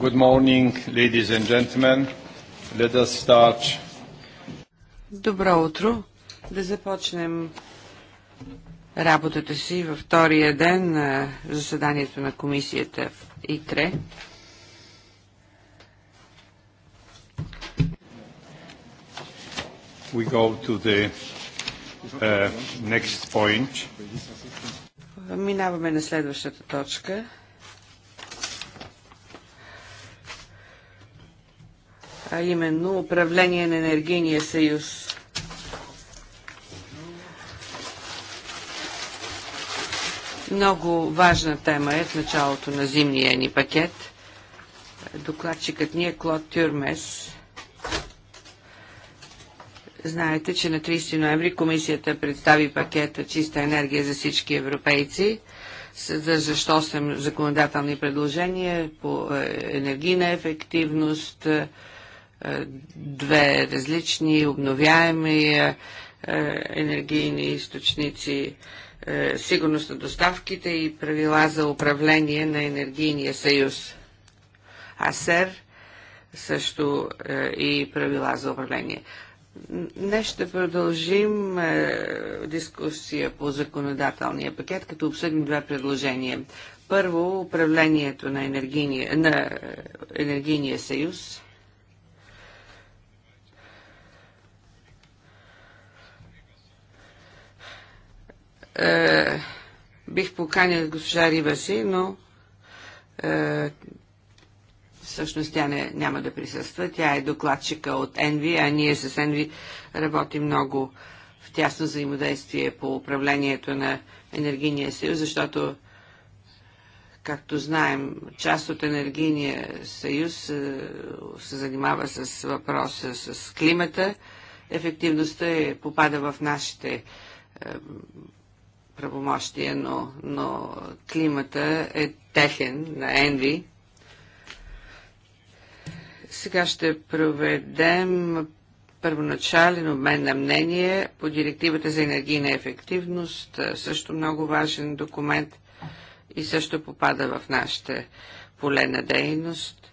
Good morning, ladies and gentlemen. Let us start. Добро утро. Да започнем работата си във втория ден на заседанието на комисията в ИТРЕ. We go to the uh, next point. Минаваме на следващата точка. а именно управление на енергийния съюз. Много важна тема е в началото на зимния ни пакет. Докладчикът ни е Клод Тюрмес. Знаете, че на 30 ноември комисията представи пакета Чиста енергия за всички европейци, съдържащ 8 законодателни предложения по е, енергийна ефективност, две различни обновяеми е, е, енергийни източници, е, сигурност на доставките и правила за управление на енергийния съюз. АСЕР също и правила за управление. Днес ще продължим дискусия по законодателния пакет, като обсъдим две предложения. Първо, управлението на енергийния, на енергийния съюз Е, бих поканил госпожа Рибаси, но е, всъщност тя не, няма да присъства. Тя е докладчика от Енви, а ние с Енви работим много в тясно взаимодействие по управлението на Енергийния съюз, защото, както знаем, част от Енергийния съюз е, се занимава с въпроса с климата. Ефективността е, попада в нашите е, правомощия, но, но климата е техен на Енви. Сега ще проведем първоначален обмен на мнение по директивата за енергийна ефективност, също много важен документ и също попада в нашите поле на дейност.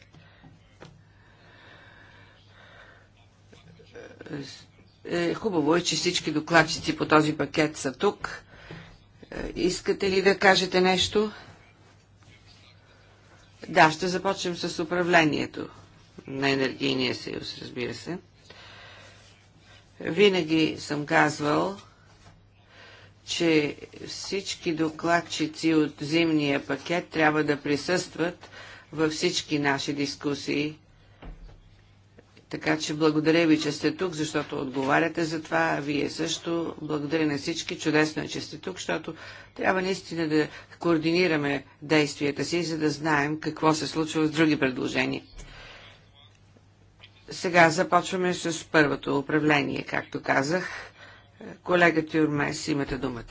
Е, хубаво е, че всички докладчици по този пакет са тук. Искате ли да кажете нещо? Да, ще започнем с управлението на Енергийния съюз, разбира се. Винаги съм казвал, че всички докладчици от зимния пакет трябва да присъстват във всички наши дискусии така че благодаря ви, че сте тук, защото отговаряте за това. Вие също. Благодаря на всички. Чудесно е, че сте тук, защото трябва наистина да координираме действията си, за да знаем какво се случва с други предложения. Сега започваме с първото управление, както казах. Колега Тюрмес, имате думата.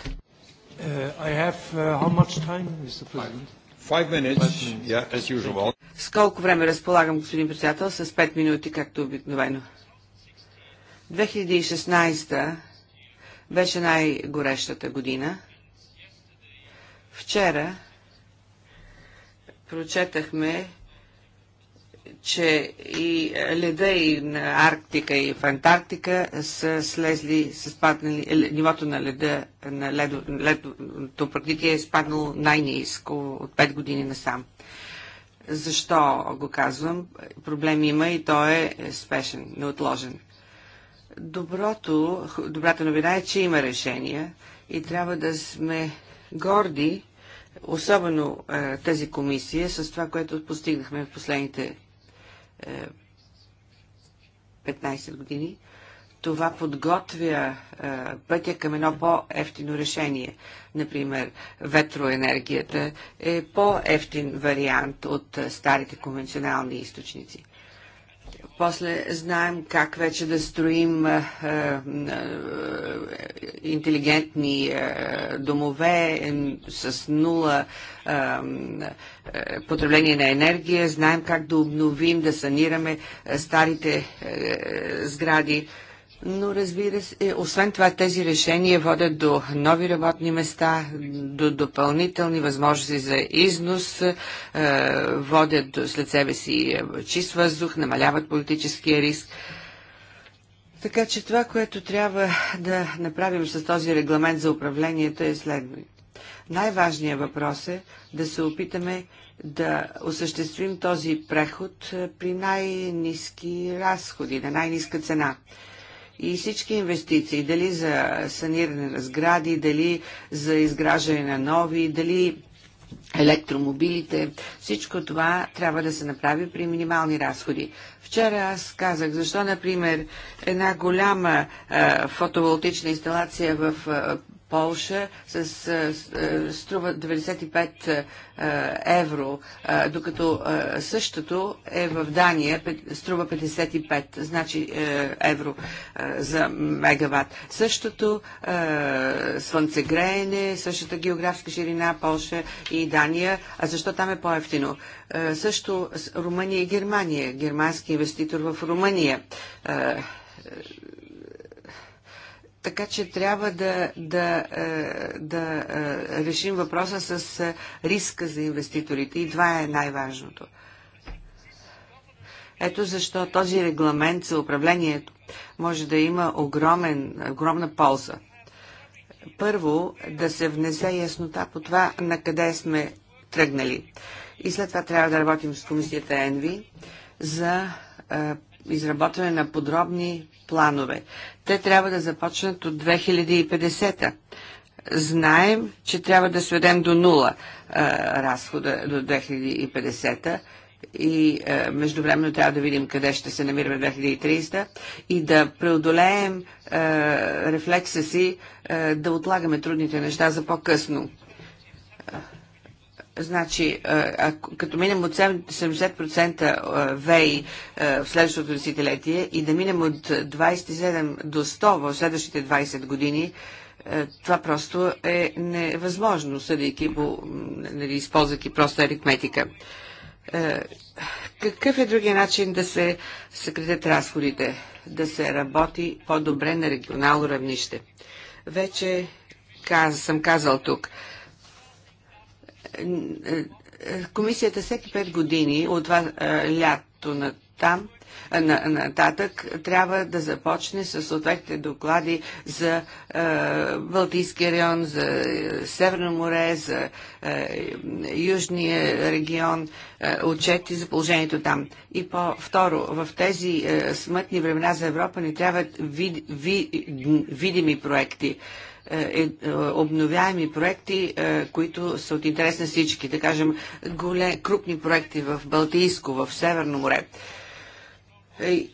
Uh, I have, uh, how much time, Mr. President? Yeah, с колко време разполагам, господин председател? С 5 минути, както обикновено. 2016 беше най-горещата година. Вчера прочетахме че и леда и на Арктика и в Антарктика са слезли, са спаднали, е, нивото на леда, на ледо, ледото прикритие е спаднало най-низко от 5 години насам. Защо го казвам? Проблем има и той е спешен, неотложен. Доброто, добрата новина е, че има решения и трябва да сме горди, особено тези тази комисия, с това, което постигнахме в последните 15 е, години, това подготвя а, е, пътя към едно по-ефтино решение. Например, ветроенергията е по-ефтин вариант от а, е, старите конвенционални източници. После знаем как вече да строим а, е, а, е, е, интелигентни а, домове с нула потребление на енергия. Знаем как да обновим, да санираме старите сгради но разбира се, е, освен това тези решения водят до нови работни места, до допълнителни възможности за износ, е, водят след себе си е, чист въздух, намаляват политическия риск. Така че това, което трябва да направим с този регламент за управлението е следното. Най-важният въпрос е да се опитаме да осъществим този преход при най-низки разходи, на най-низка цена и всички инвестиции, дали за саниране на сгради, дали за изграждане на нови, дали електромобилите, всичко това трябва да се направи при минимални разходи. Вчера аз казах, защо, например, една голяма е, фотоволтична инсталация в Полша с, е, струва 95 е, евро, е, докато същото е в Дания, струва 55 значи, евро за мегаватт. Същото слънцегреене, същата географска ширина Полша и Дания, а защо там е по-ефтино? Също Румъния и Германия, германски инвеститор в Румъния така че трябва да, да, е, да е, решим въпроса с е, риска за инвеститорите и това е най-важното. Ето защо този регламент за управлението може да има огромен, огромна полза. Първо, да се внесе яснота по това на къде сме тръгнали. И след това трябва да работим с комисията ЕНВИ за изработване на подробни планове. Те трябва да започнат от 2050-та. Знаем, че трябва да сведем до нула а, е, разхода до 2050-та и е, междувременно трябва да видим къде ще се намираме 2030-та и да преодолеем а, е, рефлекса си а, е, да отлагаме трудните неща за по-късно. Значи, ако, като минем от 70% ВЕИ в следващото десетилетие и да минем от 27 до 100 в следващите 20 години, това просто е невъзможно, съдейки по, нали, използвайки просто аритметика. Какъв е другия начин да се съкретят разходите, да се работи по-добре на регионално равнище? Вече каз, съм казал тук, Комисията всеки 5 години от това е, лято на там е, нататък трябва да започне с съответните доклади за е, Балтийския район, за е, Северно море, за е, Южния регион, е, отчети за положението там. И по-второ, в тези е, смътни времена за Европа ни трябват ви, видими проекти. Е, е, е, обновяеми проекти, е, които са от интерес на всички, да кажем, голе, крупни проекти в Балтийско, в Северно море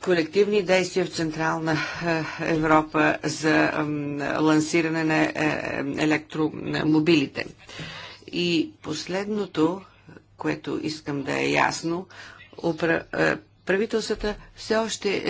колективни действия в Централна Европа за лансиране на електромобилите. И последното, което искам да е ясно, правителствата все още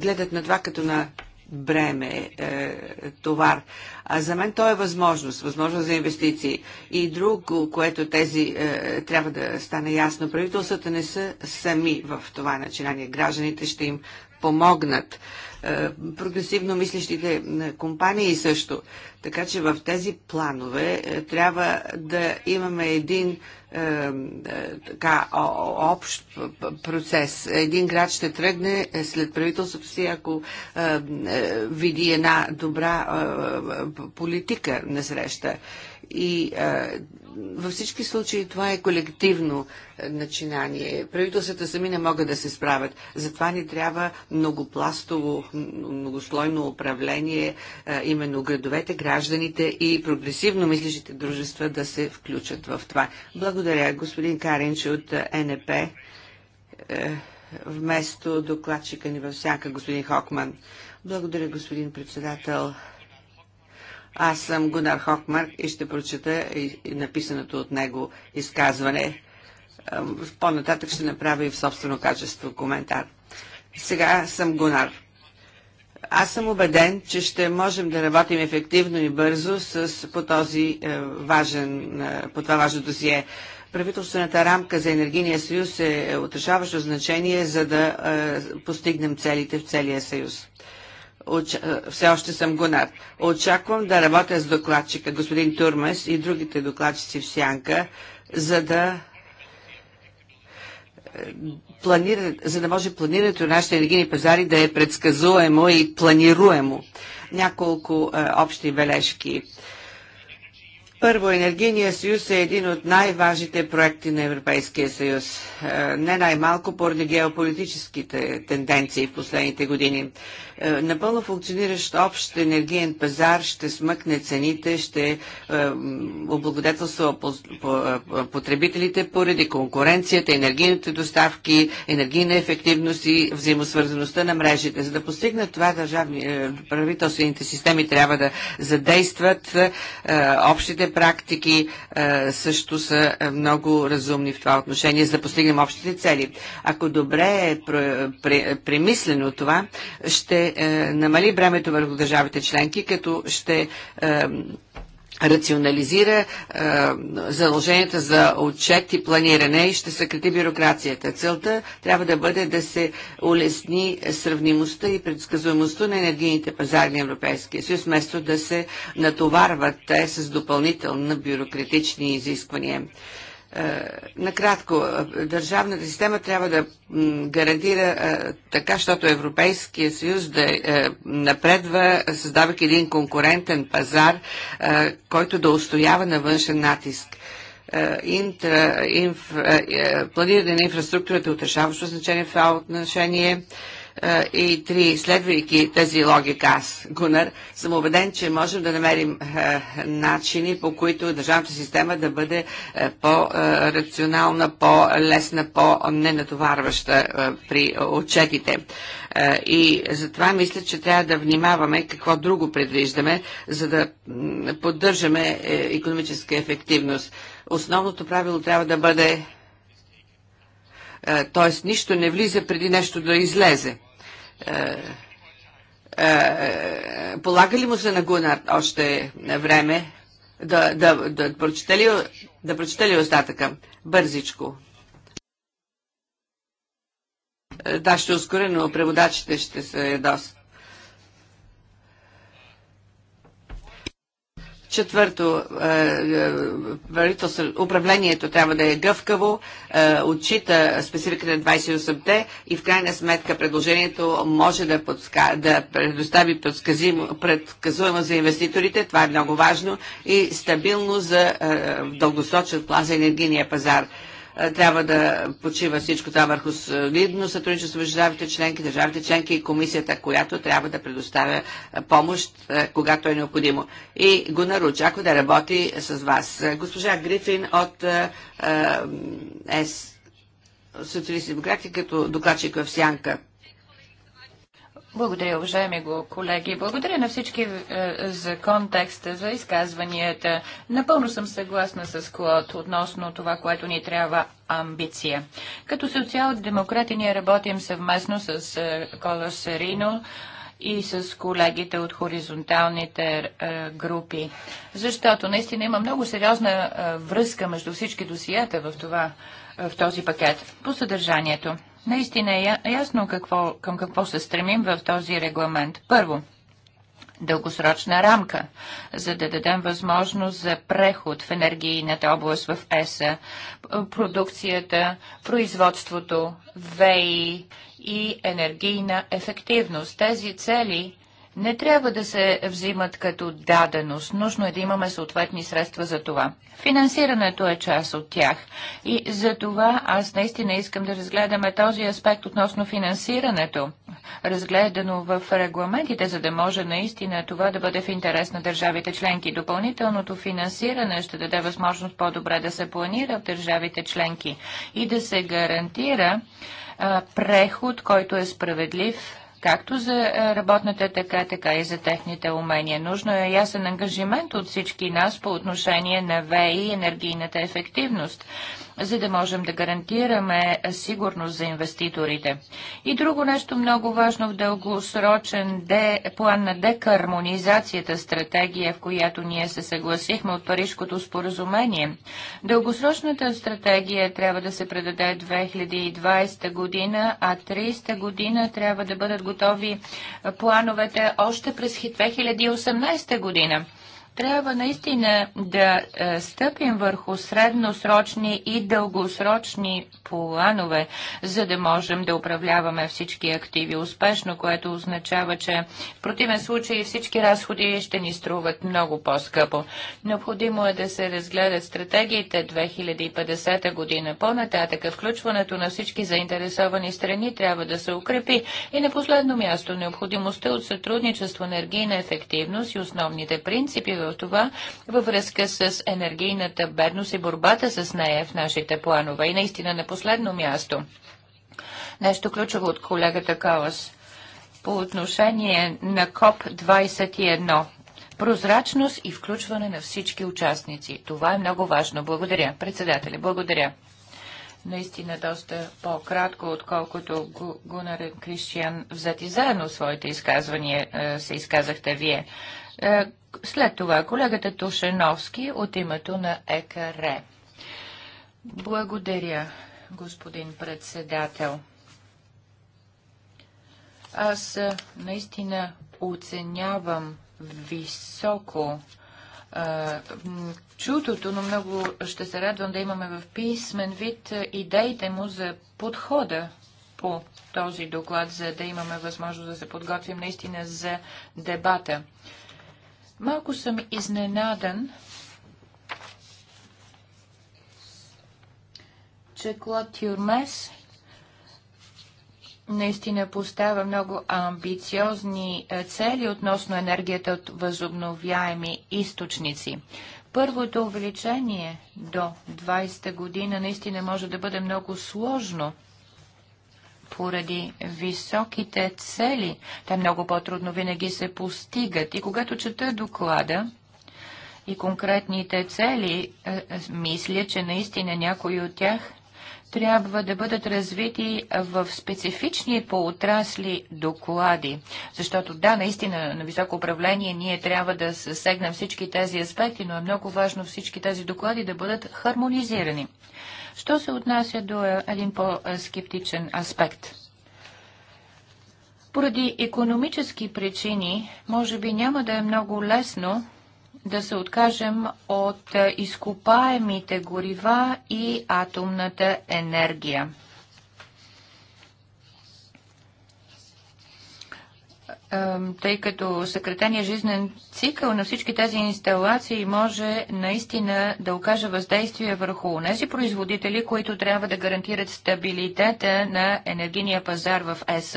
гледат на това като на бреме, е, товар. А за мен то е възможност, възможност за инвестиции. И друго, което тези е, трябва да стане ясно, правителствата не са сами в това начинание. Гражданите ще им помогнат. Е, прогресивно мислещите е, компании също. Така че в тези планове е, трябва да имаме един така, общ процес. Един град ще тръгне след правителството си, ако види една добра политика на среща. И във всички случаи това е колективно е, начинание. Правителствата сами не могат да се справят. Затова ни трябва многопластово, многослойно управление, е, именно градовете, гражданите и прогресивно мислищите дружества да се включат в това. Благодаря, господин Каринч от е, НП, вместо докладчика ни във всяка, господин Хокман. Благодаря, господин председател. Аз съм Гунар Хокмарк и ще прочета написаното от него изказване. По-нататък ще направя и в собствено качество коментар. Сега съм Гунар. Аз съм убеден, че ще можем да работим ефективно и бързо с, по, този, е, важен, е, по това важно досие. Правителствената рамка за енергийния съюз е, е отрешаващо значение, за да е, постигнем целите в целия съюз. Е, все още съм го над. Очаквам да работя с докладчика, господин Турмес и другите докладчици в Сянка, за да е, планира, за да може планирането на нашите енергийни пазари да е предсказуемо и планируемо. Няколко е, общи бележки. Е, първо, енергийният съюз е един от най-важните проекти на Европейския съюз. Е, не най-малко поради геополитическите тенденции в последните години. Е, напълно функциониращ общ енергиен пазар ще смъкне цените, ще е, облагодетелства потребителите поради конкуренцията, енергийните доставки, енергийна ефективност и взаимосвързаността на мрежите. За да постигнат това, държавни, правителствените системи трябва да задействат общите добрите практики е, също са е, много разумни в това отношение, за да постигнем общите цели. Ако добре е премислено това, ще е, намали бремето върху държавите членки, като ще рационализира е, задълженията за отчет и планиране и ще съкрати бюрокрацията. Целта трябва да бъде да се улесни сравнимостта и предсказуемостта на енергийните пазари на Европейския съюз, вместо да се натоварват те с допълнителни бюрократични изисквания. Е, накратко, държавната система трябва да гарантира е, така, защото Европейския съюз да е, напредва, създавайки един конкурентен пазар, който да устоява на външен натиск интра, инф, планиране на инфраструктурата е от решаващо значение в това отношение и три, следвайки тази логика, аз, Гунар, съм убеден, че можем да намерим начини, по които държавната система да бъде по-рационална, по-лесна, по-ненатоварваща при отчетите. И затова мисля, че трябва да внимаваме какво друго предвиждаме, за да поддържаме економическа ефективност. Основното правило трябва да бъде т.е. нищо не влиза преди нещо да излезе. Е, е, е, полага ли му се на Гунар още време да, да, да, прочете ли, да прочете ли остатъка? Бързичко. Да, ще ускоря, но преводачите ще се доста Четвърто, е, е, управлението трябва да е гъвкаво, е, отчита спецификата на 28-те и в крайна сметка предложението може да, подска... да предостави предказуемо за инвеститорите, това е много важно, и стабилно за дългосрочен план за енергийния пазар. Е, трябва да почива всичко това върху солидно сътрудничество между държавите членки, държавите членки и комисията, която трябва да предоставя е, помощ, е, когато е необходимо. И го наруча, да работи с вас. Госпожа Грифин от ЕС, социалисти демократи, като докладчик в Сянка. Благодаря, уважаеми го колеги. Благодаря на всички е, за контекста, за изказванията. Напълно съм съгласна с Клод относно това, което ни трябва амбиция. Като социал-демократи ние работим съвместно с е, Кола Серино и с колегите от хоризонталните е, групи. Защото наистина има много сериозна е, връзка между всички досията в, това, е, в този пакет по съдържанието. Наистина е ясно какво, към какво се стремим в този регламент. Първо, дългосрочна рамка, за да дадем възможност за преход в енергийната област в ЕСА, продукцията, производството, ВЕИ и енергийна ефективност. Тези цели не трябва да се взимат като даденост. Нужно е да имаме съответни средства за това. Финансирането е част от тях. И за това аз наистина искам да разгледаме този аспект относно финансирането, разгледано в регламентите, за да може наистина това да бъде в интерес на държавите членки. Допълнителното финансиране ще даде възможност по-добре да се планира в държавите членки и да се гарантира а, преход, който е справедлив както за е, работната така, така и за техните умения. Нужно е ясен ангажимент от всички нас по отношение на ВЕИ и енергийната ефективност за да можем да гарантираме сигурност за инвеститорите. И друго нещо много важно в дългосрочен де, план на декармонизацията стратегия, в която ние се съгласихме от Парижското споразумение. Дългосрочната стратегия трябва да се предаде 2020 година, а 30 година трябва да бъдат готови плановете още през 2018 година трябва наистина да е, стъпим върху средносрочни и дългосрочни планове, за да можем да управляваме всички активи успешно, което означава, че в противен случай всички разходи ще ни струват много по-скъпо. Необходимо е да се разгледат стратегиите 2050 година. По-нататък включването на всички заинтересовани страни трябва да се укрепи. И на последно място необходимостта от сътрудничество, енергийна ефективност и основните принципи в това във връзка с енергийната бедност и борбата с нея в нашите планове. И наистина на последно място. Нещо ключово от колегата Калас по отношение на КОП-21. Прозрачност и включване на всички участници. Това е много важно. Благодаря. Председателя, благодаря. Наистина доста по-кратко, отколкото Гунар Кристиан взети заедно своите изказвания, е, се изказахте вие. Е, след това колегата Тушеновски от името на ЕКР. Благодаря, господин председател. Аз наистина оценявам високо а, чутото, но много ще се радвам да имаме в писмен вид идеите му за подхода по този доклад, за да имаме възможност да се подготвим наистина за дебата. Малко съм изненадан, че Клод Тюрмес наистина поставя много амбициозни е, цели относно енергията от възобновяеми източници. Първото увеличение до 20-та година наистина може да бъде много сложно – поради високите цели, те много по-трудно винаги се постигат. И когато чета доклада, и конкретните цели, е, е, мисля, че наистина някои от тях трябва да бъдат развити в специфични по отрасли доклади. Защото да, наистина на високо управление ние трябва да съсегнем всички тези аспекти, но е много важно всички тези доклади да бъдат хармонизирани. Що се отнася до е, един по-скептичен аспект? Поради економически причини, може би няма да е много лесно да се откажем от е, изкопаемите горива и атомната енергия. тъй като съкретения жизнен цикъл на всички тези инсталации може наистина да окаже въздействие върху тези производители, които трябва да гарантират стабилитета на енергийния пазар в ЕС.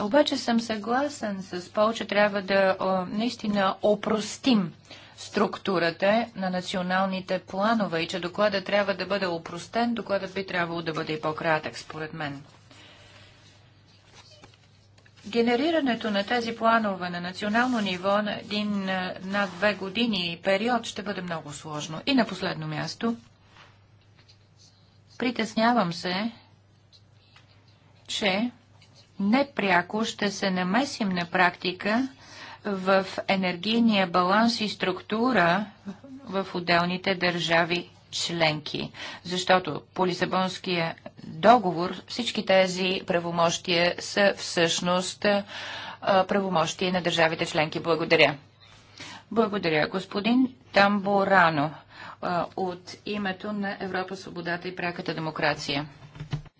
Обаче съм съгласен с Пол, че трябва да наистина опростим структурата на националните планове и че доклада трябва да бъде опростен, докладът би трябвало да бъде и по-кратък, според мен. Генерирането на тези планове на национално ниво на един на две години период ще бъде много сложно. И на последно място, притеснявам се, че непряко ще се намесим на практика в енергийния баланс и структура в отделните държави членки, защото по Лисабонския договор всички тези правомощия са всъщност правомощия на държавите членки. Благодаря. Благодаря, господин Тамборано от името на Европа, свободата и пряката демокрация.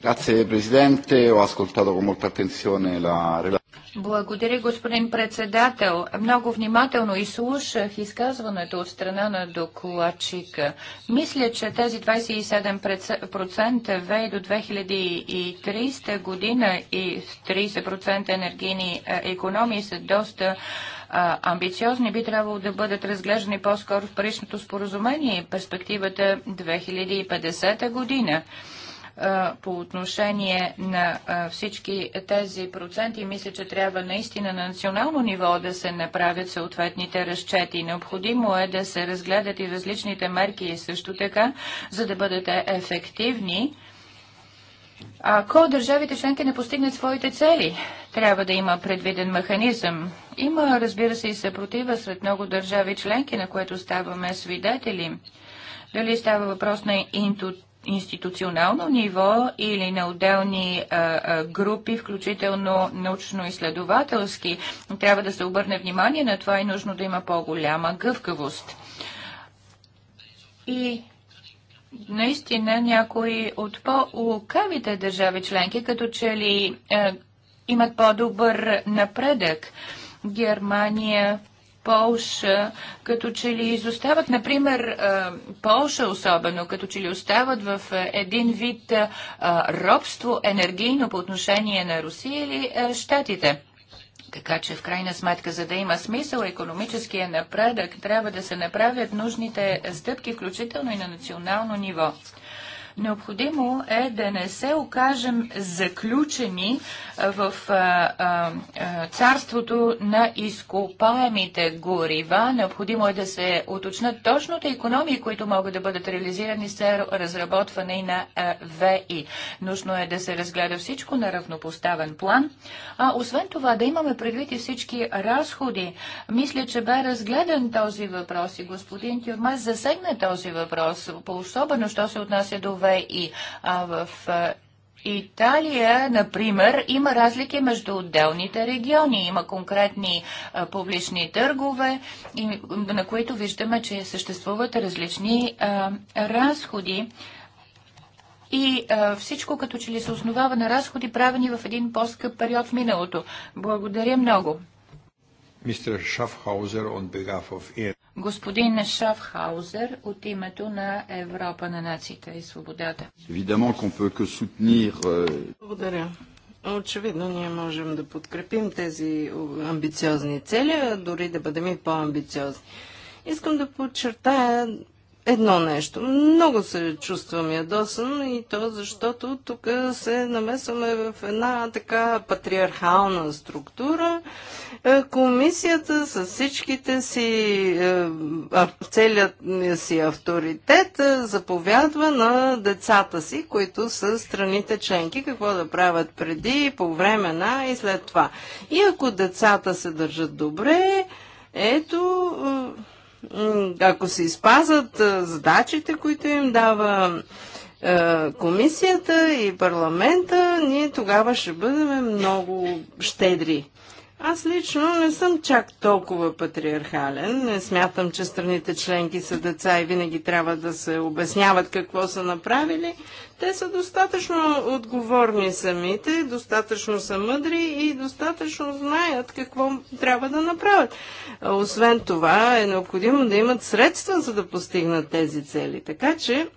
Grazie Presidente, ho ascoltato con molta attenzione la relazione. Благодаря, господин председател. Много внимателно изслушах изказването от страна на докладчика. Мисля, че тези 27% вей до 2030 година и 30% енергийни е, економии са доста амбициозни, би трябвало да бъдат разглеждани по-скоро в Паричното споразумение и перспективата 2050 година по отношение на всички тези проценти. Мисля, че трябва наистина на национално ниво да се направят съответните разчети. Необходимо е да се разгледат и различните мерки и също така, за да бъдете ефективни. Ако държавите членки не постигнат своите цели, трябва да има предвиден механизъм. Има, разбира се, и съпротива сред много държави членки, на което ставаме свидетели. Дали става въпрос на интуитивност? институционално ниво или на отделни групи, включително научно-изследователски, трябва да се обърне внимание на това и нужно да има по-голяма гъвкавост. И наистина някои от по-лукавите държави членки, като че ли имат по-добър напредък. Германия, Полша, като че ли изостават, например, Полша особено, като че ли остават в един вид робство енергийно по отношение на Русия или Штатите. Така че в крайна сметка, за да има смисъл економическия е напредък, трябва да се направят нужните стъпки, включително и на национално ниво. Необходимо е да не се окажем заключени в царството на изкопаемите горива. Необходимо е да се уточнат точното економии, които могат да бъдат реализирани с разработване на ВИ. Нужно е да се разгледа всичко на равнопоставен план. А освен това, да имаме предвид и всички разходи. Мисля, че бе разгледан този въпрос и господин Тюрмас засегна този въпрос, по особено, що се отнася до ВИ и А в Италия, например, има разлики между отделните региони. Има конкретни а, публични търгове, и, на които виждаме, че съществуват различни а, разходи. И а, всичко като че ли се основава на разходи, правени в един по-скъп период в миналото. Благодаря много. Господин Шафхаузер от името на Европа на нациите и свободата. Euh, Благодаря. Очевидно ние можем да подкрепим тези амбициозни цели, дори да бъдем и по-амбициозни. Искам да подчертая едно нещо. Много се чувствам ядосан и то защото тук се намесваме в една така патриархална структура. Е, комисията с всичките си, е, целият си авторитет е, заповядва на децата си, които са страните членки, какво да правят преди, по време на и след това. И ако децата се държат добре, ето ако се изпазат задачите, които им дава комисията и парламента, ние тогава ще бъдем много щедри. Аз лично не съм чак толкова патриархален. Не смятам, че страните членки са деца и винаги трябва да се обясняват какво са направили. Те са достатъчно отговорни самите, достатъчно са мъдри и достатъчно знаят какво трябва да направят. Освен това е необходимо да имат средства, за да постигнат тези цели. Така че,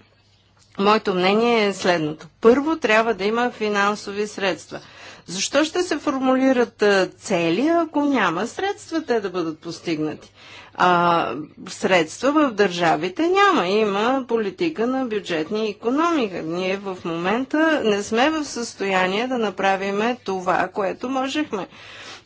моето мнение е следното. Първо трябва да има финансови средства. Защо ще се формулират цели, ако няма средства те да бъдат постигнати? А, средства в държавите няма. Има политика на бюджетни економика. Ние в момента не сме в състояние да направиме това, което можехме.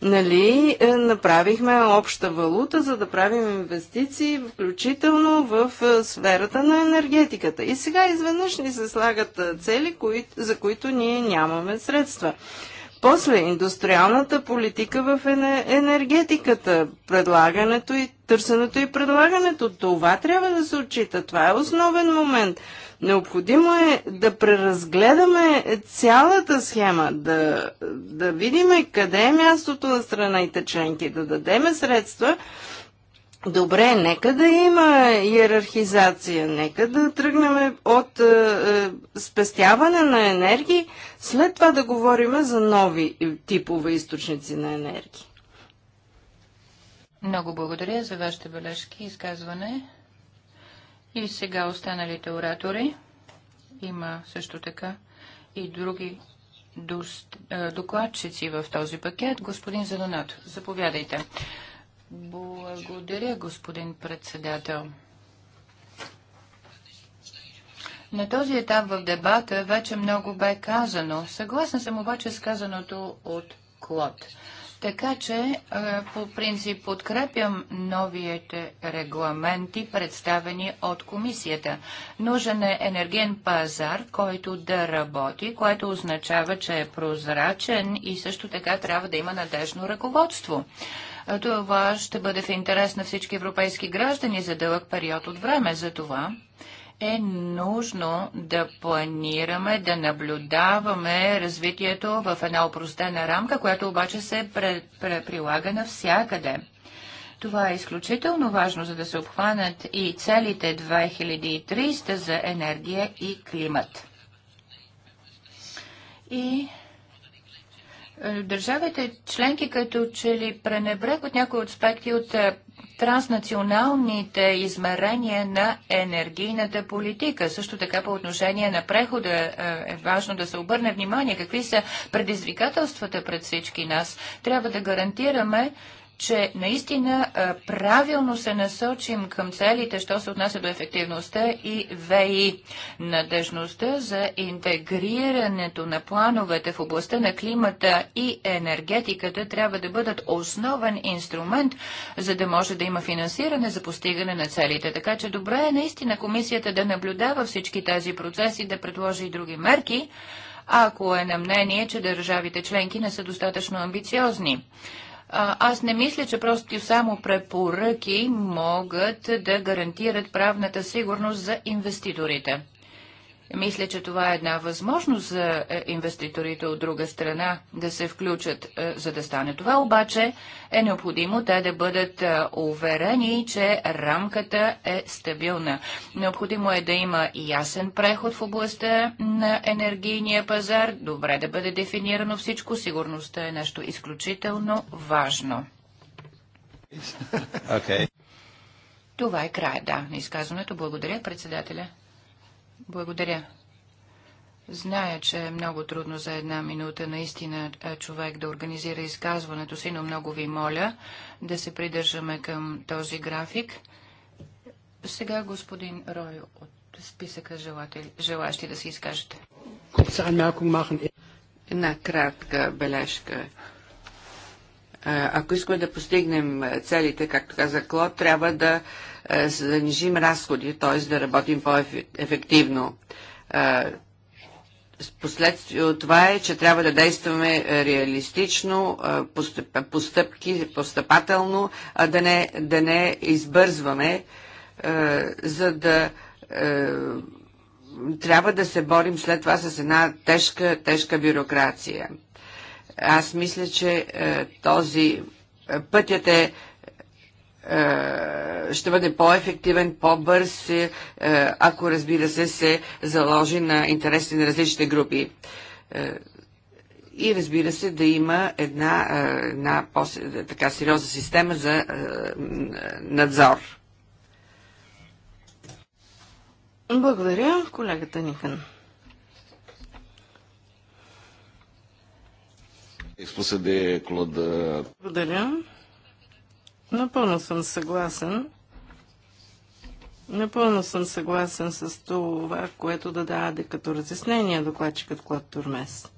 Нали, е, направихме обща валута, за да правим инвестиции, включително в е, сферата на енергетиката. И сега изведнъж ни се слагат е, цели, кои, за които ние нямаме средства. После индустриалната политика в енергетиката, предлагането и търсенето и предлагането. Това трябва да се отчита. Това е основен момент. Необходимо е да преразгледаме цялата схема, да, да видим къде е мястото на страната членки, да дадеме средства, Добре, нека да има иерархизация, нека да тръгнем от е, е, спестяване на енергии, след това да говорим за нови типове източници на енергии. Много благодаря за вашите бележки и изказване. И сега останалите оратори. Има също така и други е, докладчици в този пакет. Господин Занонат, заповядайте. Благодаря, господин председател. На този етап в дебата вече много бе казано. Съгласна съм обаче с казаното от Клод. Така че е, по принцип подкрепям новите регламенти, представени от комисията. Нужен е енерген пазар, който да работи, което означава, че е прозрачен и също така трябва да има надежно ръководство. Това ще бъде в интерес на всички европейски граждани за дълъг период от време. За това е нужно да планираме, да наблюдаваме развитието в една опростена рамка, която обаче се пре, пре, прилага навсякъде. Това е изключително важно, за да се обхванат и целите 2300 за енергия и климат. И е, държавите членки като че ли пренебрегват някои аспекти от е, транснационалните измерения на енергийната политика. Също така по отношение на прехода е, е важно да се обърне внимание какви са предизвикателствата пред всички нас. Трябва да гарантираме, че наистина правилно се насочим към целите, що се отнася до ефективността и ВИ. Надежността за интегрирането на плановете в областта на климата и енергетиката трябва да бъдат основен инструмент, за да може да има финансиране за постигане на целите. Така че добре е наистина комисията да наблюдава всички тези процеси, да предложи и други мерки, ако е на мнение, че държавите членки не са достатъчно амбициозни. Аз не мисля, че просто само препоръки могат да гарантират правната сигурност за инвеститорите. Мисля, че това е една възможност за е, инвеститорите от друга страна да се включат, е, за да стане това. Обаче е необходимо те да бъдат е, уверени, че рамката е стабилна. Необходимо е да има ясен преход в областта на енергийния пазар. Добре да бъде дефинирано всичко. Сигурността е нещо изключително важно. Okay. Това е края, да, на изказването. Благодаря, председателя. Благодаря. Зная, че е много трудно за една минута наистина човек да организира изказването си, но много ви моля да се придържаме към този график. Сега господин Рой от списъка желатели, желащи да се изкажете. Една кратка бележка. Ако искаме да постигнем целите, както каза Клод, трябва да е, за да нижим разходи, т.е. да работим по-ефективно. Е, последствие това е, че трябва да действаме е, реалистично, постъпки, постъпателно, а да не, да не избързваме, за да трябва да се борим след това с една тежка, тежка бюрокрация. Аз мисля, че този пътят е е, ще бъде по-ефективен, по-бърз, е, е, ако разбира се се заложи на интересите на различните групи. И разбира се да има една, една по така сериозна система за надзор. Благодаря, колегата Никън. Благодаря. Напълно съм съгласен. Напълно съм съгласен с това, което да даде като разяснение докладчикът Клад Турмес.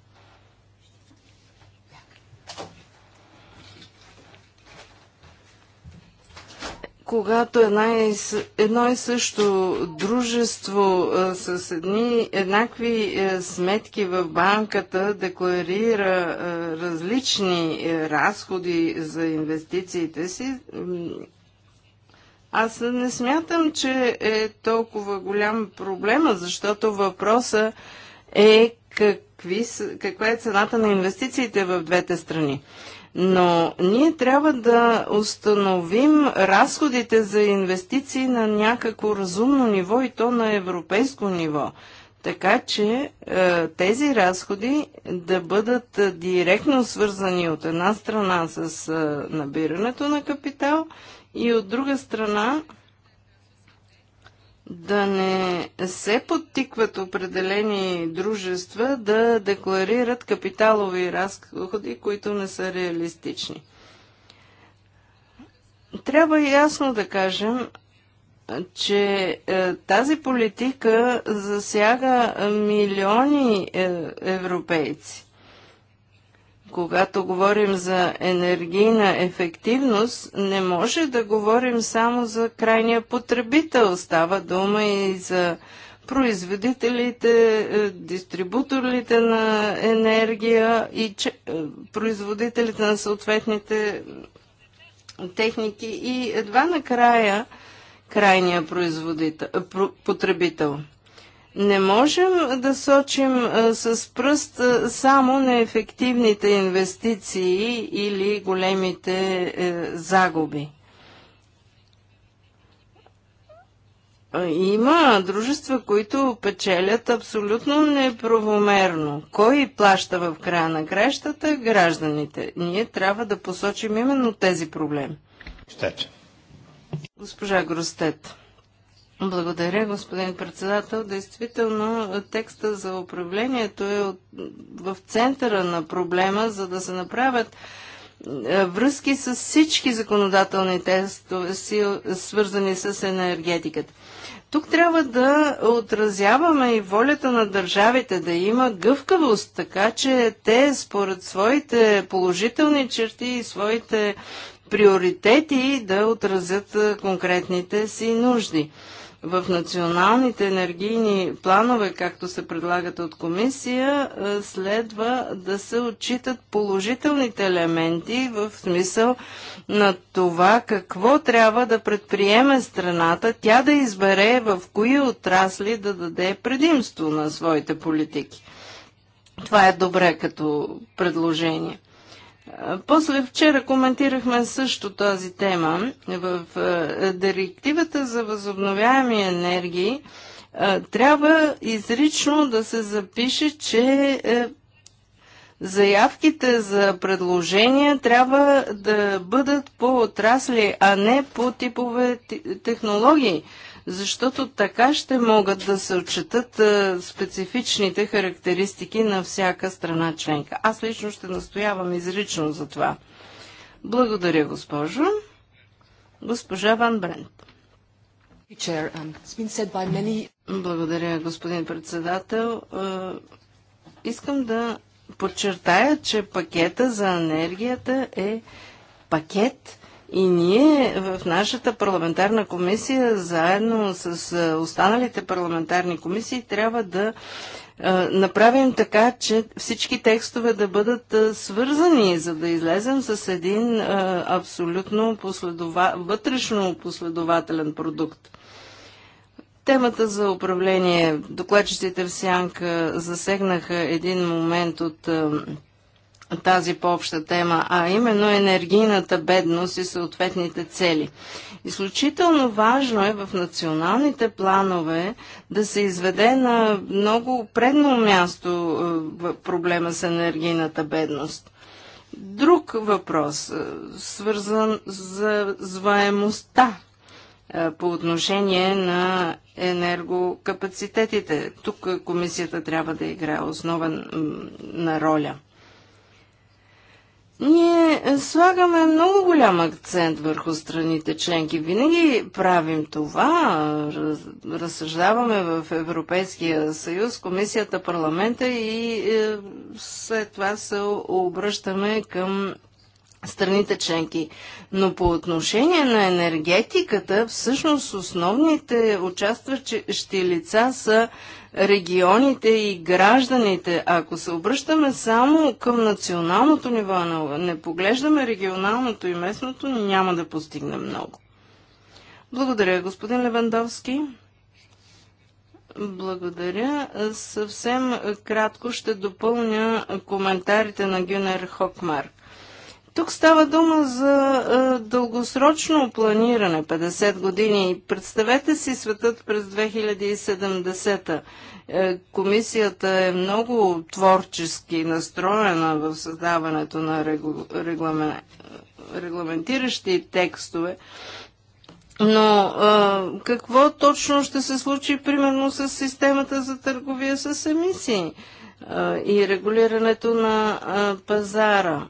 когато една и, едно и също дружество а, с едни, еднакви а, сметки в банката декларира а, различни разходи за инвестициите си, аз не смятам, че е толкова голям проблема, защото въпроса е какви, каква е цената на инвестициите в двете страни но ние трябва да установим разходите за инвестиции на някакво разумно ниво и то на европейско ниво. Така че е, тези разходи да бъдат директно свързани от една страна с е, набирането на капитал и от друга страна да не се подтикват определени дружества да декларират капиталови разходи, които не са реалистични. Трябва ясно да кажем, че е, тази политика засяга милиони е, европейци когато говорим за енергийна ефективност, не може да говорим само за крайния потребител. Става дума и за производителите, е, дистрибуторите на енергия и е, производителите на съответните техники и едва накрая крайния е, потребител. Не можем да сочим с пръст само неефективните инвестиции или големите е, загуби. Има дружества, които печелят абсолютно неправомерно. Кой плаща в края на грещата? Гражданите. Ние трябва да посочим именно тези проблеми. Госпожа Гростет. Благодаря, господин председател. Действително, текста за управлението е от, в центъра на проблема, за да се направят е, връзки с всички законодателни тестове, свързани с енергетиката. Тук трябва да отразяваме и волята на държавите да има гъвкавост, така че те според своите положителни черти и своите приоритети да отразят е, конкретните си нужди в националните енергийни планове, както се предлагат от комисия, е, следва да се отчитат положителните елементи в смисъл на това какво трябва да предприеме страната, тя да избере в кои отрасли да даде предимство на своите политики. Това е добре като предложение. После вчера коментирахме също тази тема. В е, директивата за възобновяеми енергии е, трябва изрично да се запише, че е, заявките за предложения трябва да бъдат по отрасли, а не по типове технологии, защото така ще могат да се отчитат специфичните характеристики на всяка страна членка. Аз лично ще настоявам изрично за това. Благодаря, госпожо. Госпожа Ван Брент. Um, Благодаря, господин председател. Искам да подчертая, че пакета за енергията е пакет, и ние в нашата парламентарна комисия, заедно с е, останалите парламентарни комисии, трябва да е, направим така, че всички текстове да бъдат е, свързани, за да излезем с един абсолютно последова... вътрешно последователен продукт. Темата за управление, докладчиците в Сянка засегнаха един момент от тази по-обща тема, а именно енергийната бедност и съответните цели. Изключително важно е в националните планове да се изведе на много предно място е, проблема с енергийната бедност. Друг въпрос, е, свързан за зваемостта е, по отношение на енергокапацитетите. Тук комисията трябва да играе основен на роля – ние слагаме много голям акцент върху страните членки. Винаги правим това. Разсъждаваме в Европейския съюз, комисията, парламента и е, след това се обръщаме към страните членки. Но по отношение на енергетиката, всъщност основните участващи лица са регионите и гражданите. Ако се обръщаме само към националното ниво, не поглеждаме регионалното и местното, няма да постигнем много. Благодаря, господин Левандовски. Благодаря. Съвсем кратко ще допълня коментарите на Гюнер Хокмарк. Тук става дума за а, дългосрочно планиране, 50 години. Представете си светът през 2070 е, Комисията е много творчески настроена в създаването на регу, регламен, регламентиращи текстове. Но а, какво точно ще се случи, примерно, с системата за търговия с емисии а, и регулирането на а, пазара?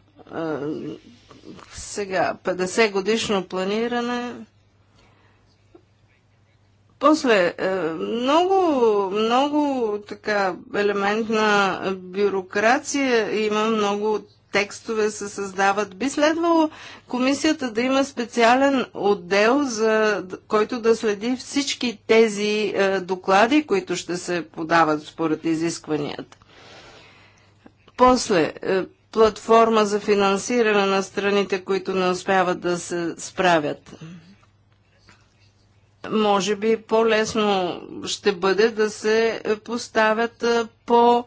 сега 50 годишно планиране. После, е, много, много така елемент на бюрокрация има, много текстове се създават. Би следвало комисията да има специален отдел, за който да следи всички тези е, доклади, които ще се подават според изискванията. После, е, платформа за финансиране на страните, които не успяват да се справят. Може би по-лесно ще бъде да се поставят по-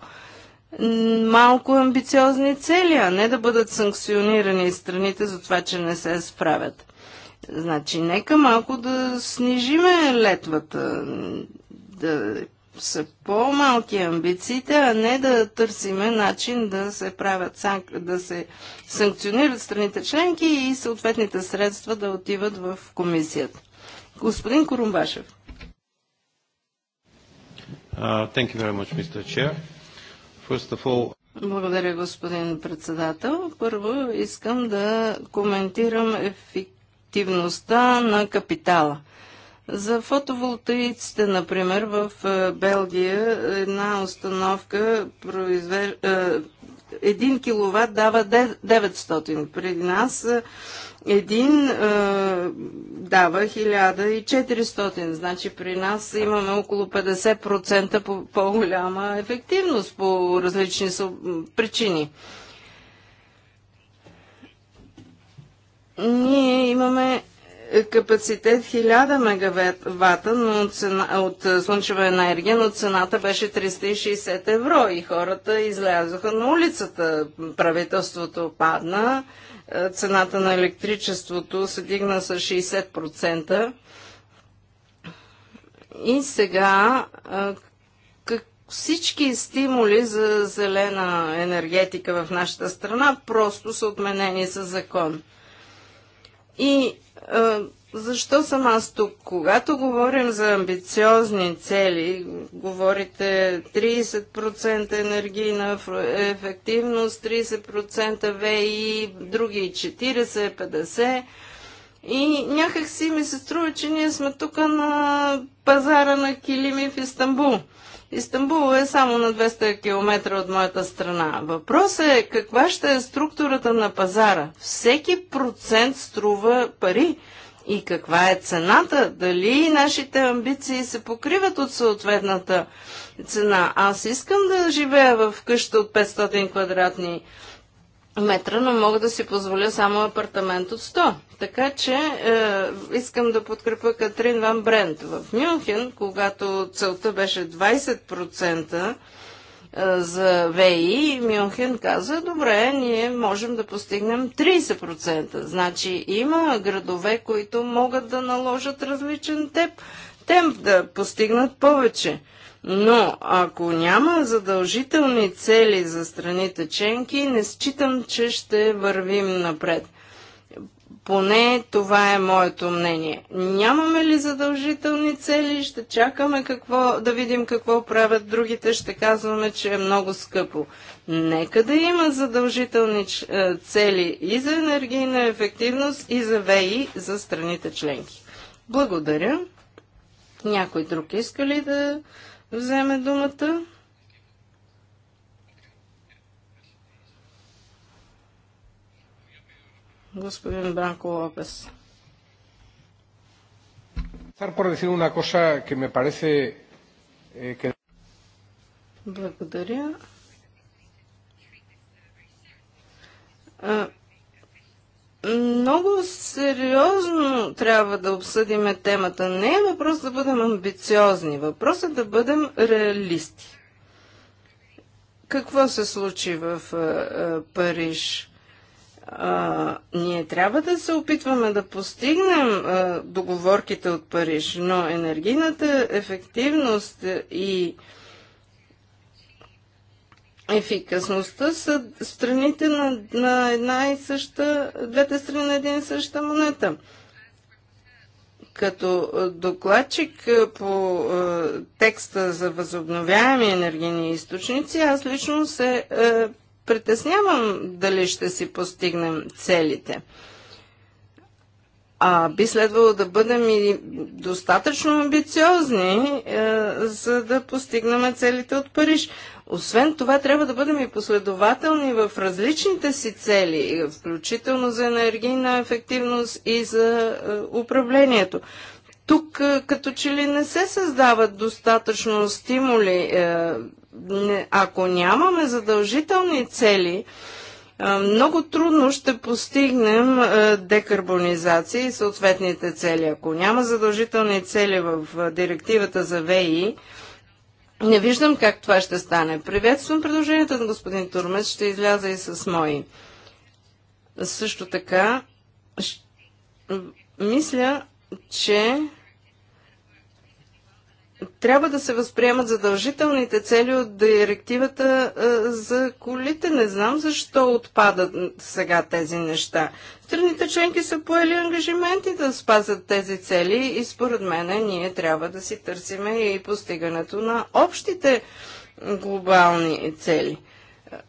малко амбициозни цели, а не да бъдат санкционирани страните за това, че не се справят. Значи, нека малко да снижиме летвата, да са по-малки амбициите, а не да търсиме начин да се правят да се санкционират страните членки и съответните средства да отиват в комисията. Господин Корумбашев. Uh, Благодаря, господин председател. Първо искам да коментирам ефективността на капитала. За фотоволтаиците, например, в е, Белгия една установка произвежда... Е, 1 киловатт дава 900. При нас е, един е, дава 1400. Значи при нас имаме около 50% по- по-голяма ефективност по различни причини. Ние имаме капацитет 1000 мегавата но цена, от слънчева енергия, но цената беше 360 евро и хората излязоха на улицата. Правителството падна, цената на електричеството се дигна с 60%. И сега всички стимули за зелена енергетика в нашата страна просто са отменени със закон. И защо съм аз тук? Когато говорим за амбициозни цели, говорите 30% енергийна ефективност, 30% ВИ, други 40, 50%, и някак си ми се струва, че ние сме тук на пазара на килими в Истанбул. Истанбул е само на 200 км от моята страна. Въпросът е каква ще е структурата на пазара. Всеки процент струва пари. И каква е цената? Дали нашите амбиции се покриват от съответната цена? Аз искам да живея в къща от 500 квадратни метра метра, но мога да си позволя само апартамент от 100. Така че е, искам да подкрепя Катрин Ван Брент. В Мюнхен, когато целта беше 20% е, за ВИ, Мюнхен каза, добре, ние можем да постигнем 30%. Значи има градове, които могат да наложат различен темп, темп да постигнат повече. Но ако няма задължителни цели за страните членки, не считам, че ще вървим напред. Поне това е моето мнение. Нямаме ли задължителни цели, ще чакаме какво, да видим какво правят другите, ще казваме, че е много скъпо. Нека да има задължителни е, цели и за енергийна ефективност, и за ВИ за страните членки. Благодаря. Някой друг иска ли да вземе думата. Господин Бранко Лопес. Eh, Благодаря. Много сериозно трябва да обсъдим темата. Не е въпрос да бъдем амбициозни, въпрос е да бъдем реалисти. Какво се случи в а, а, Париж? А, ние трябва да се опитваме да постигнем договорките от Париж, но енергийната ефективност и а, ефикасността са страните на, на една и съща, двете страни на един и съща монета. Като докладчик по е, текста за възобновяеми енергийни източници, аз лично се е, притеснявам дали ще си постигнем целите. Е, а би следвало да бъдем и достатъчно амбициозни, е, за да постигнем целите от Париж. Освен това, трябва да бъдем и последователни в различните си цели, включително за енергийна ефективност и за е, управлението. Тук е, като че ли не се създават достатъчно стимули. Е, не, ако нямаме задължителни цели, много трудно ще постигнем декарбонизация и съответните цели. Ако няма задължителни цели в директивата за ВИ, не виждам как това ще стане. Приветствам предложението на господин Турмес, ще изляза и с мои. Също така, мисля, че трябва да се възприемат задължителните цели от директивата е, за колите. Не знам защо отпадат сега тези неща. Страните членки са поели ангажименти да спазят тези цели и според мен ние трябва да си търсиме и постигането на общите глобални цели.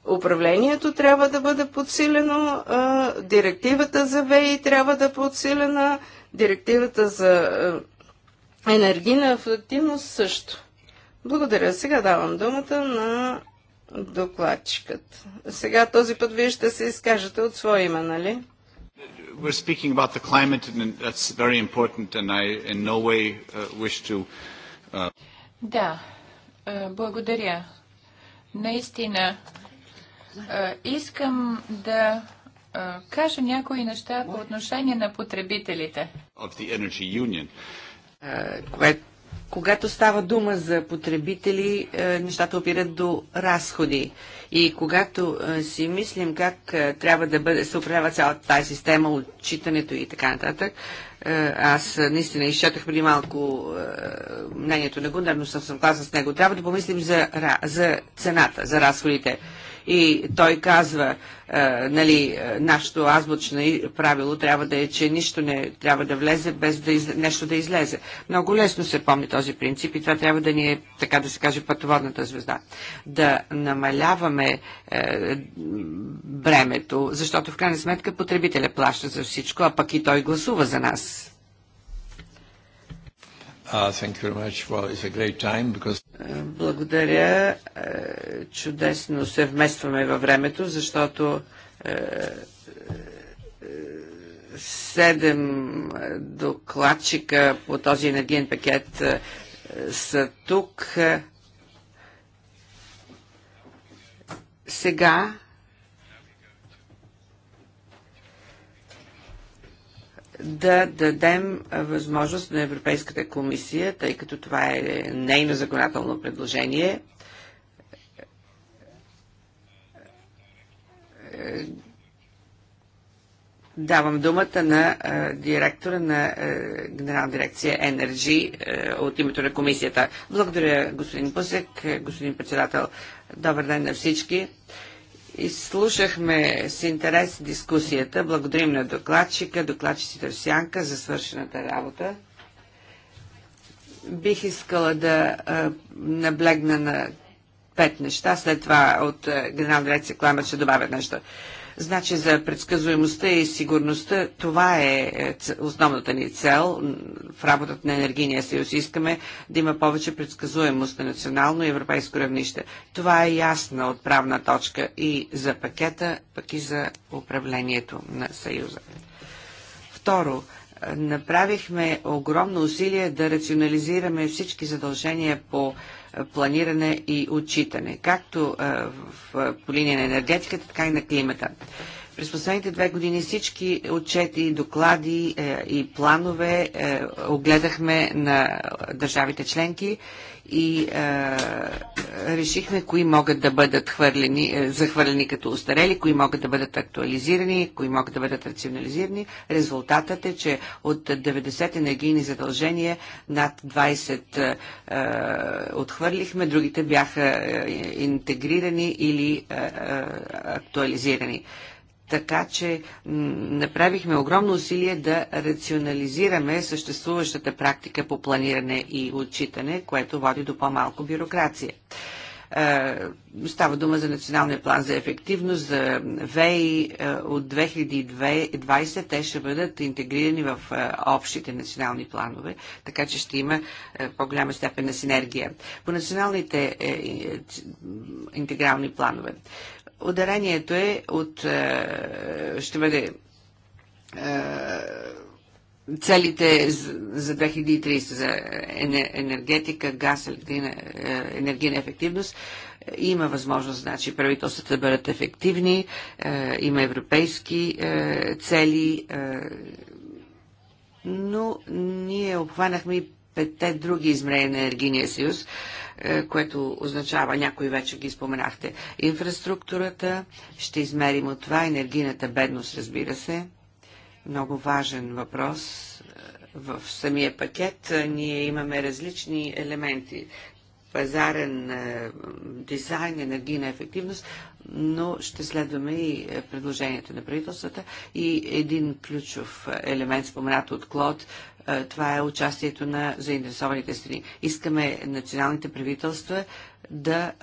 Управлението трябва да бъде подсилено, е, директивата за ВЕИ трябва да е подсилена, директивата за е, енергийна ефективност също. Благодаря. Сега давам думата на докладчикът. Сега този път вие ще се изкажете от своя име, нали? We're speaking about the climate and that's very important and I in no way uh, wish to... Uh... Да, е, благодаря. Наистина, е, искам да е, кажа някои неща по отношение на потребителите. Of the energy union. Uh, е, Което когато става дума за потребители, е, нещата опират до разходи. И когато е, си мислим как трябва да бъде, се управлява цялата тази система, отчитането и така нататък, аз наистина изчетах преди малко мнението на Гундар, но съм съм с него. Трябва да помислим за, за цената, за разходите и той казва, а, е, нали, е, нашето азбучно правило трябва да е, че нищо не трябва да влезе без да из... нещо да излезе. Много лесно се помни този принцип и това трябва да ни е, така да се каже, пътоводната звезда. Да намаляваме е, бремето, защото в крайна сметка потребителя плаща за всичко, а пък и той гласува за нас благодаря. Е, чудесно се вместваме във времето, защото 7 е, е, докладчика по този енергиен пакет са тук. Сега да дадем възможност на Европейската комисия, тъй като това е нейно законодателно предложение, е, Давам думата на а, директора на а, Генерална дирекция Енерджи е, от името на комисията. Благодаря, господин Пусек, е, господин председател. Добър ден на всички. Изслушахме с интерес дискусията. Благодарим на докладчика, докладчиците в Сянка за свършената работа. Бих искала да а, наблегна на пет неща. След това от а, генерална дирекция Клама ще добавя нещо. Значи за предсказуемостта и сигурността това е, е основната ни цел в работата на Енергийния съюз. Искаме да има повече предсказуемост на национално и европейско равнище. Това е ясна отправна точка и за пакета, пък и за управлението на съюза. Второ, е, направихме огромно усилие да рационализираме всички задължения по планиране и отчитане, както в, по линия на енергетиката, така и на климата. През последните две години всички отчети, доклади е, и планове е, огледахме на държавите членки и а, решихме кои могат да бъдат хвърлени, е, захвърлени като устарели, кои могат да бъдат актуализирани, кои могат да бъдат рационализирани. Резултатът е, че от 90 енергийни задължения над 20 а, е, е, отхвърлихме, другите бяха интегрирани или а, а, актуализирани. А, така че направихме огромно усилие да рационализираме съществуващата практика по планиране и отчитане, което води до по-малко бюрокрация. Е, става дума за Националния план за ефективност, за ВЕИ е, от 2020. Те ще бъдат интегрирани в е, общите национални планове, така че ще има по-голяма степен на синергия. По националните интегрални планове ударението е от... Е, ще бъде е, целите за 2030 за енергетика, газ, електрина, е, енергийна ефективност. Има възможност, значи, правителствата да бъдат ефективни, има европейски цели, но ние обхванахме и петте други измерения на енергийния съюз, е, което означава, някои вече ги споменахте, инфраструктурата, ще измерим от това енергийната бедност, разбира се. Много важен въпрос е, в самия пакет. Е, ние имаме различни елементи пазарен е, дизайн, енергийна ефективност, но ще следваме и е, предложението на правителствата. И един ключов е, елемент, споменат от Клод, това е участието на заинтересованите страни. Искаме националните правителства да е,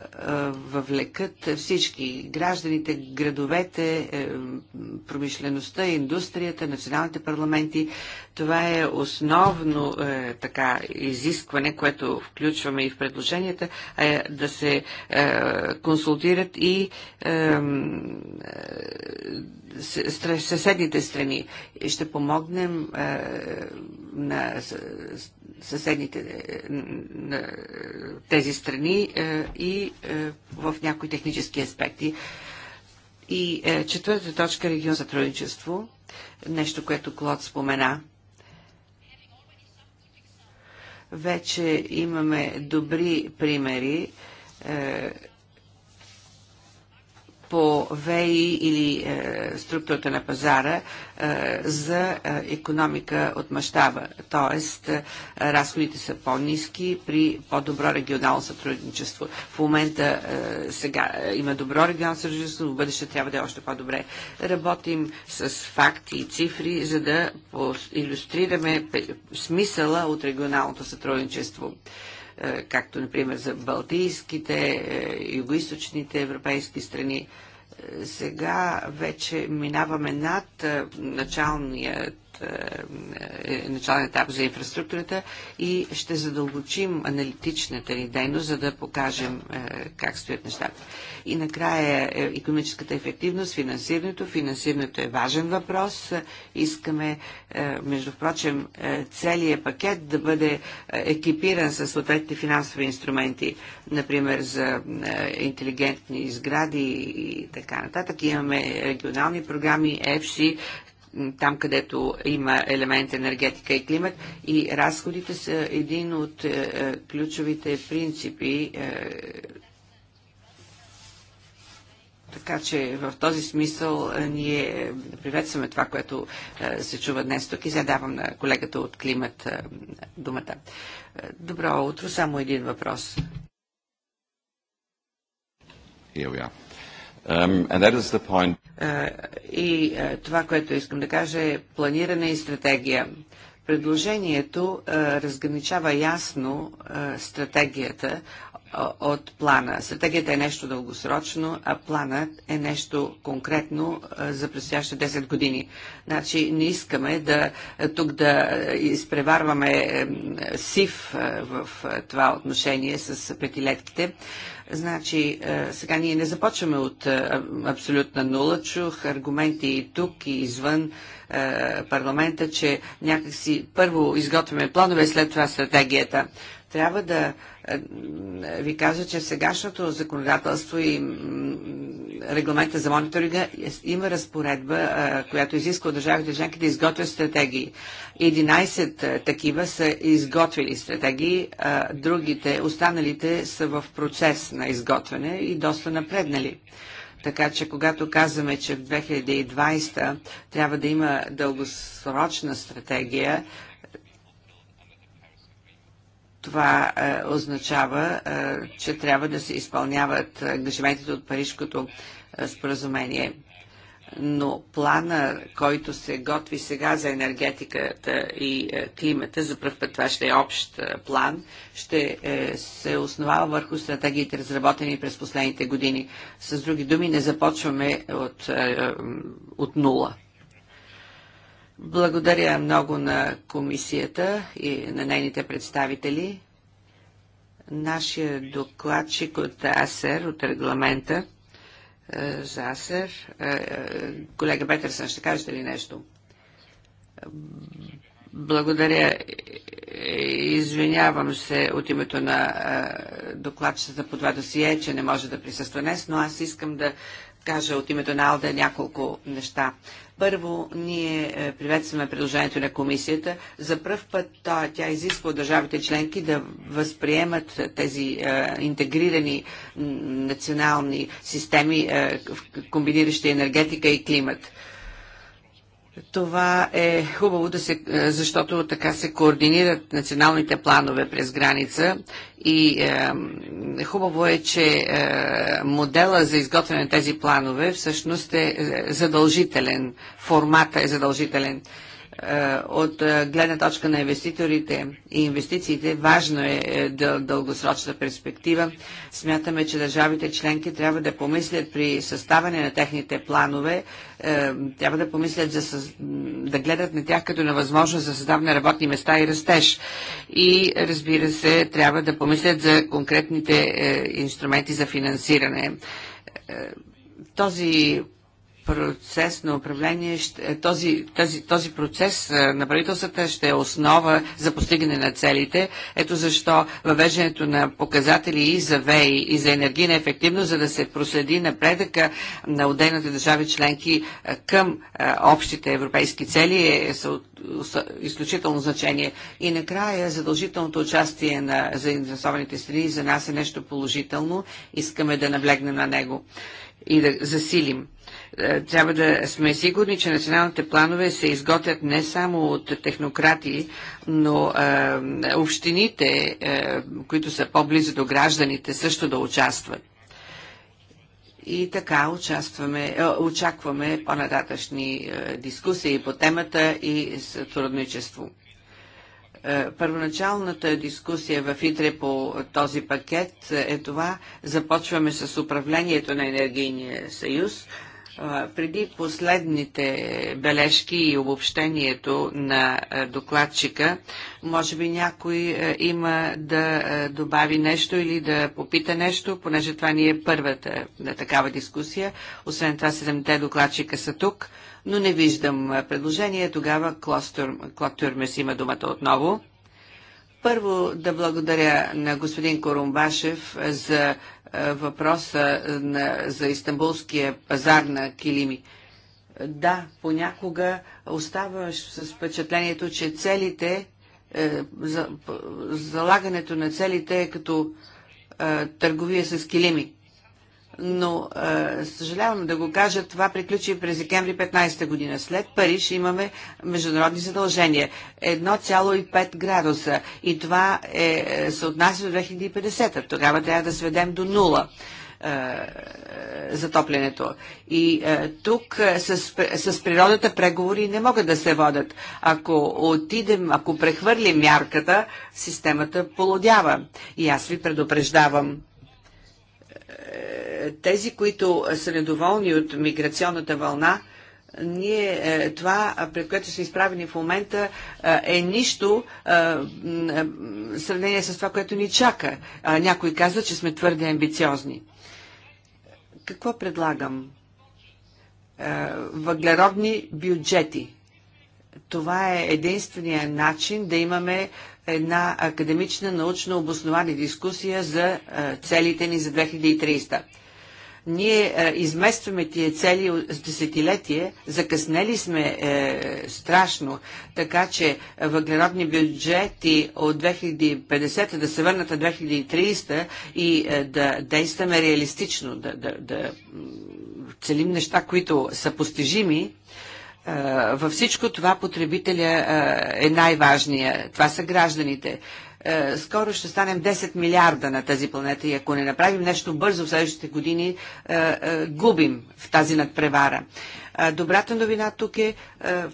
въвлекат всички гражданите, градовете, е, промишлеността, индустрията, националните парламенти. Това е основно е, така изискване, което включваме и в предложенията, е да се консултират и съседните страни. Ще помогнем е, на съседните е, на тези страни е, и е, в някои технически аспекти. И е, четвърта точка регион сътрудничество, нещо, което Клод спомена. Вече имаме добри примери. Е, по ВЕИ или е, структурата на пазара е, за економика от мащаба. Тоест, е, разходите са по-низки при по-добро регионално сътрудничество. В момента е, сега е, има добро регионално сътрудничество, но в бъдеще трябва да е още по-добре. Работим с факти и цифри, за да иллюстрираме смисъла от регионалното сътрудничество. Е, е, както например за Балтийските, е, югоисточните европейски страни. Е, сега вече минаваме над началният е, е, начален етап за инфраструктурата и ще задълбочим аналитичната ни дейност, за да покажем е, как стоят нещата. И накрая е, економическата ефективност, финансирането. Финансирането е важен въпрос. Искаме, е, между прочим, е, целият пакет да бъде е, екипиран с съответните финансови инструменти, например за е, интелигентни сгради и така нататък. Имаме регионални програми, EFSI, там където има елемент енергетика и климат и разходите са един от е, е, ключовите принципи е, така че в този смисъл ние приветстваме това, което се чува днес тук и задавам на колегата от климат думата. Добро утро, само един въпрос. Here we are. Um, and that is the point. И това, което искам да кажа е планиране и стратегия. Предложението разграничава ясно стратегията от плана. Стратегията е нещо дългосрочно, а планът е нещо конкретно за предстоящите 10 години. Значи не искаме да, тук да изпреварваме сив в това отношение с петилетките. Значи, е, сега ние не започваме от е, абсолютна нула. Чух аргументи и тук, и извън е, парламента, че някакси първо изготвяме планове, след това стратегията. Трябва да е, ви кажа, че в сегашното законодателство и регламента за мониторинга има разпоредба, е, която изисква от държавите членки да изготвят стратегии. 11 е, такива са изготвили стратегии, другите, останалите са в процес на изготвяне и доста напреднали. Така че когато казваме, че в 2020 трябва да има дългосрочна стратегия, това е, означава, е, че трябва да се изпълняват ангажиментите от Парижкото е, споразумение. Но плана, който се готви сега за енергетиката и е, климата, за първ път това ще е общ е, план, ще е, се основава върху стратегиите, разработени през последните години. С други думи, не започваме от, от нула. Благодаря много на комисията и на нейните представители. Нашия докладчик от АСЕР, от регламента е, за АСЕР, е, е колега Бетерсън, ще кажете ли нещо? Благодаря. Извинявам се от името на е, докладчета по това досие, че не може да присъства днес, но аз искам да кажа от името на Алда няколко неща. Първо, ние е, приветстваме предложението на комисията. За първ път тя, тя изисква от държавите членки да възприемат тези е, интегрирани национални системи, е, комбиниращи енергетика и климат това е хубаво, да се, е, защото така се координират националните планове през граница и е, хубаво е, че е, модела за изготвяне на тези планове всъщност е, е задължителен, формата е задължителен. Е, е, от е, гледна точка на инвеститорите и инвестициите, важно е, е дългосрочна перспектива. Смятаме, че държавите членки трябва да помислят при съставане на техните планове, трябва да помислят за, да гледат на тях като на възможност за създаване на работни места и растеж. И разбира се, трябва да помислят за конкретните инструменти за финансиране. този процес на управление, е, този, този, този процес е, на правителствата ще е основа за постигане на целите. Ето защо въвеждането на показатели и за ВЕИ, и за енергийна ефективност, за да се проследи напредъка на отделните държави членки е, към общите европейски цели е изключително значение. И накрая задължителното участие на заинтересованите страни за нас е нещо положително. Искаме да наблегнем на него и да засилим е, трябва да сме сигурни, че националните планове се изготвят не само от технократи, но е, общините, е, които са по-близо до гражданите, също да участват. И така участваме, е, очакваме по-нататъчни е, дискусии по темата и сътрудничество. Първоначалната дискусия в ИТРЕ по този пакет е това. Започваме с управлението на енергийния съюз – преди последните бележки и обобщението на докладчика, може би някой има да добави нещо или да попита нещо, понеже това ни е първата такава дискусия. Освен това, седемте докладчика са тук, но не виждам предложение. Тогава Клод Тюрмес има думата отново. Първо да благодаря на господин Корумбашев за е, въпроса е, на, за истанбулския пазар на килими. Да, понякога оставаш с впечатлението, че целите, е, за, залагането на целите е като е, търговия с килими но е, съжалявам да го кажа, това приключи през декември 15 година. След Париж имаме международни задължения. 1,5 градуса. И това е, е се отнася до 2050. та Тогава трябва да сведем до нула е, затоплянето. И е, тук е, с, с природата преговори не могат да се водят. Ако отидем, ако прехвърлим мярката, системата полудява. И аз ви предупреждавам тези, които са недоволни от миграционната вълна, ние е, това, пред което сме изправени в момента, е, е нищо в е, сравнение с това, което ни чака. Някой казва, че сме твърде амбициозни. Какво предлагам? Въглеродни бюджети. Това е единствения начин да имаме една академична, научно обоснована дискусия за е, целите ни за 2300 ние е, изместваме тия цели с десетилетие, закъснели сме е, страшно, така че въглеродни бюджети от 2050 да се върнат на 2300 и е, да действаме реалистично, да, да, да целим неща, които са постижими във всичко това потребителя е най-важния. Това са гражданите скоро ще станем 10 милиарда на тази планета и ако не направим нещо бързо в следващите години, губим в тази надпревара. Добрата новина тук е,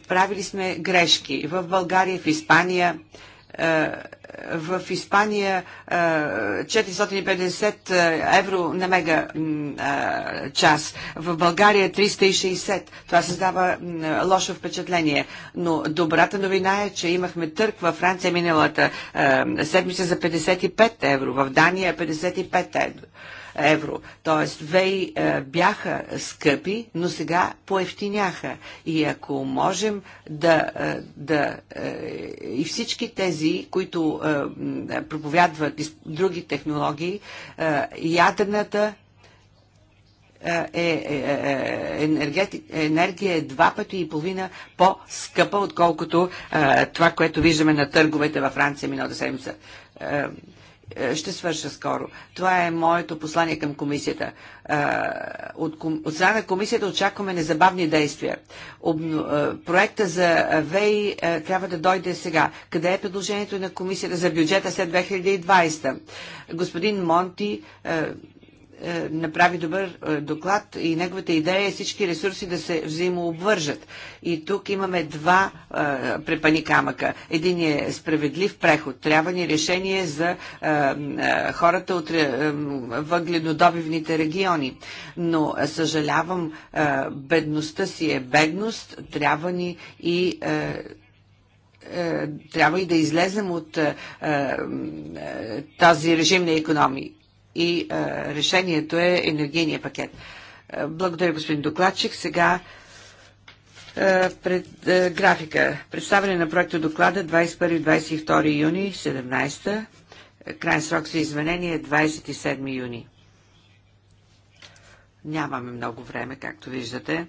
правили сме грешки в България, в Испания, е, в Испания 450 е, е, евро на мега час, в България 360. Това създава лошо впечатление. Но добрата новина е, че имахме търк във Франция миналата седмица за 55 евро, в Дания 55 евро евро. Тоест, вей е, бяха скъпи, но сега поевтиняха. И ако можем да, е, да е, и всички тези, които проповядват други технологии, ядрената е, е, е, енергия, енергия е два пъти и половина по-скъпа, отколкото е, това, което виждаме на търговете във Франция миналата седмица. Е, е, ще свърша скоро. Това е моето послание към комисията. Е, от, страна на комисията очакваме незабавни действия. Е, проекта за ВЕИ трябва да дойде сега. Къде е предложението на комисията за бюджета след 2020? Господин Монти е, направи добър е, доклад и неговата идея е всички ресурси да се взаимообвържат. И тук имаме два е, препани камъка. Един е справедлив преход. Трябва ни решение за хората от въгледодобивните региони. Но съжалявам, бедността си е бедност. Трябва ни и трябва и да излезем от е, е, тази режим на економии и а, решението е енергийния пакет. А, благодаря, господин докладчик. Сега а, пред, а, графика. Представяне на проекта доклада 21-22 юни 17. Крайен срок за изменение 27 е юни. Нямаме много време, както виждате.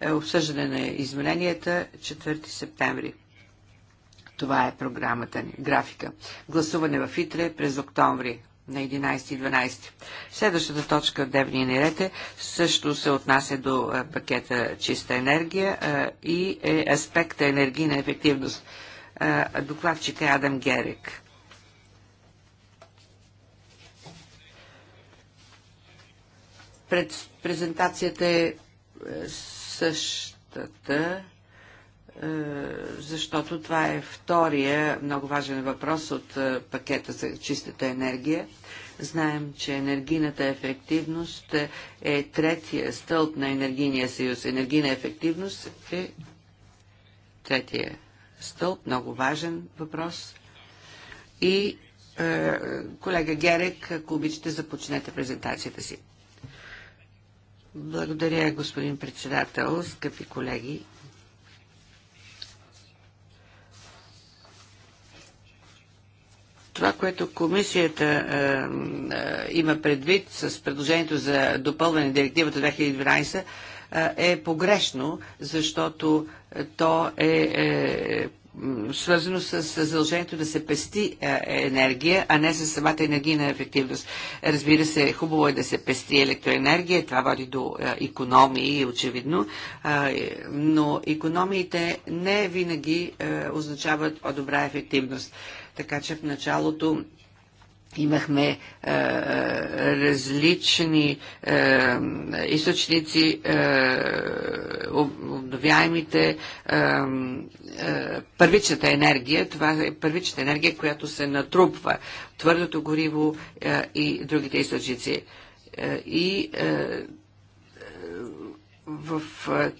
Е, обсъждане на измененията 4 септември. Това е програмата ни, графика. Гласуване в Итре през октомври на 11 и 12. Следващата точка в дневния ни ред е, също се отнася до е, пакета чиста енергия е, и е аспекта енергийна ефективност. Докладчик е Адам Герик. Пред презентацията е същата. Е, защото това е втория много важен въпрос от е, пакета за чистата енергия. Знаем, че енергийната ефективност е, е третия стълб на енергийния съюз. Енергийна ефективност е третия стълб, много важен въпрос. И е, колега Герек, ако обичате, започнете презентацията си. Благодаря, господин председател, скъпи колеги. Това, което комисията е, е, има предвид с предложението за допълване на директивата 2012, е, е погрешно, защото то е, е свързано с задължението да се пести е, енергия, а не с самата енергийна ефективност. Разбира се, хубаво е да се пести електроенергия, това води до економии, очевидно, е, но економиите не винаги означават по-добра ефективност. Така че в началото имахме е, е различни е, източници, е, обновяемите, е, е, първичната енергия, това е първичната енергия, която се натрупва, твърдото гориво е, и другите източници. Е, и е, в е,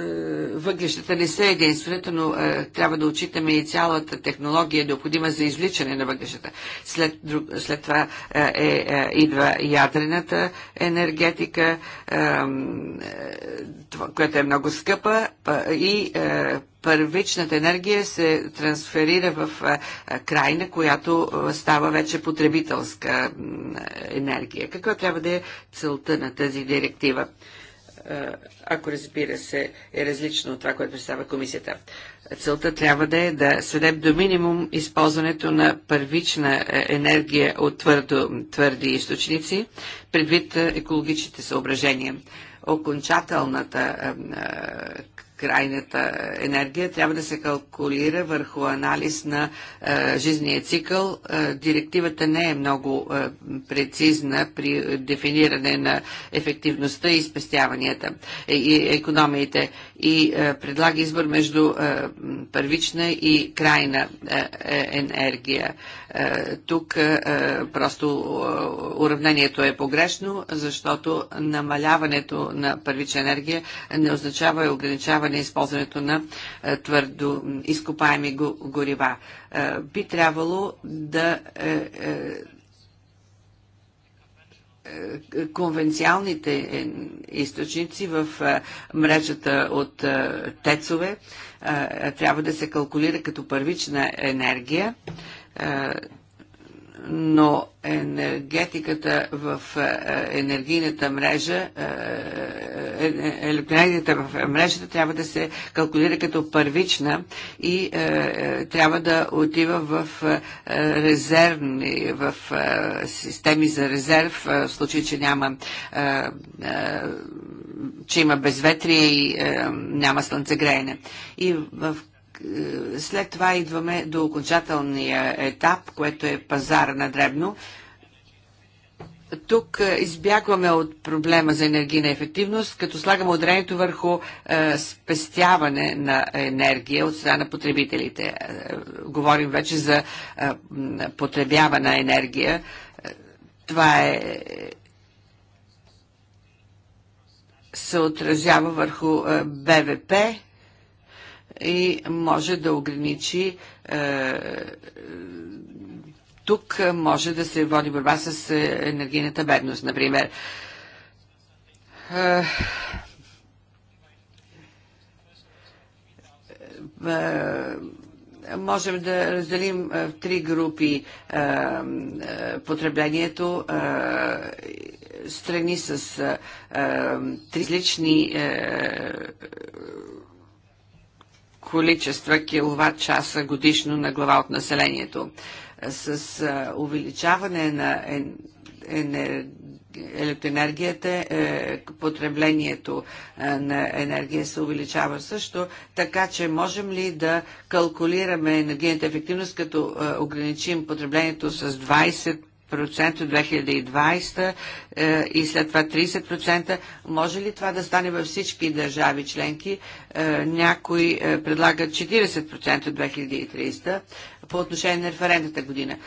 е, въглищата не са единствените, но е, трябва да отчитаме и цялата технология, необходима за извличане на въглищата. След, друг, след това е, е, е идва ядрената енергетика, е, това, която е много скъпа и е, първичната енергия се трансферира в е, е крайна, която става вече потребителска енергия. Каква трябва да е целта на тази директива? ако разбира се е различно от това, което представя комисията. Целта трябва да е да сведем до минимум използването на първична енергия от твърдо, твърди източници, предвид екологичните съображения. Окончателната крайната енергия трябва да се калкулира върху анализ на е, жизния цикъл. Е, директивата не е много е, прецизна при дефиниране на ефективността и спестяванията е, и економиите и е, предлага избор между е, първична и крайна е, енергия. Тук просто уравнението е погрешно, защото намаляването на първична енергия не означава ограничаване използването на твърдо изкопаеми горива. Би трябвало да е, конвенциалните е, източници в е, мрежата от тецове трябва да се калкулира като първична енергия но енергетиката в е, енергийната мрежа, е, е, електроенергията в мрежата трябва да се калкулира като първична и трябва да отива в резервни, в системи за резерв, в случай, че няма че има безветрие и няма слънцегреене. И в е, след това идваме до окончателния етап, което е пазара на дребно. Тук е, избягваме от проблема за енергийна ефективност, като слагаме ударението върху е, спестяване на енергия от страна на потребителите. Е, говорим вече за е, потребявана енергия. Е, това е се отразява върху БВП и може да ограничи е, тук може да се води борба с е, енергийната бедност, например. Е, можем да разделим в три групи потреблението страни с а, различни количества киловатт часа годишно на глава от населението. С а, увеличаване на електроенергията, е, потреблението е, на енергия се увеличава също, така че можем ли да калкулираме енергийната ефективност, като е, ограничим потреблението с 20 2020 е, и след това 30%. Може ли това да стане във всички държави членки? някои предлагат 40% от 2030 по отношение на референдата година.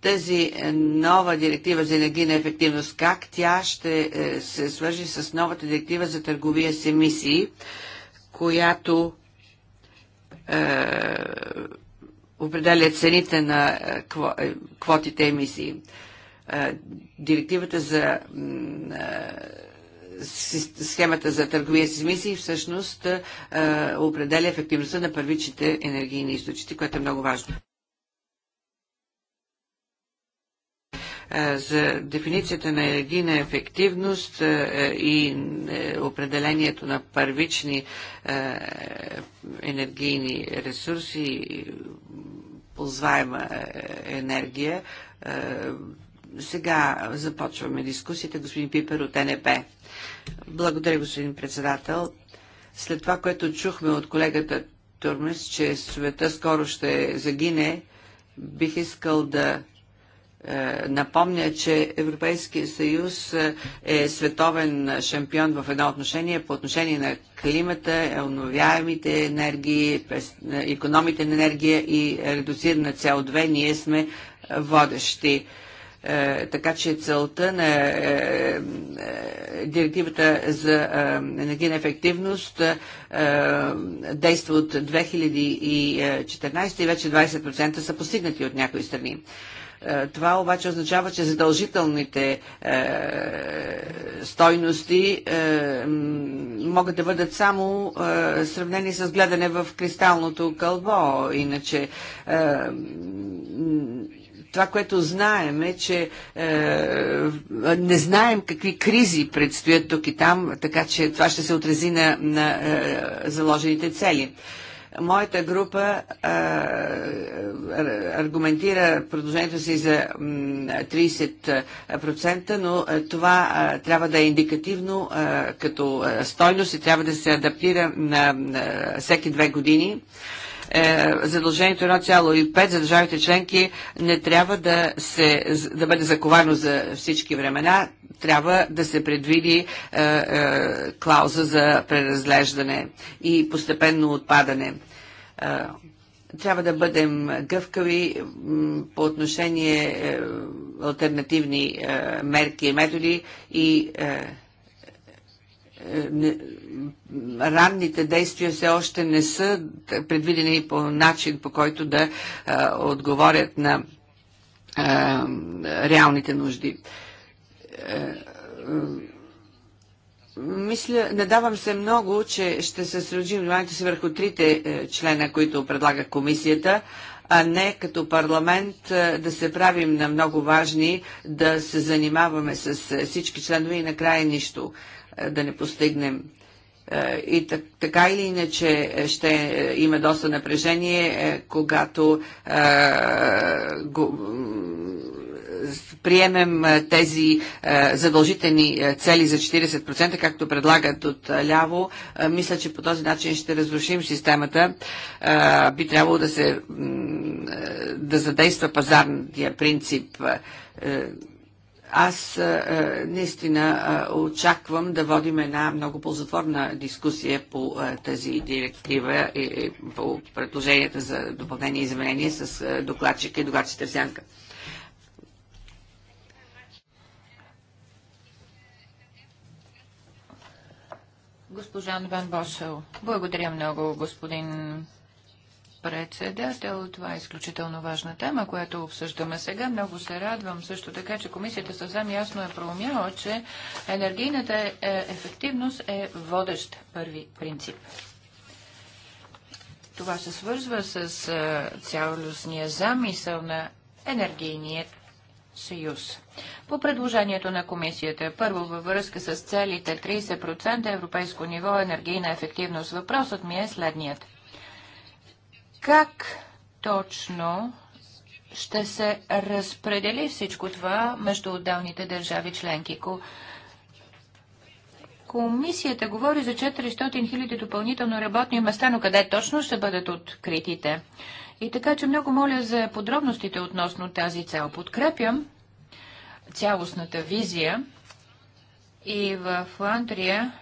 Тази е, нова директива за енергийна ефективност, как тя ще е, се свържи с новата директива за търговия с емисии, която определя цените на е, е, квотите емисии. Е, директивата за схемата за търговия с емисии всъщност определя ефективността на първичните енергийни източници, което е много важно. за дефиницията на енергийна ефективност е, и е, определението на първични енергийни ресурси и ползваема е, енергия. Сега започваме дискусията. Господин Пипер от НП. Благодаря, господин председател. След това, което чухме от колегата Турмес, че света скоро ще загине, бих искал да е, напомня, че Европейския съюз е, е световен шампион в едно отношение по отношение на климата, обновяемите е, енергии, економите на енергия и редуцирана CO2. Ние сме водещи така че целта на директивата за енергийна ефективност действа от 2014 и вече 20% са постигнати от някои страни. Е, това обаче означава, че задължителните е, стойности е, могат да бъдат само сравнени с гледане в кристалното кълбо. Иначе това, което знаем е, че е, не знаем какви кризи предстоят тук и там, така че това ще се отрази на, на е, заложените цели. Моята група а, аргументира продължението си за 30%, но това а, трябва да е индикативно а, като стойност и трябва да се адаптира на, на всеки две години е, задължението 1,5 е за държавите членки не трябва да, се, да бъде заковано за всички времена трябва да се предвиди е, е, клауза за преразглеждане и постепенно отпадане. Е, трябва да бъдем гъвкави по отношение е, альтернативни е, мерки и методи и е, е ранните действия все още не са предвидени по начин, по който да е, отговорят на е, реалните нужди мисля, надавам се много, че ще се сръджим вниманието си върху трите е, члена, които предлага комисията, а не като парламент е, да се правим на много важни, да се занимаваме с е, всички членове и накрая нищо да не постигнем. И така или иначе ще има доста напрежение, когато приемем тези задължителни цели за 40%, както предлагат от ляво, мисля, че по този начин ще разрушим системата. Би трябвало да се да задейства пазарния принцип е, аз наистина очаквам да водим една много ползотворна дискусия по тази директива и, и по предложенията за допълнение и изменение с докладчика и докладчите в сянка. Госпожа Ван Босел, благодаря много, господин председател. Това е изключително важна тема, която обсъждаме сега. Много се радвам също така, че комисията съвсем ясно е проумяла, че енергийната е, ефективност е водещ първи принцип. Това се свързва с е, цялостния замисъл на енергийният съюз. По предложението на комисията, първо във връзка с целите 30% европейско ниво енергийна ефективност, въпросът ми е следният. Как точно ще се разпредели всичко това между отделните държави членки? Комисията говори за 400 000 допълнително работни места, но къде точно ще бъдат откритите? И така, че много моля за подробностите относно тази цел. Подкрепям цялостната визия и в Фландрия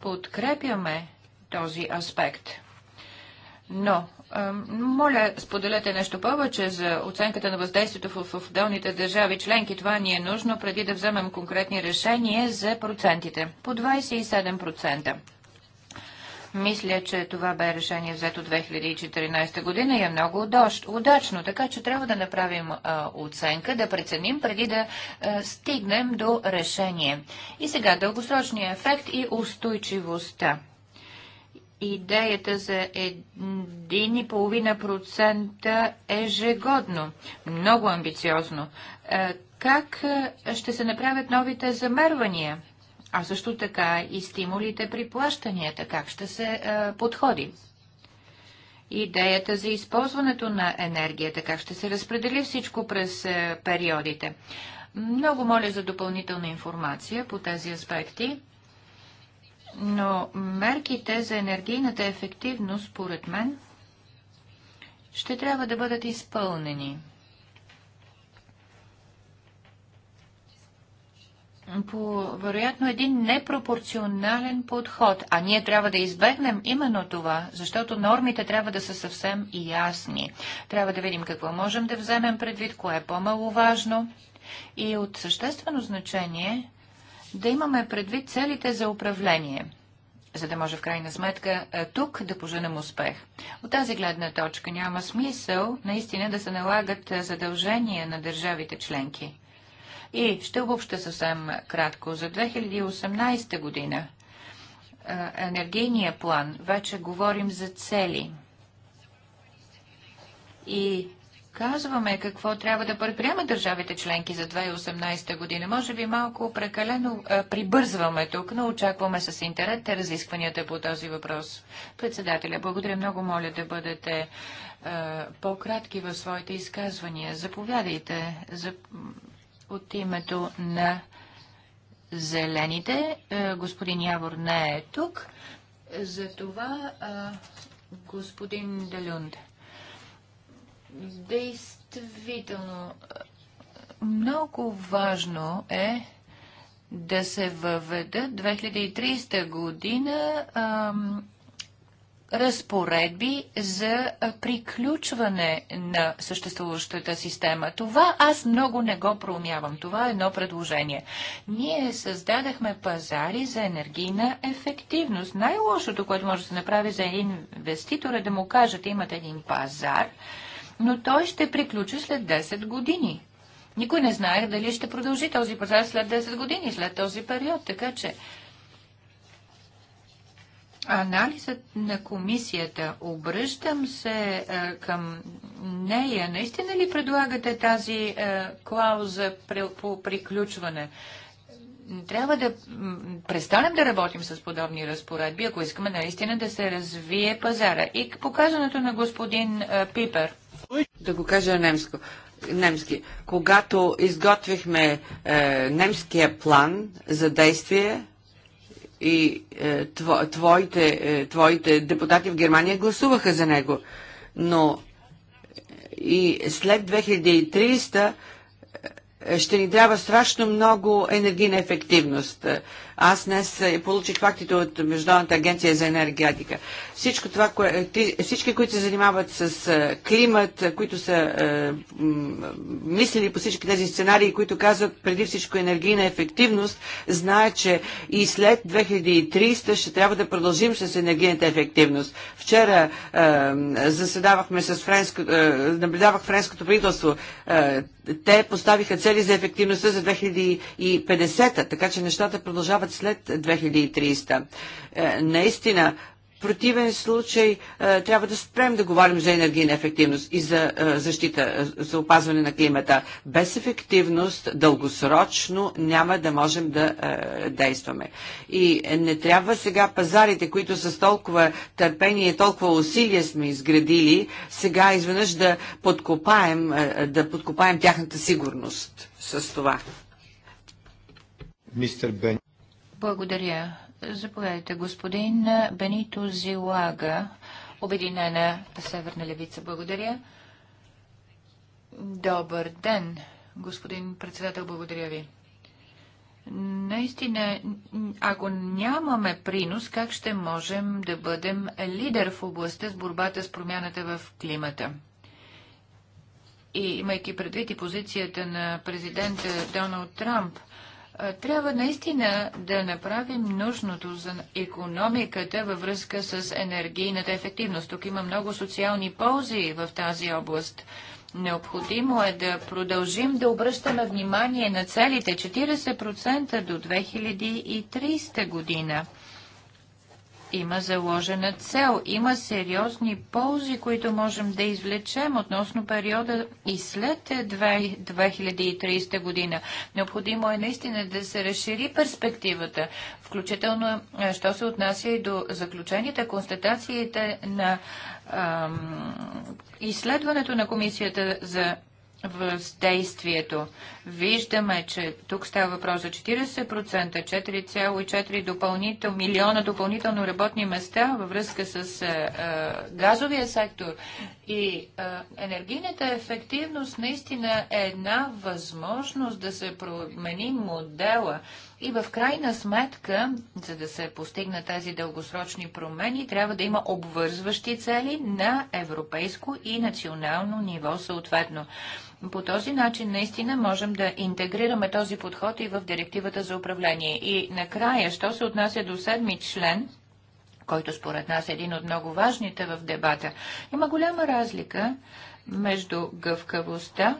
подкрепяме този аспект. Но, моля, споделете нещо повече за оценката на въздействието в отделните държави членки. Това ни е нужно преди да вземем конкретни решения за процентите. По 27%. Мисля, че това бе решение взето 2014 година и е много удачно, така че трябва да направим а, оценка, да преценим преди да а, стигнем до решение. И сега дългосрочния ефект и устойчивостта идеята за 1,5% ежегодно. Много амбициозно. Как ще се направят новите замервания? а също така и стимулите при плащанията, как ще се е, подходи. Идеята за използването на енергията, как ще се разпредели всичко през е, периодите. Много моля за допълнителна информация по тези аспекти, но мерките за енергийната ефективност, според мен, ще трябва да бъдат изпълнени. по вероятно един непропорционален подход. А ние трябва да избегнем именно това, защото нормите трябва да са съвсем ясни. Трябва да видим какво можем да вземем предвид, кое е по-маловажно. И от съществено значение да имаме предвид целите за управление за да може в крайна сметка тук да поженем успех. От тази гледна точка няма смисъл наистина да се налагат задължения на държавите членки. И ще обобща съвсем кратко. За 2018 година енергийния план вече говорим за цели. И казваме какво трябва да предприемат държавите членки за 2018 година. Може би малко прекалено а, прибързваме тук, но очакваме с интерес разискванията по този въпрос. Председателя, благодаря много, моля да бъдете по-кратки в своите изказвания. Заповядайте за от името на зелените, е, господин Явор не е тук, затова е, господин Делюнд. Действително, е, много важно е да се въведат 2030 година разпоредби за приключване на съществуващата система. Това аз много не го проумявам. Това е едно предложение. Ние създадахме пазари за енергийна ефективност. Най-лошото, което може да се направи за един инвеститор е да му кажете, имате един пазар, но той ще приключи след 10 години. Никой не знае дали ще продължи този пазар след 10 години, след този период, така че анализът на комисията, обръщам се е, към нея, наистина ли предлагате тази е, клауза при, по приключване? Трябва да престанем да работим с подобни разпоредби, ако искаме наистина да се развие пазара. И показването на господин е, Пипер. Да го кажа немско немски. Когато изготвихме е, немския план за действие, и е, твоите, е, твоите депутати в Германия гласуваха за него. Но е, и след 2300 е, ще ни трябва страшно много енергийна ефективност. Аз днес е, получих фактите от Международната агенция за енергетика. Всичко това, кое, е, всички, които се занимават с е, климат, които са е, мислили по всички тези сценарии, които казват преди всичко енергийна ефективност, знаят, че и след 2300 ще трябва да продължим с енергийната ефективност. Вчера е, заседавахме с френско, е, наблюдавах френското правителство. Е, те поставиха цели за ефективността за 2050, така че нещата продължават станат след 2030. Е, наистина, противен случай е, трябва да спрем да говорим за енергийна ефективност и за е, защита, за опазване на климата. Без ефективност дългосрочно няма да можем да действаме. И не трябва сега пазарите, които с толкова търпение и толкова усилия сме изградили, сега изведнъж да подкопаем, да подкопаем тяхната сигурност с това. Мистер Бен. Благодаря. Заповядайте, господин Бенито Зилага, Обединена Северна левица. Благодаря. Добър ден, господин председател. Благодаря ви. Наистина, ако нямаме принос, как ще можем да бъдем лидер в областта с борбата с промяната в климата? И имайки предвид и позицията на президента Доналд Трамп – трябва наистина да направим нужното за економиката във връзка с енергийната ефективност. Тук има много социални ползи в тази област. Необходимо е да продължим да обръщаме внимание на целите 40% до 2030 година има заложена цел, има сериозни ползи, които можем да извлечем относно периода и след 2030 година. Необходимо е наистина да се разшири перспективата, включително, е, що се отнася и до заключените констатациите на ам, изследването на Комисията за въздействието. Виждаме, че тук става въпрос за 40%, 4,4 допълнител, милиона допълнително работни места във връзка с а, газовия сектор. И а, енергийната ефективност наистина е една възможност да се промени модела и в крайна сметка, за да се постигнат тези дългосрочни промени, трябва да има обвързващи цели на европейско и национално ниво съответно. По този начин наистина можем да интегрираме този подход и в директивата за управление. И накрая, що се отнася до седми член, който според нас е един от много важните в дебата, има голяма разлика между гъвкавостта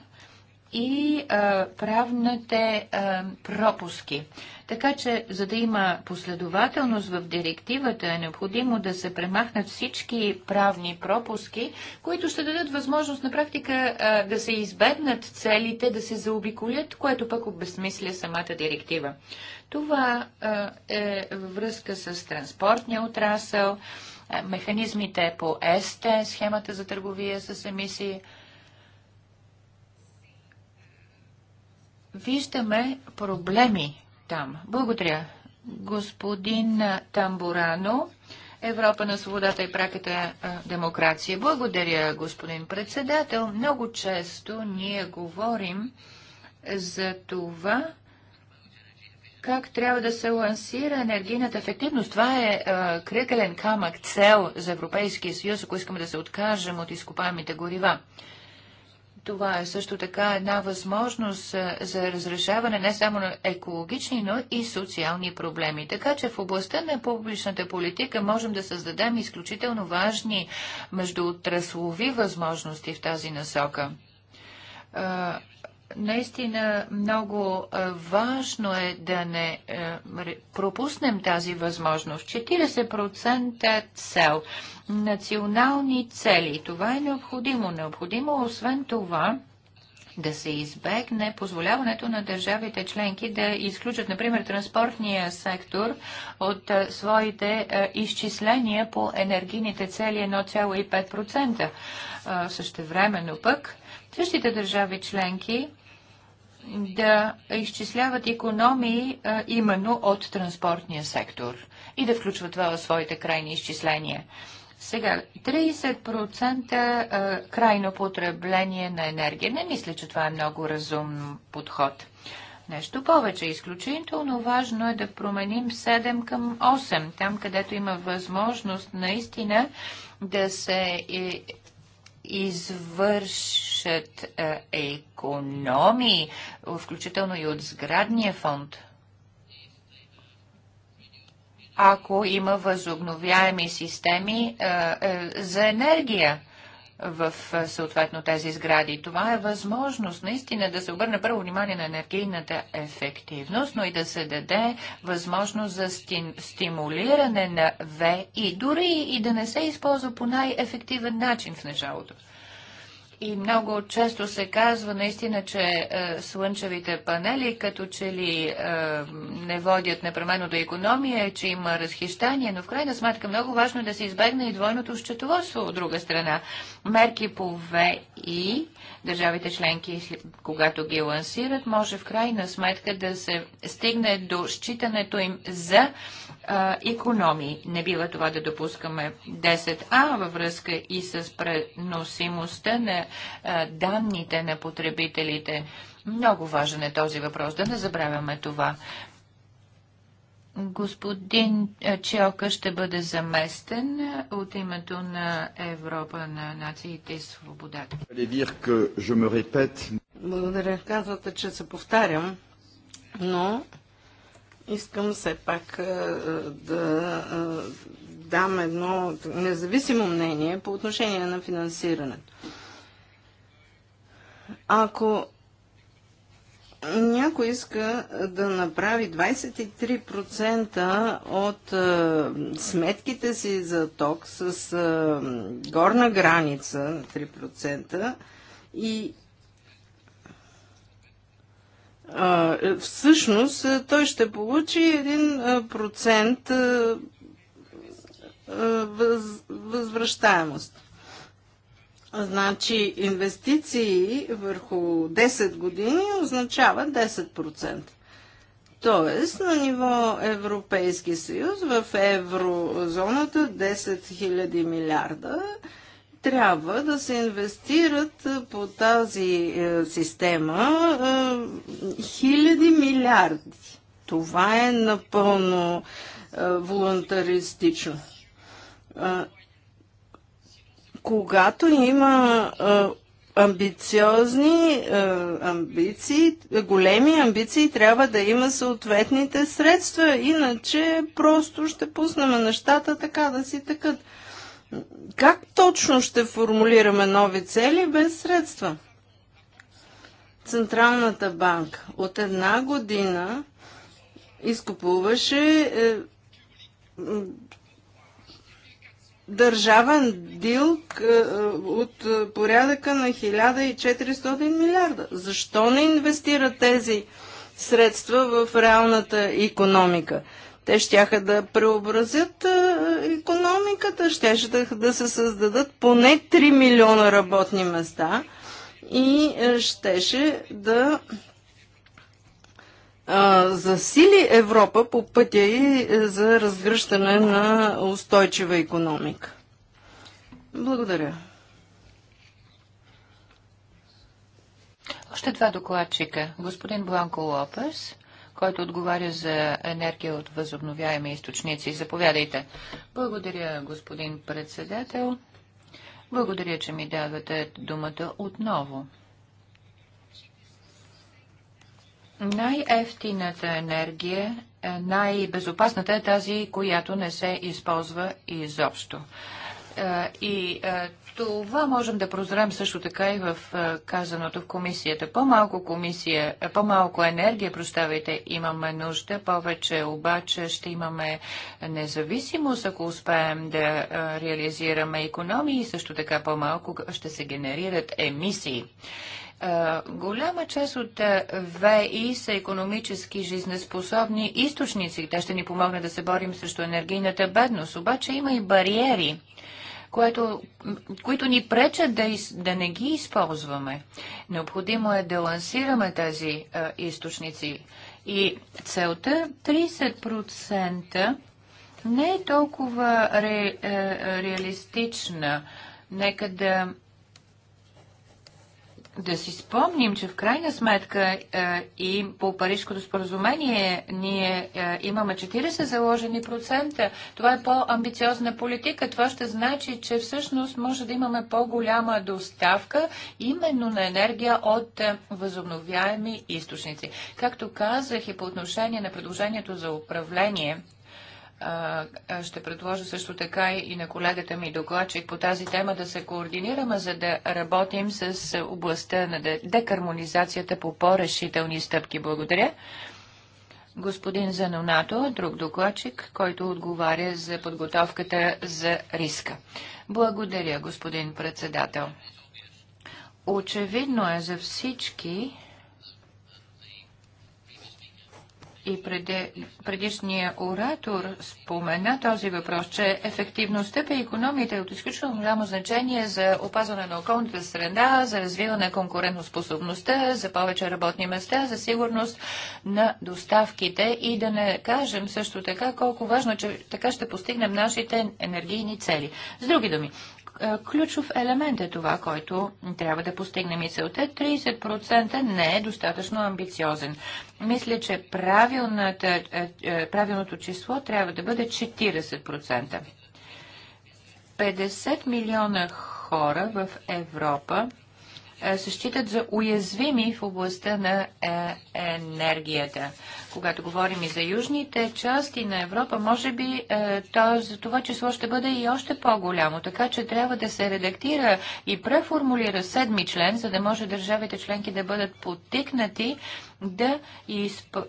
и а, правните а, пропуски. Така че, за да има последователност в директивата, е необходимо да се премахнат всички правни пропуски, които ще дадат възможност на практика а, да се избегнат целите, да се заобиколят, което пък обезсмисля самата директива. Това а, е във връзка с транспортния отрасъл, а, механизмите по ЕСТЕ, схемата за търговия с емисии – виждаме проблеми там. Благодаря. Господин Тамбурано, Европа на свободата и праката демокрация. Благодаря, господин председател. Много често ние говорим за това, как трябва да се лансира енергийната ефективност. Това е крикален кръгълен камък, цел за Европейския съюз, ако искаме да се откажем от изкопаемите горива. Това е също така една възможност е, за разрешаване не само на екологични, но и социални проблеми. Така че в областта на публичната политика можем да създадем изключително важни междуотраслови възможности в тази насока е, наистина много важно е да не пропуснем тази възможност. 40% цел, национални цели. Това е необходимо. Необходимо, освен това, да се избегне позволяването на държавите членки да изключат, например, транспортния сектор от своите изчисления по енергийните цели 1,5%. също времено пък същите държави членки да изчисляват економии а, именно от транспортния сектор и да включват това в своите крайни изчисления. Сега, 30% крайно потребление на енергия. Не мисля, че това е много разумен подход. Нещо повече. Изключително важно е да променим 7 към 8, там където има възможност наистина да се извършат е, економии, включително и от сградния фонд, ако има възобновяеми системи е, е, за енергия в съответно тези сгради. Това е възможност наистина да се обърне първо внимание на енергийната ефективност, но и да се даде възможност за стимулиране на ВИ, дори и да не се използва по най-ефективен начин в началото. И много често се казва наистина, че е, слънчевите панели като че ли е, не водят непременно до економия, че има разхищание, но в крайна сметка много важно е да се избегне и двойното счетоводство от друга страна. Мерки по ВИ, държавите членки, когато ги лансират, може в крайна сметка да се стигне до считането им за а, економии. Не бива това да допускаме 10А във връзка и с преносимостта на данните на потребителите. Много важен е този въпрос, да не забравяме това. Господин Челка ще бъде заместен от името на Европа на нациите и свободата. Благодаря. Казвате, че се повтарям, но Искам все пак да дам едно независимо мнение по отношение на финансирането. Ако някой иска да направи 23% от сметките си за ток с горна граница 3% и всъщност той ще получи един процент възвръщаемост. Значи инвестиции върху 10 години означава 10%. Тоест на ниво Европейски съюз в еврозоната 10 000 милиарда трябва да се инвестират по тази е, система хиляди милиарди. Това е напълно волонтаристично. Когато има амбициозни амбиции, големи амбиции, трябва да има съответните средства, иначе просто ще пуснем нещата така да си такът. Как точно ще формулираме нови цели без средства? Централната банка от една година изкупуваше е, държавен дилк е, е, от порядъка на 1400 милиарда. Защо не инвестира тези средства в реалната економика? Те ще да преобразят економиката, ще да се създадат поне 3 милиона работни места и щеше да засили Европа по пътя и за разгръщане на устойчива економика. Благодаря. Още два докладчика. Господин Бланко Лопес който отговаря за енергия от възобновяеми източници. Заповядайте. Благодаря, господин председател. Благодаря, че ми давате думата отново. Най-ефтината енергия, е най-безопасната е тази, която не се използва изобщо. И това можем да прозрем също така и в казаното в комисията. По-малко комисия, по-малко енергия, прощавайте, имаме нужда, повече обаче ще имаме независимост, ако успеем да реализираме економии и също така по-малко ще се генерират емисии. Голяма част от ВИ са економически жизнеспособни източници. Те ще ни помогнат да се борим срещу енергийната бедност. Обаче има и бариери което, които ни пречат да, из, да не ги използваме. Необходимо е да лансираме тези а, източници. И целта 30% не е толкова ре, а, реалистична. Нека да да си спомним, че в крайна сметка е, и по Парижското споразумение ние е, имаме 40 заложени процента. Това е по-амбициозна политика. Това ще значи, че всъщност може да имаме по-голяма доставка именно на енергия от е, възобновяеми източници. Както казах и по отношение на предложението за управление, ще предложа също така и на колегата ми докладчик по тази тема да се координираме, за да работим с областта на декармонизацията по по-решителни стъпки. Благодаря. Господин Занонато, друг докладчик, който отговаря за подготовката за риска. Благодаря, господин председател. Очевидно е за всички, и преди, предишния оратор спомена този въпрос, че ефективността при економите е от изключително голямо значение за опазване на околната среда, за развиване на конкурентоспособността, за повече работни места, за сигурност на доставките и да не кажем също така колко важно, че така ще постигнем нашите енергийни цели. С други думи, е, ключов елемент е това, който трябва да постигне. мисълта. 30% не е достатъчно амбициозен. Мисля, че е, е, правилното число трябва да бъде 40%. 50 милиона хора в Европа е, се считат за уязвими в областта на е, енергията. Когато говорим и за южните части на Европа, може би е, то, за това число ще бъде и още по-голямо, така че трябва да се редактира и преформулира седми член, за да може държавите членки да бъдат потикнати да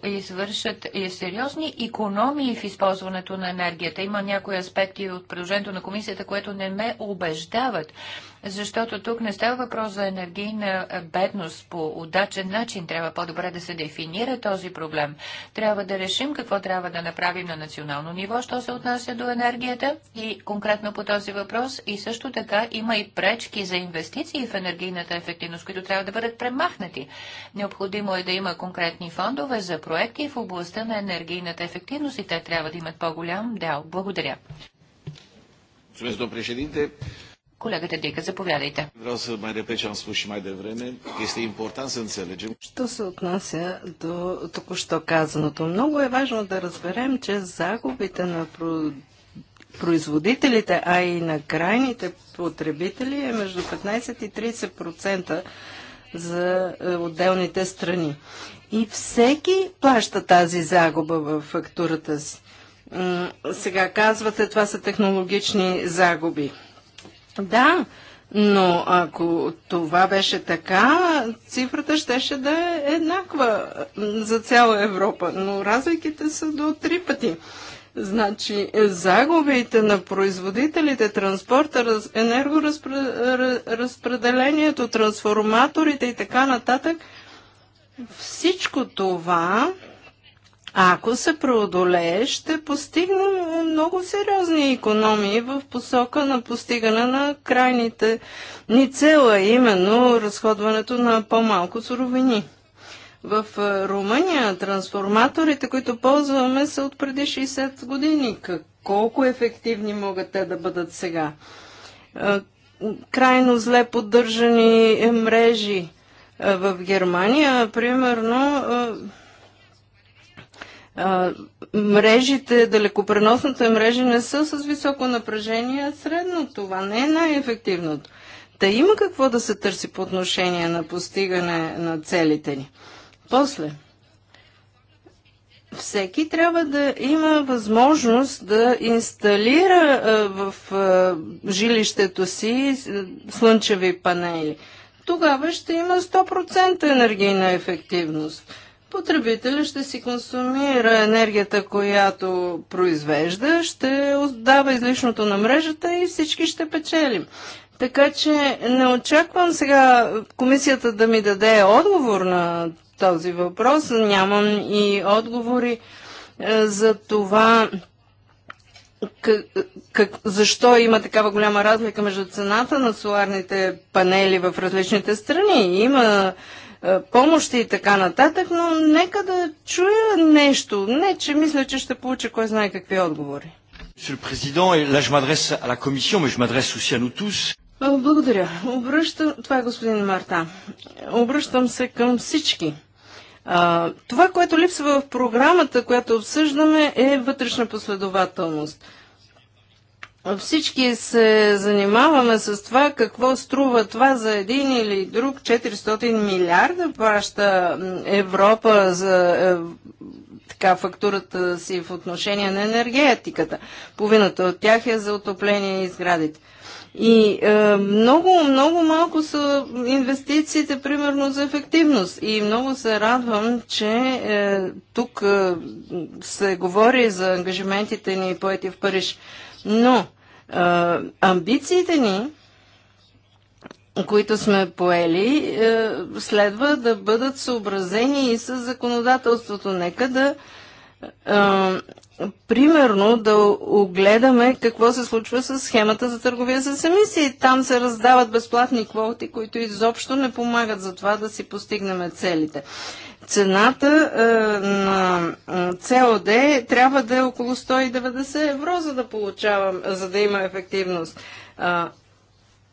извършат сериозни економии в използването на енергията. Има някои аспекти от предложението на комисията, което не ме убеждават защото тук не става въпрос за енергийна бедност по удачен начин. Трябва по-добре да се дефинира този проблем. Трябва да решим какво трябва да направим на национално ниво, що се отнася до енергията и конкретно по този въпрос. И също така има и пречки за инвестиции в енергийната ефективност, които трябва да бъдат премахнати. Необходимо е да има конкретни фондове за проекти в областта на енергийната ефективност и те трябва да имат по-голям дял. Благодаря. Господин Колегата Дика, заповядайте. Vreau să mai repet ce am spus și mai devreme. Este important să înțelegem. Що се отнася до току-що казаното? Много е важно да разберем, че загубите на производителите, а и на крайните потребители е между 15 и 30% за е, отделните страни. И всеки плаща тази загуба в фактурата си. Сега казвате, това са технологични загуби. Да, но ако това беше така, цифрата щеше да е еднаква за цяла Европа, но разликите са до три пъти. Значи, загубите на производителите, транспорта, раз, енергоразпределението, трансформаторите и така нататък, всичко това ако се преодолее, ще постигнем много сериозни економии в посока на постигане на крайните ни цела, именно разходването на по-малко суровини. В е, Румъния трансформаторите, които ползваме, са от преди 60 години. Колко ефективни могат те да бъдат сега? Е, крайно зле поддържани е, мрежи. В Германия, примерно, мрежите, далекопреносната мрежа не са с високо напрежение, а средно. Това не е най-ефективното. Та има какво да се търси по отношение на постигане на целите ни. После, всеки трябва да има възможност да инсталира в жилището си слънчеви панели. Тогава ще има 100% енергийна ефективност потребителя ще си консумира енергията, която произвежда, ще отдава излишното на мрежата и всички ще печелим. Така че не очаквам сега комисията да ми даде отговор на този въпрос. Нямам и отговори е, за това как, как, защо има такава голяма разлика между цената на соларните панели в различните страни. Има е, помощи и така нататък, но нека да чуя нещо. Не, че мисля, че ще получа кой знае какви отговори. Е, благодаря. Обръщам... Това е господин Марта. Обръщам се към всички. А, това, което липсва в програмата, която обсъждаме, е вътрешна последователност. Всички се занимаваме с това какво струва това за един или друг 400 милиарда плаща Европа за е, така фактурата си в отношение на енергетиката. Половината от тях е за отопление и сградите. И е, много, много малко са инвестициите, примерно, за ефективност. И много се радвам, че е, тук е, се говори за ангажиментите ни поети в Париж. Но а, амбициите ни, които сме поели, а, е, следва да бъдат съобразени и с законодателството. Нека да а, примерно да огледаме какво се случва с схемата за търговия с емисии. Там се раздават безплатни квоти, които изобщо не помагат за това да си постигнем целите цената е, на е, COD трябва да е около 190 евро, за да получавам, за да има ефективност.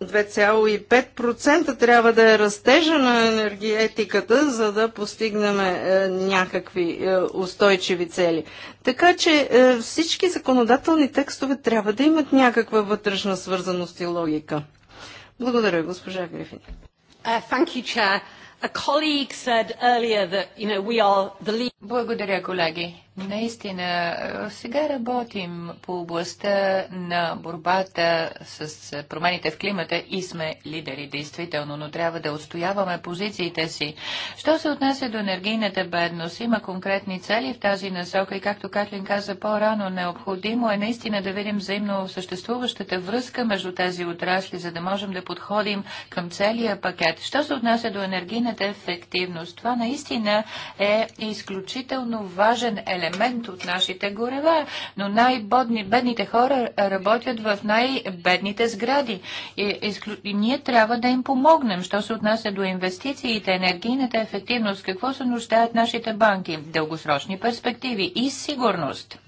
2,5% трябва да е растежа на енергетиката, за да постигнем е, някакви е, устойчиви цели. Така че е, всички законодателни текстове трябва да имат някаква вътрешна свързаност и логика. Благодаря, госпожа Грифин. Uh, благодаря, колеги. Наистина, е, сега работим по областта на борбата с промените в климата и сме лидери, действително, но трябва да отстояваме позициите си. Що се отнася до енергийната бедност, има конкретни цели в тази насока и, както Катлин каза по-рано, необходимо е наистина да видим взаимно съществуващата връзка между тези отрасли, за да можем да подходим към целия пакет. Що се отнася до енергийната енергийната ефективност. Това наистина е изключително важен елемент от нашите горева, но най-бедните хора работят в най-бедните сгради. И, изклю... и ние трябва да им помогнем, що се отнася до инвестициите, енергийната ефективност, какво се нуждаят нашите банки, дългосрочни перспективи и сигурност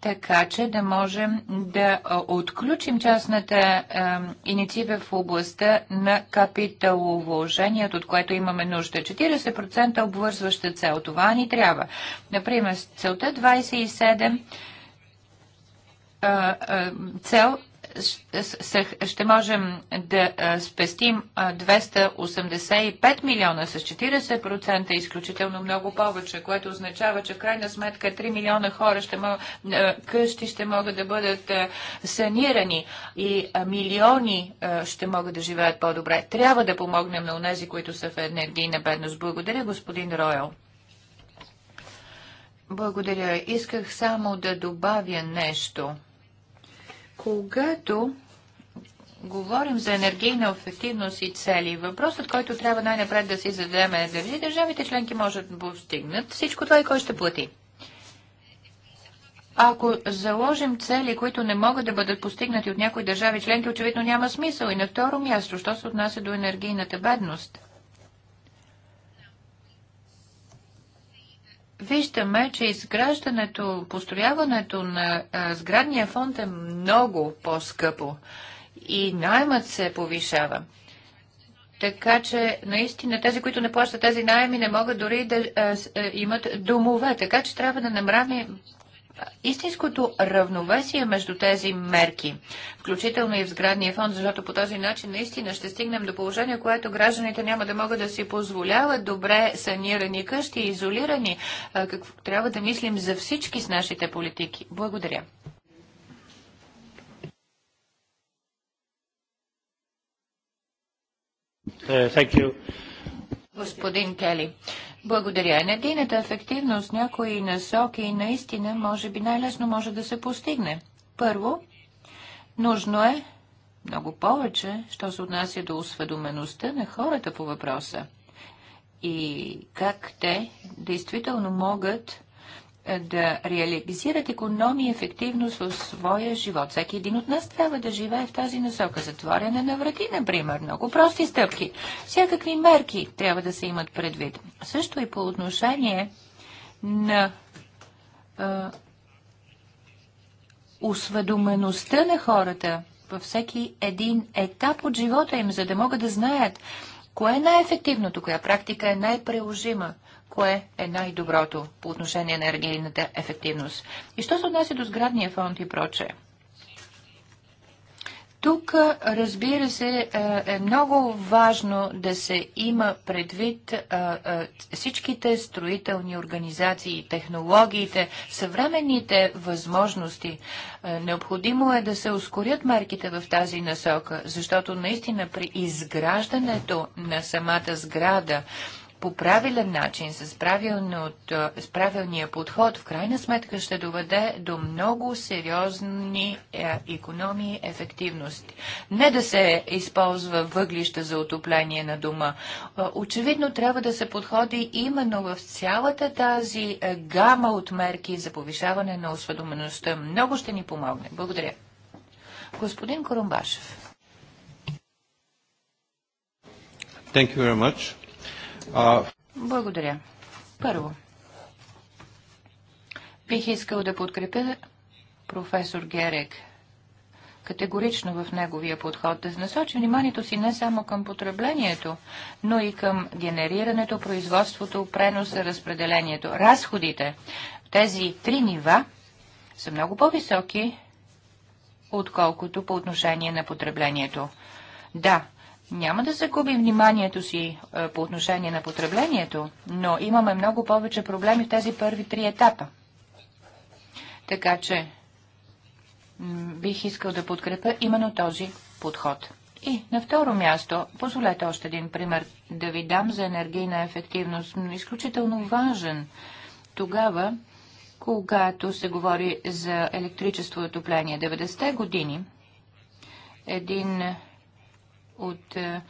така че да можем да отключим частната е, инициатива в областта на капиталовложението, от което имаме нужда. 40% обвързваща цел. Това ни трябва. Например, целта 27 цел ще можем да спестим 285 милиона с 40% изключително много повече, което означава, че в крайна сметка 3 милиона хора ще мог... къщи ще могат да бъдат санирани и милиони ще могат да живеят по-добре. Трябва да помогнем на унези, които са в енергийна бедност. Благодаря, господин Роял. Благодаря. Исках само да добавя нещо когато говорим за енергийна ефективност и цели, въпросът, който трябва най-напред да си зададем е дали държавите членки могат да постигнат всичко това и кой ще плати. Ако заложим цели, които не могат да бъдат постигнати от някои държави членки, очевидно няма смисъл. И на второ място, що се отнася до енергийната бедност. виждаме, че изграждането, построяването на а, сградния фонд е много по-скъпо и наймът се повишава. Така че наистина тези, които не плащат тези найеми, не могат дори да а, имат домове. Така че трябва да намравим истинското равновесие между тези мерки, включително и в сградния фонд, защото по този начин наистина ще стигнем до положение, което гражданите няма да могат да си позволяват добре санирани къщи, изолирани. Какво трябва да мислим за всички с нашите политики? Благодаря. Uh, Господин Кели, благодаря. Енергийната ефективност някои насоки наистина може би най-лесно може да се постигне. Първо, нужно е много повече, що се отнася до осведомеността на хората по въпроса и как те действително могат да реализират економия и ефективност в своя живот. Всеки един от нас трябва да живее в тази насока. Затворяне на врати, например. Много прости стъпки. Всякакви мерки трябва да се имат предвид. Също и по отношение на а, усведомеността на хората във всеки един етап от живота им, за да могат да знаят Кое е най-ефективното, коя практика е най-приложима, кое е най-доброто по отношение на енергийната ефективност? И що се отнася до сградния фонд и прочее? Тук, разбира се, е много важно да се има предвид всичките строителни организации, технологиите, съвременните възможности. Необходимо е да се ускорят мерките в тази насока, защото наистина при изграждането на самата сграда, по правилен начин, с, с правилния подход, в крайна сметка ще доведе до много сериозни економии и ефективност. Не да се използва въглища за отопление на дома. Очевидно трябва да се подходи именно в цялата тази е, гама от мерки за повишаване на осведомеността. Много ще ни помогне. Благодаря. Господин Корумбашев. Thank you very much. А... Благодаря. Първо, бих искал да подкрепя професор Герек категорично в неговия подход да насочи вниманието си не само към потреблението, но и към генерирането, производството, преноса, разпределението. Разходите тези три нива са много по-високи, отколкото по отношение на потреблението. Да, няма да загубим вниманието си е, по отношение на потреблението, но имаме много повече проблеми в тези първи три етапа. Така че бих искал да подкрепя именно този подход. И на второ място, позволете още един пример да ви дам за енергийна ефективност. Изключително важен тогава, когато се говори за електричество и отопление. 90-те години един от е,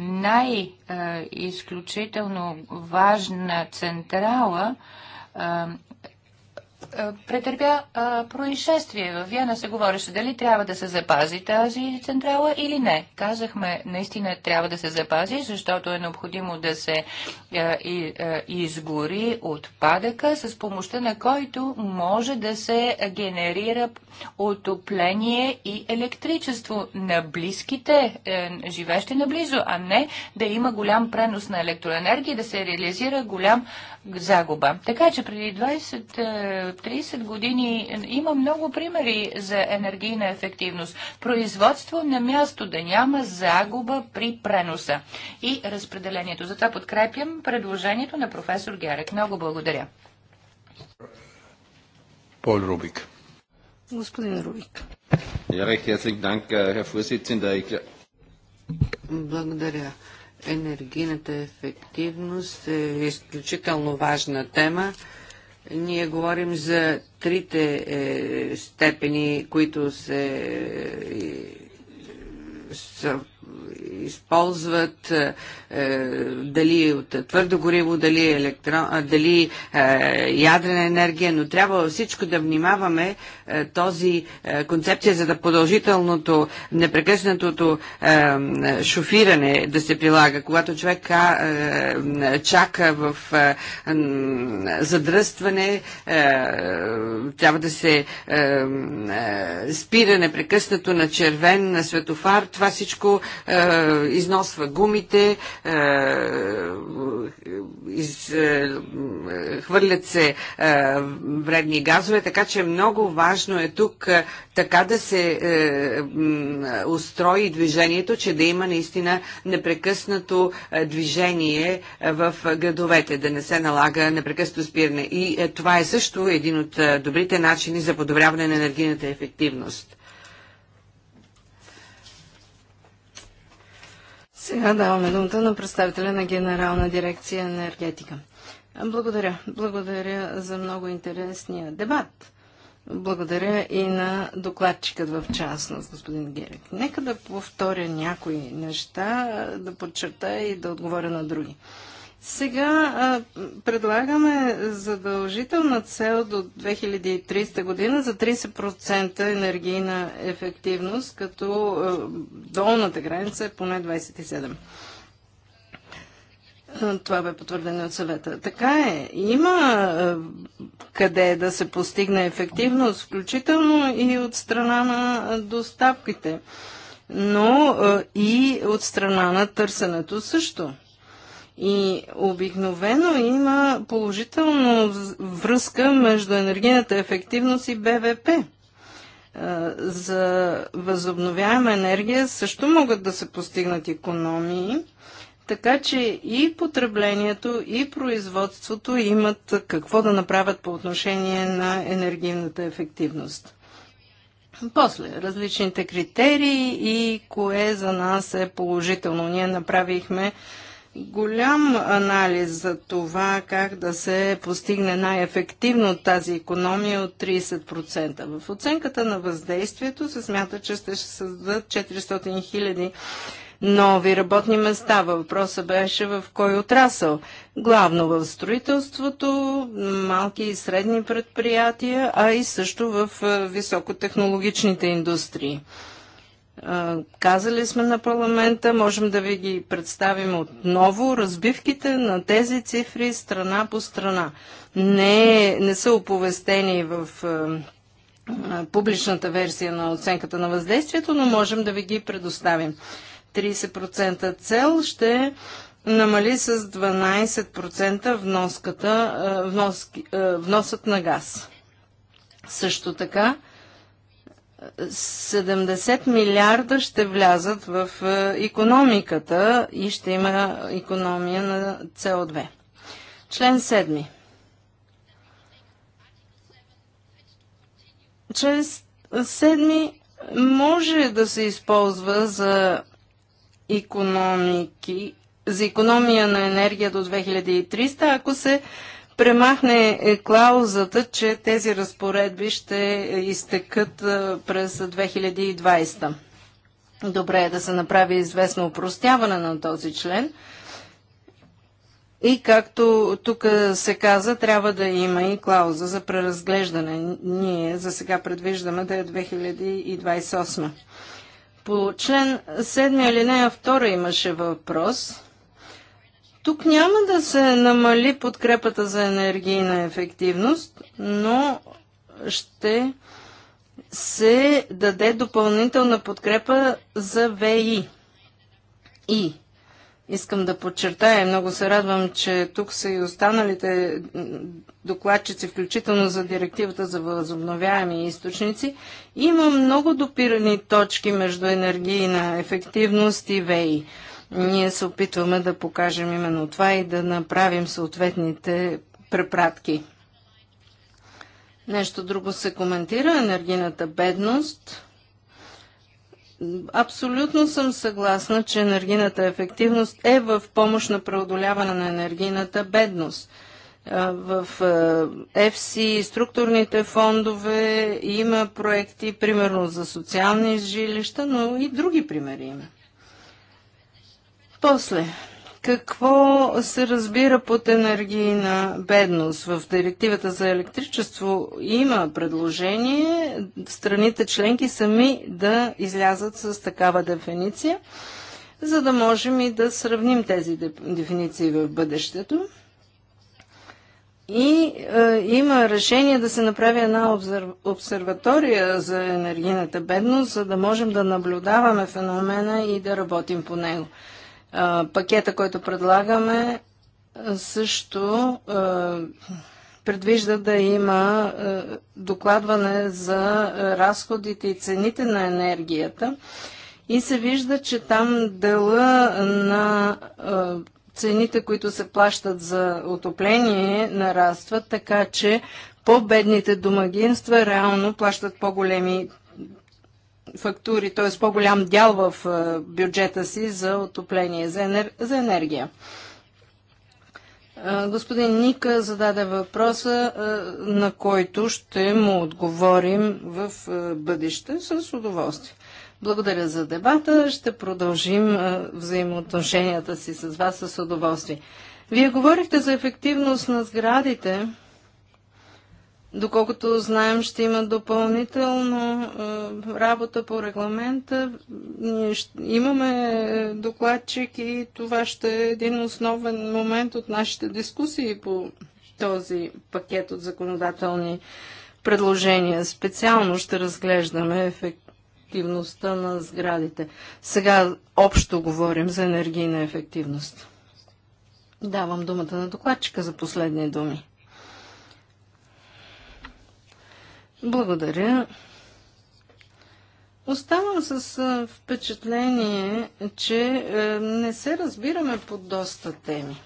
най-изключително е, важна централа е, е, претърпя е, происшествие. В Виена се говореше дали трябва да се запази тази централа или не. Казахме, наистина трябва да се запази, защото е необходимо да се а, е, и, а, изгори отпадъка, с помощта на който може да се генерира отопление и електричество на близките, е, живещи наблизо, а не да има голям пренос на електроенергия, да се реализира голям загуба. Така че преди 20-30 е, години има много примери за енергийна ефективност. Производство на място да няма загуба при преноса и разпределението. Затова подкрепям предложението на професор Герек. Много благодаря. Пол Рубик. Господин Рубик. Благодаря. Енергийната ефективност е изключително важна тема. Ние говорим за трите е, степени, които се е, са използват, е, е, дали от твърдо гориво, дали, електрон, дали е, ядрена енергия, но трябва всичко да внимаваме е, този е, концепция за да продължителното, непрекъснатото е, шофиране да се прилага, когато човек е, чака в е, задръстване, е, трябва да се е, е, спира непрекъснато на червен, на светофар, това всичко е, е, износва гумите, е, е, хвърлят се вредни газове, така че много важно е тук така да се устрои движението, че да има наистина непрекъснато движение в градовете, да не се налага непрекъснато спиране. И това е също един от добрите начини за подобряване на енергийната ефективност. Сега даваме думата на представителя на Генерална дирекция енергетика. Благодаря. Благодаря за много интересния дебат. Благодаря и на докладчикът в частност, господин Герек. Нека да повторя някои неща, да подчертая и да отговоря на други. Сега а, предлагаме задължителна цел до 2030 година за 30% енергийна ефективност, като а, долната граница е поне 27%. Това бе потвърдено от съвета. Така е. Има къде да се постигне ефективност, включително и от страна на доставките, но и от страна на търсенето също. И обикновено има положителна връзка между енергийната ефективност и БВП. За възобновяема енергия също могат да се постигнат економии, така че и потреблението, и производството имат какво да направят по отношение на енергийната ефективност. После, различните критерии и кое за нас е положително. Ние направихме голям анализ за това как да се постигне най-ефективно тази економия от 30%. В оценката на въздействието се смята, че ще се създадат 400 хиляди нови работни места. Въпросът беше в кой отрасъл. Главно в строителството, малки и средни предприятия, а и също в високотехнологичните индустрии. Казали сме на парламента, можем да ви ги представим отново, разбивките на тези цифри страна по страна. Не, не са оповестени в публичната версия на оценката на въздействието, но можем да ви ги предоставим. 30% цел ще намали с 12% вноската, вноски, вносът на газ. Също така, 70 милиарда ще влязат в економиката и ще има економия на CO2. Член 7. Член 7 може да се използва за економики, за економия на енергия до 2300, ако се премахне е, клаузата, че тези разпоредби ще е, изтекат е, през 2020. Добре е да се направи известно упростяване на този член. И както тук се каза, трябва да има и клауза за преразглеждане. Ние за сега предвиждаме да е 2028. По член 7 алинея 2 имаше въпрос. Тук няма да се намали подкрепата за енергийна ефективност, но ще се даде допълнителна подкрепа за ВИ. И искам да подчертая, много се радвам, че тук са и останалите докладчици, включително за директивата за възобновяеми източници. Има много допирани точки между енергийна ефективност и ВИ. Ние се опитваме да покажем именно това и да направим съответните препратки. Нещо друго се коментира енергийната бедност. Абсолютно съм съгласна, че енергийната ефективност е в помощ на преодоляване на енергийната бедност. В и структурните фондове има проекти, примерно за социални жилища, но и други примери има. После, какво се разбира под енергийна бедност? В директивата за електричество има предложение страните членки сами да излязат с такава дефиниция, за да можем и да сравним тези дефиниции в бъдещето. И е, има решение да се направи една обсерватория за енергийната бедност, за да можем да наблюдаваме феномена и да работим по него. Пакета, който предлагаме, също предвижда да има докладване за разходите и цените на енергията. И се вижда, че там дела на цените, които се плащат за отопление, нарастват, така че по-бедните домагинства реално плащат по-големи фактури, т.е. по-голям дял в е, бюджета си за отопление, за, енергия. Е, господин Ника зададе въпроса, е, на който ще му отговорим в бъдеще с удоволствие. Благодаря за дебата. Ще продължим взаимоотношенията си с вас с удоволствие. Вие говорихте за ефективност на сградите. Доколкото знаем, ще има допълнително работа по регламента. Ние имаме докладчик и това ще е един основен момент от нашите дискусии по този пакет от законодателни предложения. Специално ще разглеждаме ефективността на сградите. Сега общо говорим за енергийна ефективност. Давам думата на докладчика за последни думи. Благодаря. Оставам с впечатление, че не се разбираме по доста теми.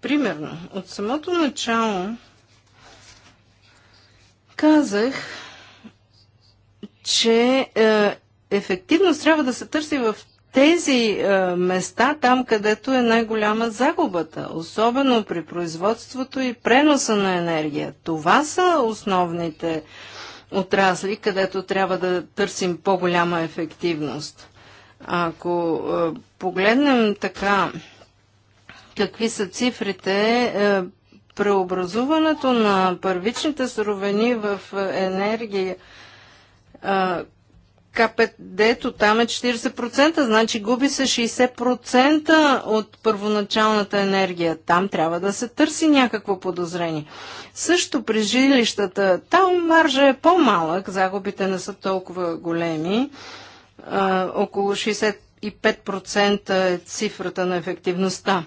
Примерно, от самото начало казах, че ефективност трябва да се търси в тези е, места, там където е най-голяма загубата, особено при производството и преноса на енергия. Това са основните отрасли, където трябва да търсим по-голяма ефективност. Ако е, погледнем така какви са цифрите, е, преобразуването на първичните суровини в е, енергия, е, КПД-то там е 40%, значи губи се 60% от първоначалната енергия. Там трябва да се търси някакво подозрение. Също при жилищата, там маржа е по-малък, загубите не са толкова големи. А, около 65% е цифрата на ефективността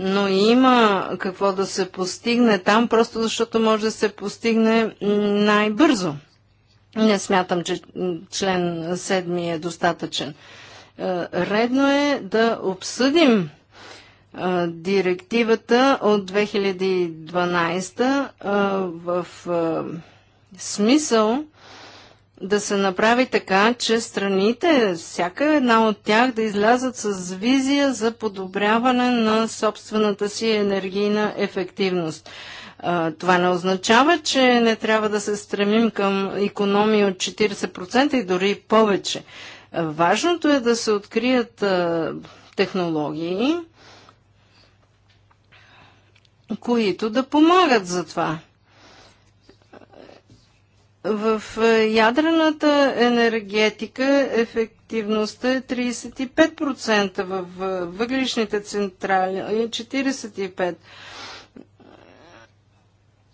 но има какво да се постигне там, просто защото може да се постигне най-бързо. Не смятам, че член 7 е достатъчен. Е, редно е да обсъдим е, директивата от 2012 е, в смисъл да се направи така, че страните, всяка една от тях, да излязат с визия за подобряване на собствената си енергийна ефективност. Това не означава, че не трябва да се стремим към економии от 40% и дори повече. Важното е да се открият технологии, които да помагат за това. В ядрената енергетика ефективността е 35%, в въглишните централи е 45%.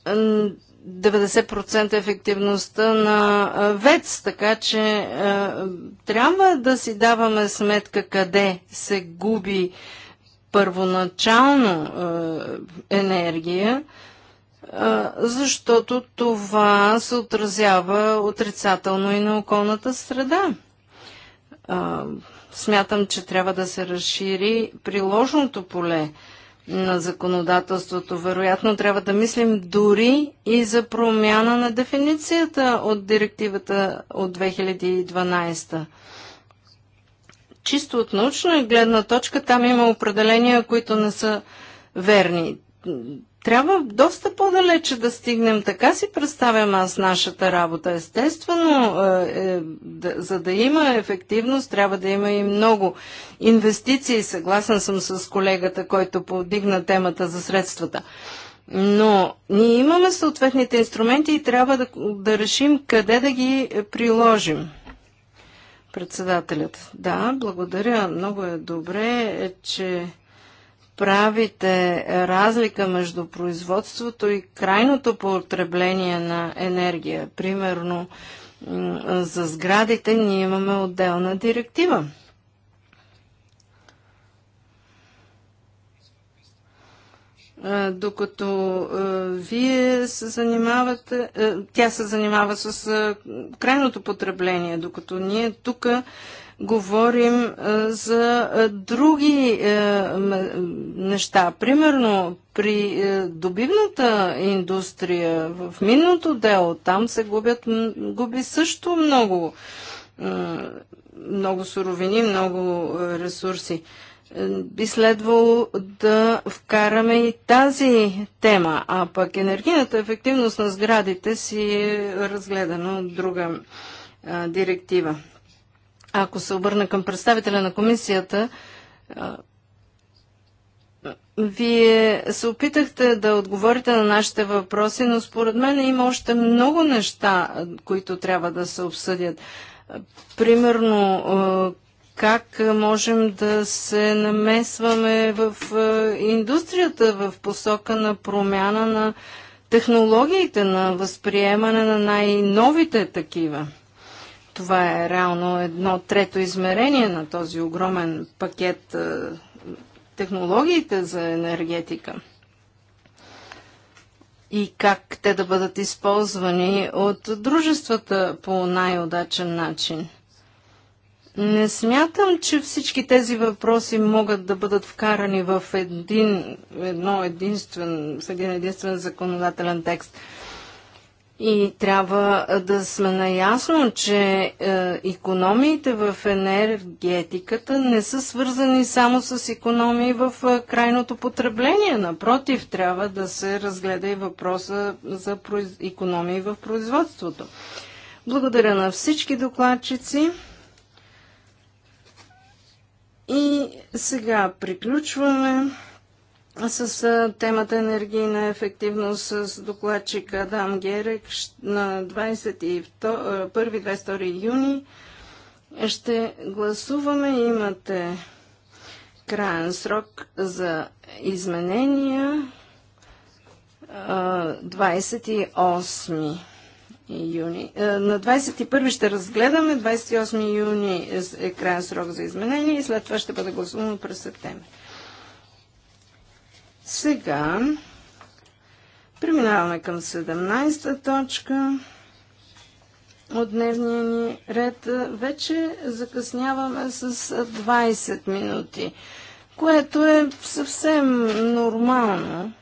90% ефективността на ВЕЦ, така че трябва да си даваме сметка къде се губи първоначално енергия, защото това се отразява отрицателно и на околната среда. Смятам, че трябва да се разшири приложното поле на законодателството. Вероятно трябва да мислим дори и за промяна на дефиницията от директивата от 2012. Чисто от научна гледна точка там има определения, които не са верни трябва доста по-далече да стигнем. Така си представям аз нашата работа. Естествено, е, е, да, за да има ефективност, трябва да има и много инвестиции. Съгласен съм с колегата, който подигна темата за средствата. Но ние имаме съответните инструменти и трябва да, да решим къде да ги приложим. Председателят. Да, благодаря. Много е добре, е, че правите разлика между производството и крайното потребление на енергия. Примерно за сградите ние имаме отделна директива. Е, докато е, вие се занимавате, е, тя се занимава с крайното потребление, докато ние тук говорим е, за е, други е, неща. Примерно при добивната индустрия, в минното дело, там се губят, губи също много, много суровини, много ресурси би следвало да вкараме и тази тема, а пък енергийната ефективност на сградите си е разгледана от друга а, директива ако се обърна към представителя на комисията, вие се опитахте да отговорите на нашите въпроси, но според мен има още много неща, които трябва да се обсъдят. Примерно, как можем да се намесваме в индустрията в посока на промяна на технологиите, на възприемане на най-новите такива. Това е реално едно трето измерение на този огромен пакет е, технологиите за енергетика и как те да бъдат използвани от дружествата по най-удачен начин. Не смятам, че всички тези въпроси могат да бъдат вкарани в един, едно единствен, в един единствен законодателен текст. И трябва да сме наясно, че економиите в енергетиката не са свързани само с економии в е, крайното потребление. Напротив, трябва да се разгледа и въпроса за економии в производството. Благодаря на всички докладчици. И сега приключваме с темата енергийна ефективност с докладчик Адам Герек на 1-22 юни. Ще гласуваме. Имате краен срок за изменения 28 юни. На 21 ще разгледаме, 28 юни е, е краен срок за изменение и след това ще бъде гласувано през септември. Сега преминаваме към 17-та точка от дневния ни ред. Вече закъсняваме с 20 минути, което е съвсем нормално.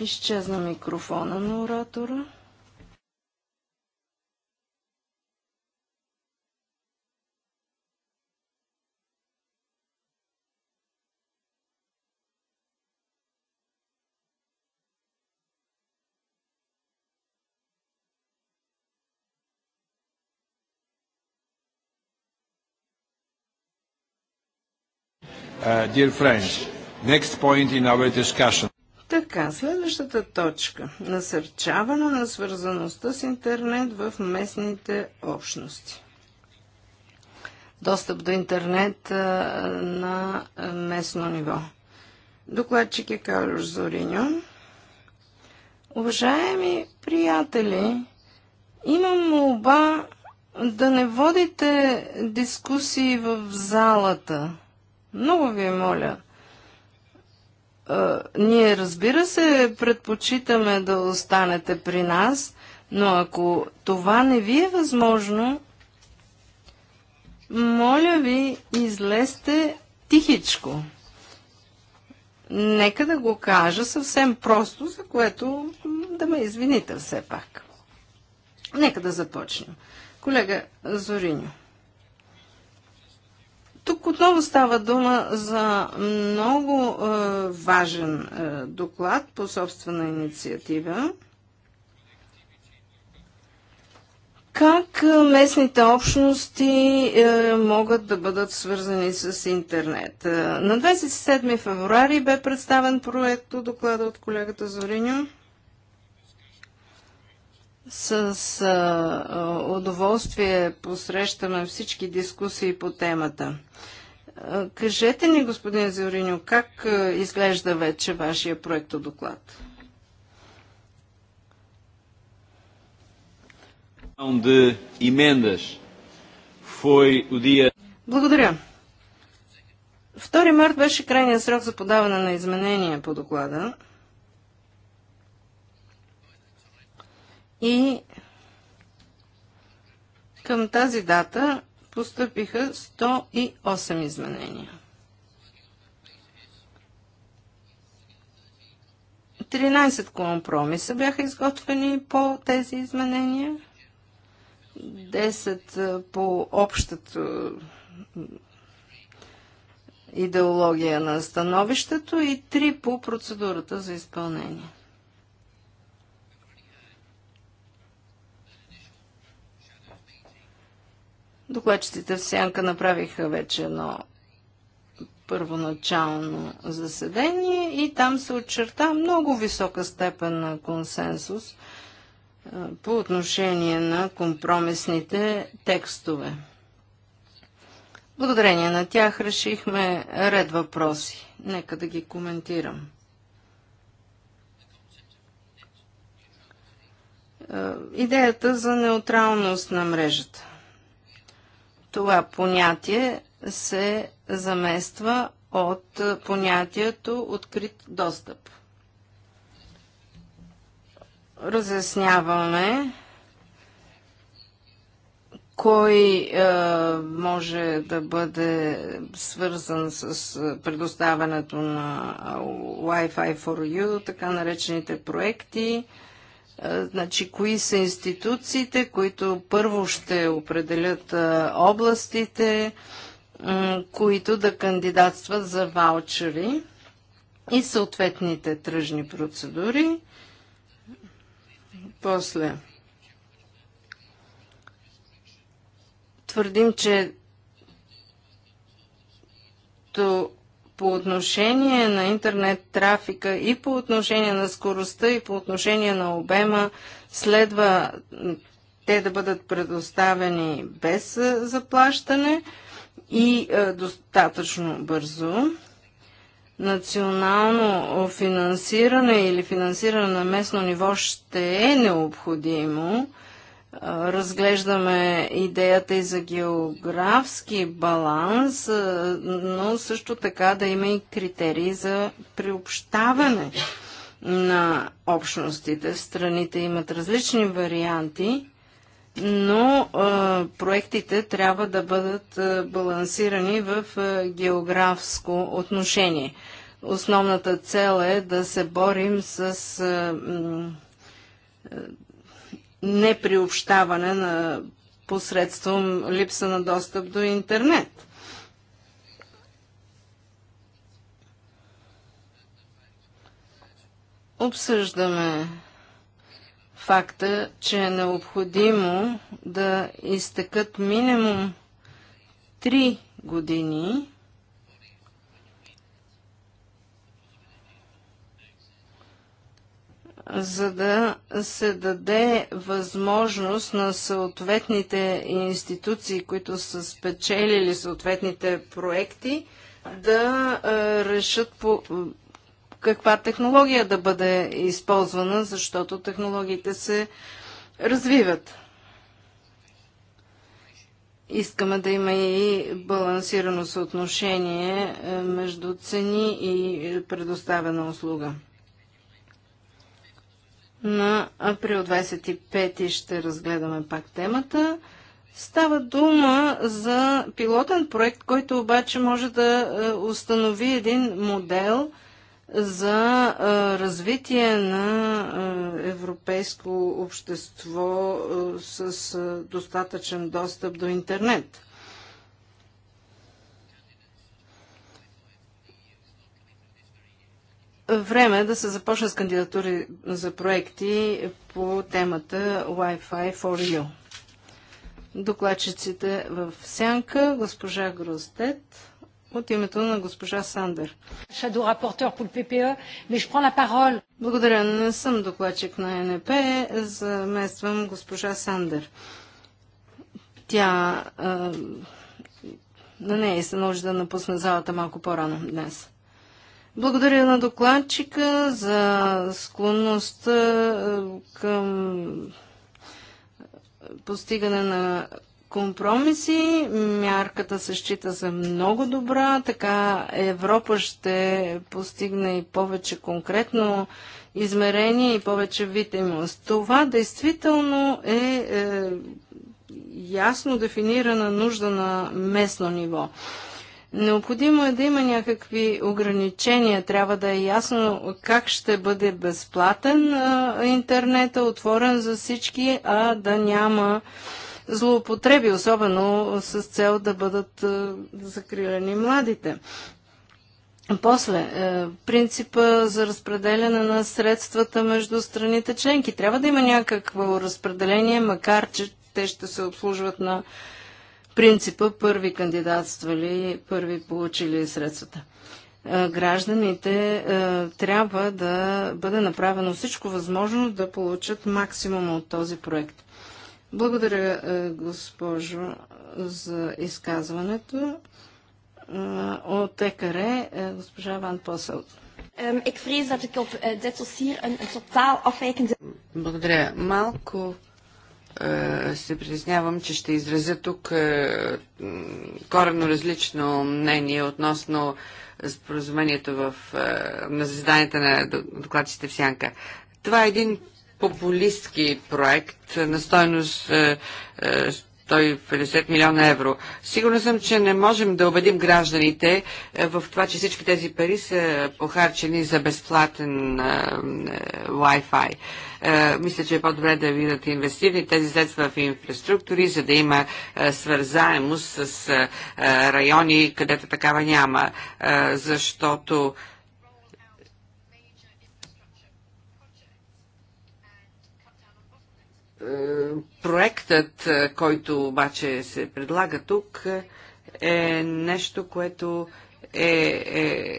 Изчезна микрофона на оратора. Uh, dear friends, next point in our discussion. Така, следващата точка. Насърчаване на свързаността с интернет в местните общности. Достъп до интернет на местно ниво. Докладчик е Калюш Зориньо. Уважаеми приятели, имам молба да не водите дискусии в залата. Много ви моля. А, ние, разбира се, предпочитаме да останете при нас, но ако това не ви е възможно, моля ви, излезте тихичко. Нека да го кажа съвсем просто, за което да ме извините все пак. Нека да започнем. Колега Зориньо. Тук отново става дума за много е, важен е, доклад по собствена инициатива. Как е, местните общности е, могат да бъдат свързани с интернет? Е, на 27 февруари бе представен проект от доклада от колегата Зориньо. С а, удоволствие посрещаме всички дискусии по темата. Кажете ни, господин Зеориню, как изглежда вече вашия проекто доклад? Благодаря. 2 март беше крайният срок за подаване на изменения по доклада. и към тази дата поступиха 108 изменения. 13 компромиса бяха изготвени по тези изменения. 10 по общата идеология на становището и 3 по процедурата за изпълнение. Докладчиците в Сянка направиха вече едно първоначално заседение и там се очерта много висока степен на консенсус по отношение на компромисните текстове. Благодарение на тях решихме ред въпроси. Нека да ги коментирам. Идеята за неутралност на мрежата. Това понятие се замества от понятието открит достъп. Разясняваме кой е, може да бъде свързан с предоставянето на Wi-Fi for You, така наречените проекти. Е, е, значи, кои са институциите, които първо ще определят е, областите, които да кандидатстват за ваучери и съответните тръжни процедури. После твърдим, че то по отношение на интернет трафика и по отношение на скоростта и по отношение на обема следва те да бъдат предоставени без заплащане и достатъчно бързо. Национално финансиране или финансиране на местно ниво ще е необходимо разглеждаме идеята и за географски баланс, но също така да има и критерии за приобщаване на общностите. страните имат различни варианти, но проектите трябва да бъдат балансирани в географско отношение. Основната цел е да се борим с неприобщаване на посредством липса на достъп до интернет. Обсъждаме факта, че е необходимо да изтъкат минимум 3 години за да се даде възможност на съответните институции, които са спечелили съответните проекти, да решат по каква технология да бъде използвана, защото технологиите се развиват. Искаме да има и балансирано съотношение е, между цени и предоставена услуга. На април 25 ще разгледаме пак темата. Става дума за пилотен проект, който обаче може да е, установи един модел за е, развитие на е, европейско общество с достатъчен достъп до интернет. Време е да се започне с кандидатури за проекти по темата Wi-Fi for You. Докладчиците в сянка, госпожа Гроздет, от името на госпожа Сандър. E, Благодаря, не съм докладчик на НП, замествам госпожа Сандър. Тя на нея е, се наложи да напусне залата малко по-рано днес. Благодаря на докладчика за склонността е, към постигане на компромиси. Мярката се счита за много добра, така Европа ще постигне и повече конкретно измерение и повече видимост. Това действително е, е ясно дефинирана нужда на местно ниво. Необходимо е да има някакви ограничения. Трябва да е ясно как ще бъде безплатен а, интернета, отворен за всички, а да няма злоупотреби, особено с цел да бъдат закрилени младите. После, принципа за разпределяне на средствата между страните членки. Трябва да има някакво разпределение, макар че те ще се обслужват на принципа първи кандидатствали, първи получили средствата. Е, гражданите е, трябва да бъде направено всичко възможно да получат максимум от този проект. Благодаря, е, госпожо, за изказването. От ЕКР, госпожа Ван Посел. Благодаря. Малко е, се притеснявам, че ще изразя тук е, коренно различно мнение относно споразумението в, е, на заседанията на докладчите в Сянка. Това е един популистски проект на стойност 150 милиона евро. Сигурна съм, че не можем да убедим гражданите в това, че всички тези пари са похарчени за безплатен Wi-Fi. Е, мисля, че е по-добре да видят инвестирани тези средства в инфраструктури, за да има е, свързаемост с е, райони, където такава няма, защото проектът, който обаче се предлага тук, е нещо, което е, е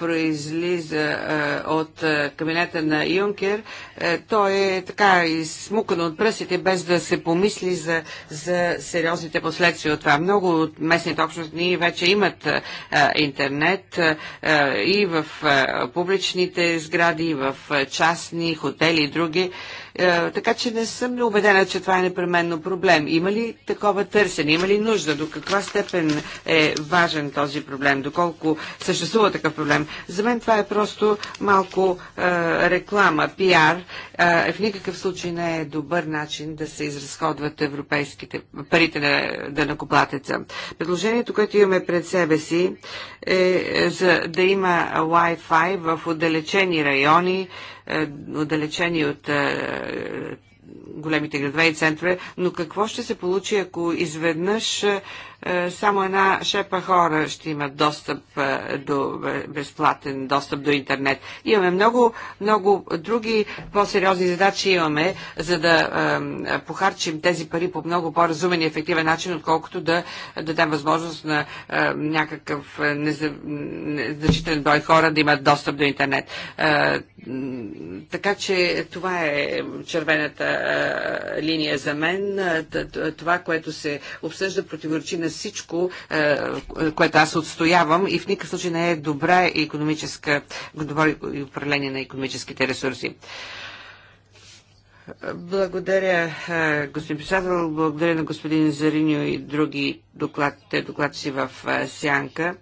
произлиза от кабинета на Юнкер, той е така изсмукано от пръстите, без да се помисли за, за сериозните последствия от това. Много от местните общности вече имат интернет и в публичните сгради, и в частни хотели и други. Е, така че не съм ли убедена, че това е непременно проблем. Има ли такова търсене? Има ли нужда? До каква степен е важен този проблем? Доколко съществува такъв проблем? За мен това е просто малко е, реклама, пиар. Е, в никакъв случай не е добър начин да се изразходват европейските парите на дънакоплатеца. Предложението, което имаме пред себе си е за да има Wi-Fi в отдалечени райони, е, отдалечени от е, големите градове и центрове, но какво ще се получи, ако изведнъж е, е, само една шепа хора ще имат достъп е, до е, безплатен достъп до интернет. Имаме много, много други по-сериозни задачи имаме, за да похарчим тези пари по много по-разумен и ефективен начин, отколкото да дадем възможност на някакъв незначителен брой хора да имат достъп до интернет. Така че това е червената линия за мен. Това, което се обсъжда, противоречи на всичко, е, което аз отстоявам и в никакъв случай не е добра економическа, добро управление на економическите ресурси. Благодаря, е, господин председател. Благодаря на господин Зариньо и други доклад, докладчици в е, Сянка.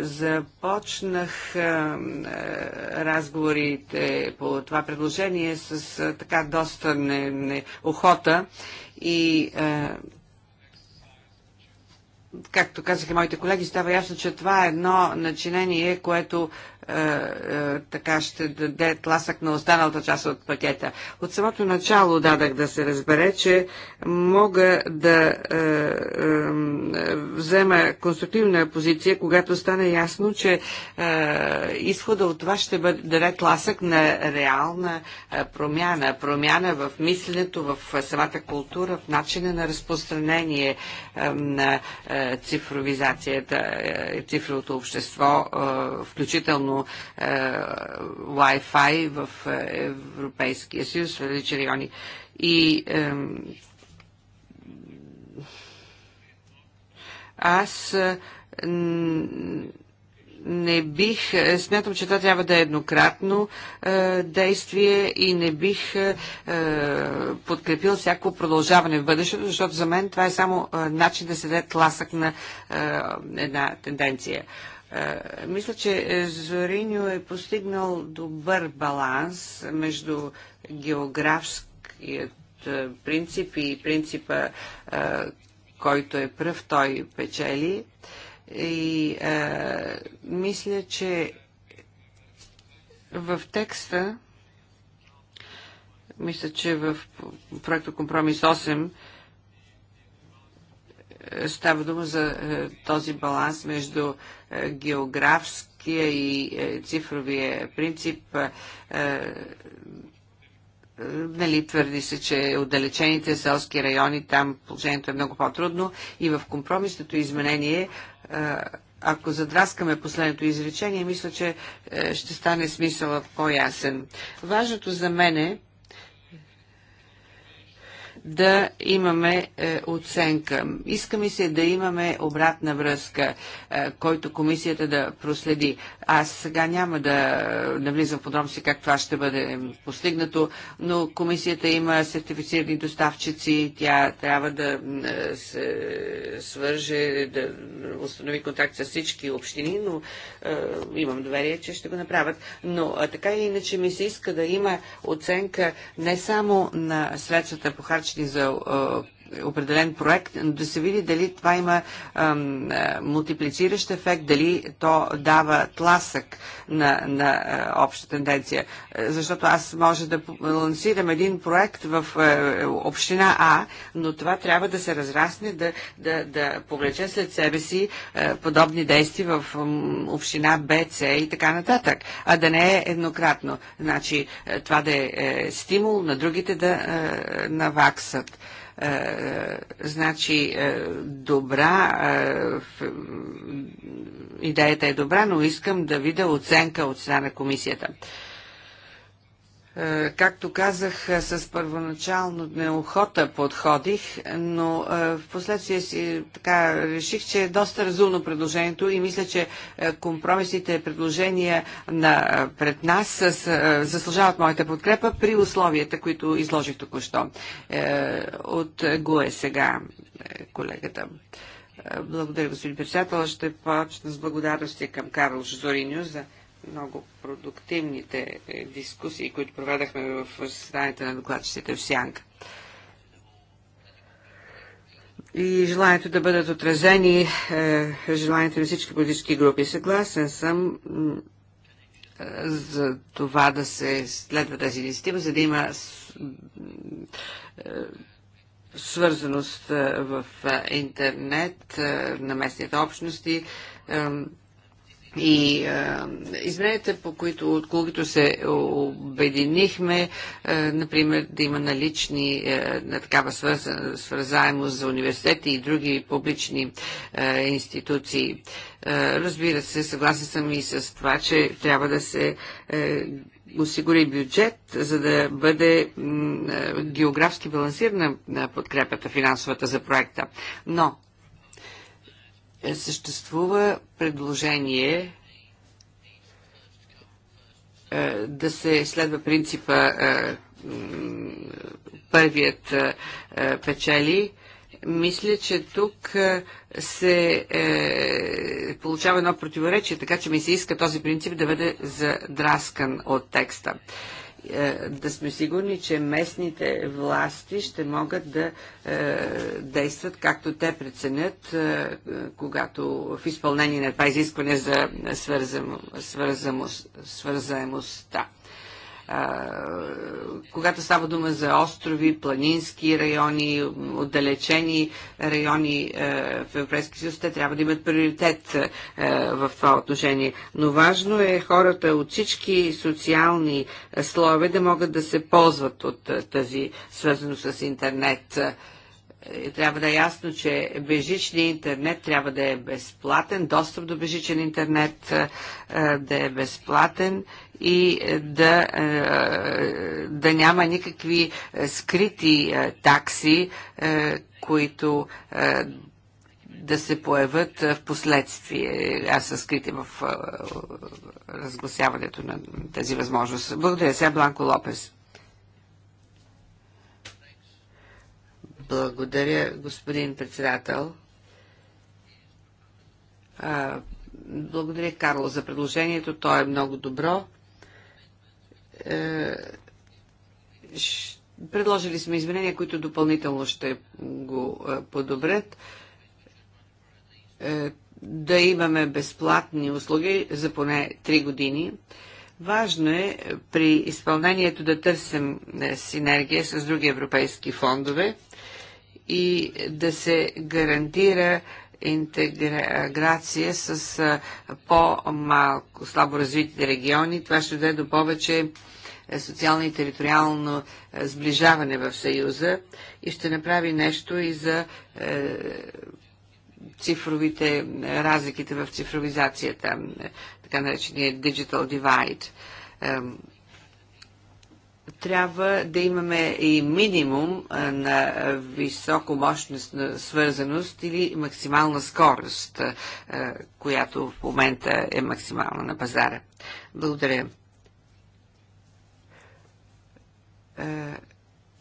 Започнах разговорите по това предложение с така доста неохота не, охота и както казаха моите колеги, става ясно, че това е едно начинение, което е, е, така ще даде тласък на останалата част от пакета. От самото начало дадах да се разбере, че мога да е, е, взема конструктивна позиция, когато стане ясно, че е, изхода от това ще бъде, даде тласък на реална е, промяна. Промяна в мисленето, в самата култура, в начина на разпространение на цифровизацията, цифровото общество, включително включително е, Wi-Fi в е, Европейския съюз, в различни райони. И е, аз е, не бих, е, смятам, че това трябва да е еднократно е, действие и не бих е, е, подкрепил всяко продължаване в бъдещето, защото за мен това е само е, начин да се даде тласък на е, една тенденция. Е, е, мисля, че е, Зориньо е постигнал добър баланс между географският е, принцип и принципа, който е пръв, той печели. И мисля, че в текста мисля, че в проекта Компромис 8 става дума за е, този баланс между е, географския и е, цифровия принцип. Нали, твърди се, че отдалечените селски райони, там положението е много по-трудно и в компромисното изменение ако задраскаме последното изречение, мисля, че ще стане смисъла по-ясен. Важното за мен е, да имаме е, оценка. Искаме се да имаме обратна връзка, е, който комисията да проследи. Аз сега няма да навлизам е, в подробности как това ще бъде постигнато, но комисията има сертифицирани доставчици, тя трябва да е, се свърже, да установи контакт с всички общини, но е, имам доверие, че ще го направят. Но е, така или иначе ми се иска да има оценка не само на средствата похарчени, пречки за определен проект, но да се види дали това има ам, е, мултиплициращ ефект, дали то дава тласък на, на е, обща тенденция. Е, защото аз може да лансирам един проект в е, община А, но това трябва да се разрасне, да, да, да повлече след себе си е, подобни действия в община Б, С и така нататък, а да не е еднократно. Значи това да е стимул на другите да наваксат. Е, значи е, добра, е, идеята е добра, но искам да видя оценка от страна на комисията. Е, както казах, е, с първоначално неохота подходих, но е, в последствие си така реших, че е доста разумно предложението и мисля, че компромисните предложения на, пред нас с, заслужават моята подкрепа при условията, които изложих току-що. От ГУЕ сега колегата. Благодаря, господин председател. Ще почна с благодарности към Карл Жозориньо за много продуктивните е, дискусии, които проведахме в заседанията на докладчиците в Сянка. И желанието да бъдат отразени е, желанието на всички политически групи. Съгласен съм е, за това да се следва тази инициатива, за да има свързаност в интернет на местните общности, и е, измененията, по които, от които се обединихме, е, например, да има налични е, на такава свързаемост за университети и други публични е, институции. Е, разбира се, съгласен съм и с това, че трябва да се е, осигури бюджет, за да бъде географски балансирана подкрепата финансовата за проекта. Но е, съществува предложение е, да се следва принципа е, първият печели. Мисля, че тук се е, получава едно противоречие, така че ми се иска този принцип да бъде задраскан от текста. Е, да сме сигурни, че местните власти ще могат да е, действат както те преценят, е, когато в изпълнение на това изискване за свързаемостта когато става дума за острови, планински райони, отдалечени райони е, в Европейския съюз, те трябва да имат приоритет е, в това отношение. Но важно е хората от всички социални слоеве да могат да се ползват от е, тази свързано с интернет трябва да е ясно, че бежичният интернет трябва да е безплатен, достъп до бежичен интернет да е безплатен и е, да, е, да няма никакви е, скрити такси, които да се появят в последствие. Аз са скрити в разгласяването на тази възможност. Благодаря сега, Бланко Лопес. Благодаря, господин председател. Благодаря, Карло, за предложението. То е много добро. Е, предложили сме изменения, които допълнително ще го е, подобрят. Е, да имаме безплатни услуги за поне 3 години. Важно е при изпълнението да търсим синергия с други европейски фондове и да се гарантира интеграция с по-малко слабо развитите региони. Това ще даде до повече е, социално и териториално е, сближаване в Съюза и ще направи нещо и за е, цифровите разликите в цифровизацията, така наречения digital divide трябва да имаме и минимум на високомощностна свързаност или максимална скорост, която в момента е максимална на пазара. Благодаря.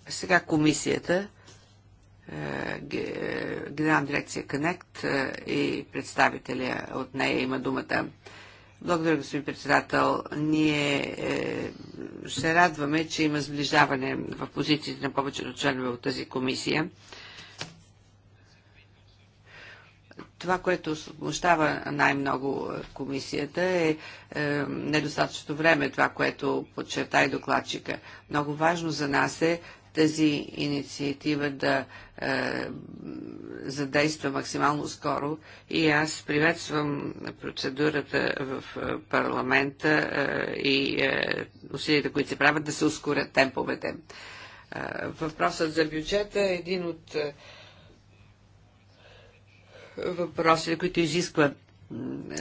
Сега комисията, генерална дирекция Connect и представителя от нея има думата. Благодаря, господин председател. Ние е, се радваме, че има сближаване в позициите на повечето членове от тази комисия. Това, което смущава най-много комисията е, е недостатъчно време, това, което подчерта и докладчика. Много важно за нас е тази инициатива да е, задейства максимално скоро и аз приветствам процедурата в е, парламента е, и е, усилията, които се правят да се ускорят темповете. Е, въпросът за бюджета е един от е, въпросите, които изискват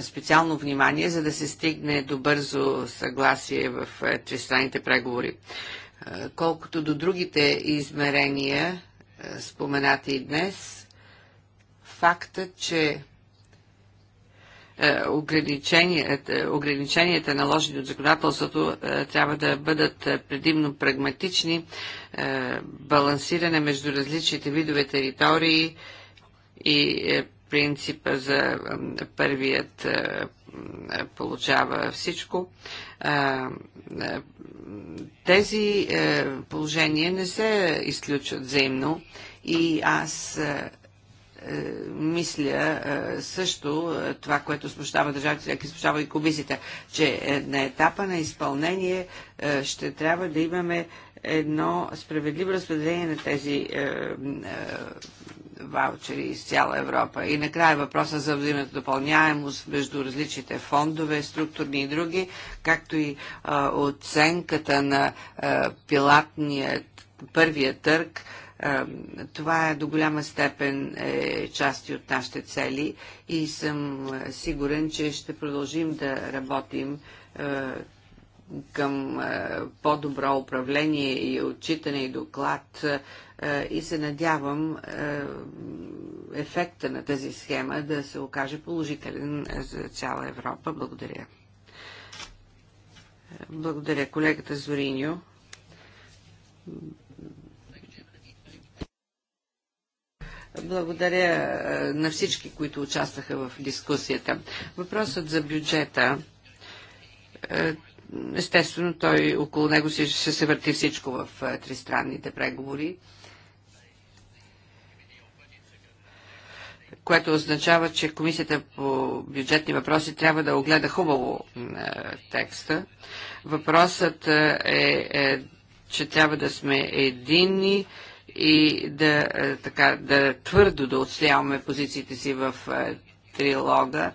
специално внимание, за да се стигне до бързо съгласие в е, тристранните преговори. Колкото до другите измерения, споменати и днес, факта, че ограниченията, ограниченията наложени от законодателството трябва да бъдат предимно прагматични, балансиране между различните видове територии и е, принципа за първият получава всичко. Тези е, положения не се изключват взаимно и аз е, е, мисля също това, което смущава държавите, как смущава и комисията, че на етапа на изпълнение ще трябва да имаме едно справедливо разпределение на тези ваучери из цяла Европа. И накрая въпроса за взаимната допълняемост между различните фондове, структурни и други, както и а, оценката на а, пилатният първия търг. А, това е до голяма степен е, части от нашите цели и съм сигурен, че ще продължим да работим а, към е, по-добро управление и отчитане и доклад е, и се надявам е, ефекта на тази схема да се окаже положителен за цяла Европа. Благодаря. Благодаря колегата Зориньо. Благодаря на всички, които участваха в дискусията. Въпросът за бюджета естествено, той около него ще се върти всичко в е, тристранните преговори. което означава, че Комисията по бюджетни въпроси трябва да огледа хубаво е, текста. Въпросът е, е, е, че трябва да сме единни и да, така, да твърдо да отстояваме позициите си в трилога.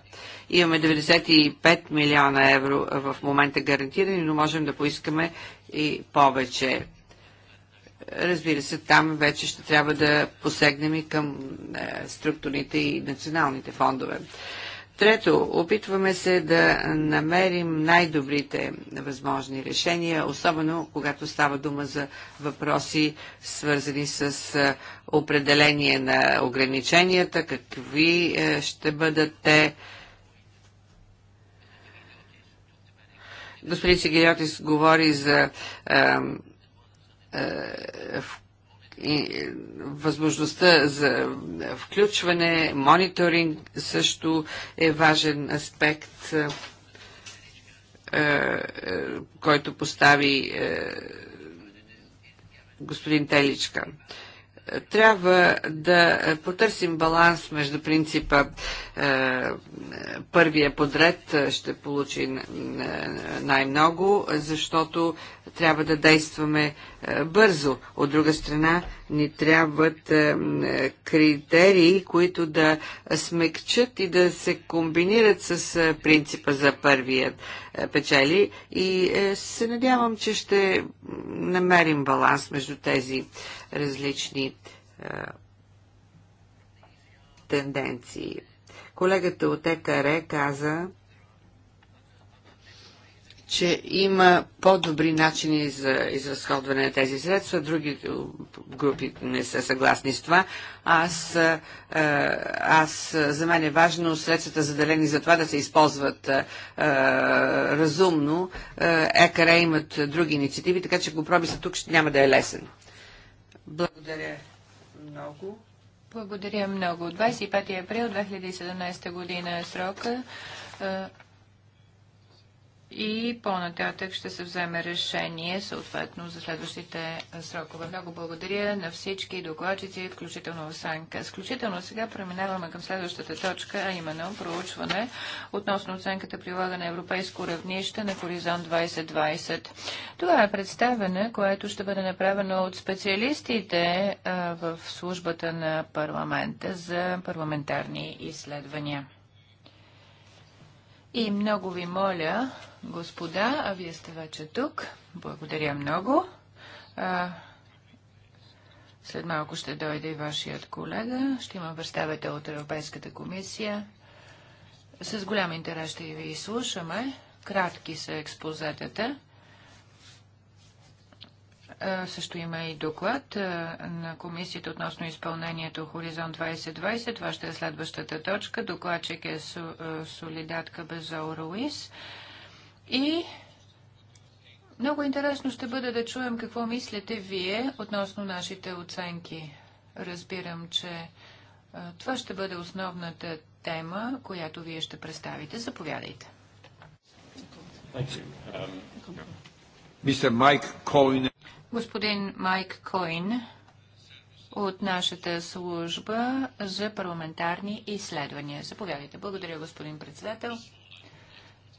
Имаме 95 милиона евро в момента гарантирани, но можем да поискаме и повече. Разбира се, там вече ще трябва да посегнем и към е, структурните и националните фондове. Трето, опитваме се да намерим най-добрите възможни решения, особено когато става дума за въпроси, свързани с определение на ограниченията, какви е, ще бъдат те. Господин Сигириотис говори за е, е, и, е, възможността за включване, мониторинг също е важен аспект, е, е, който постави господин Теличка трябва да потърсим баланс между принципа първия подред ще получи най-много, защото трябва да действаме бързо. От друга страна, ни трябват е, е, критерии, които да смекчат и да се комбинират с е, принципа за първият печали и се надявам, че ще намерим баланс между тези различни тенденции. Колегата от ЕКР каза, че има по-добри начини за изразходване на тези средства, други групи не са съгласни с това. Аз, аз за мен е важно средствата заделени за това да се използват а, разумно. ЕКР имат други инициативи, така че са тук ще няма да е лесен. Благодаря много. Благодаря много. 25 април 2017 година е срока и по-нататък ще се вземе решение, съответно, за следващите срокове. Много благодаря на всички докладчици, включително оценка. Включително сега преминаваме към следващата точка, а именно проучване относно оценката прилага на европейско равнище на Хоризонт 2020. Това е представене, което ще бъде направено от специалистите в службата на парламента за парламентарни изследвания. И много ви моля господа, а вие сте вече тук. Благодаря много. А, след малко ще дойде и вашият колега. Ще има представител от Европейската комисия. С голям интерес ще ви изслушаме. Кратки са експозетата. Също има и доклад а, на комисията относно изпълнението Хоризонт 2020. Това ще е следващата точка. Докладчик е Солидатка Безол и много интересно ще бъде да чуем какво мислите вие относно нашите оценки. Разбирам, че това ще бъде основната тема, която вие ще представите. Заповядайте. Um, господин Майк Койн от нашата служба за парламентарни изследвания. Заповядайте. Благодаря, господин председател.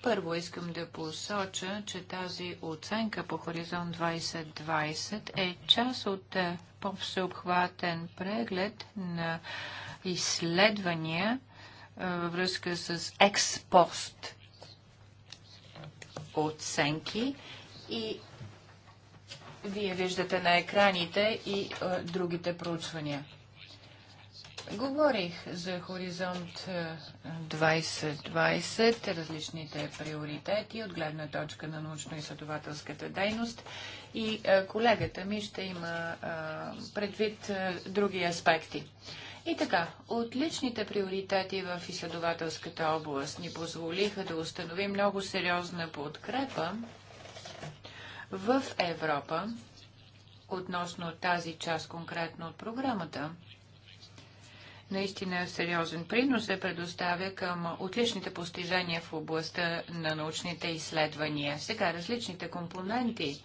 Първо искам да посоча, че тази оценка по Хоризонт 2020 е част от е, по-всеобхватен преглед на изследвания е, във връзка с експост оценки и вие виждате на екраните и е, другите проучвания. Говорих за Хоризонт 2020, е, различните приоритети от гледна точка на научно-изследователската дейност и е, колегата ми ще има е, предвид други аспекти. И така, отличните приоритети в изследователската област ни позволиха да установим много сериозна подкрепа в Европа относно тази част конкретно от програмата – наистина сериозен принос се предоставя към отличните постижения в областта на научните изследвания. Сега различните компоненти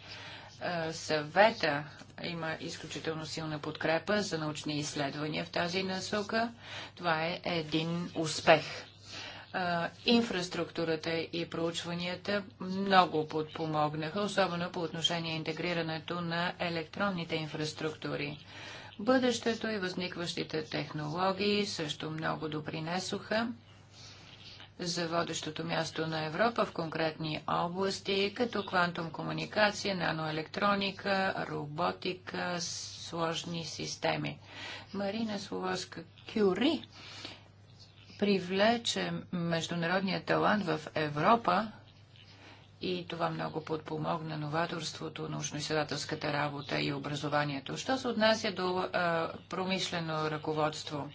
съвета има изключително силна подкрепа за научни изследвания в тази насока. Това е един успех. Инфраструктурата и проучванията много подпомогнаха, особено по отношение интегрирането на електронните инфраструктури. Бъдещето и възникващите технологии също много допринесоха за водещото място на Европа в конкретни области, като квантум комуникация, наноелектроника, роботика, сложни системи. Марина Словоска Кюри привлече международния талант в Европа и това много подпомогна новаторството, научно-изследователската работа и образованието. Що се отнася до а, промишлено ръководство?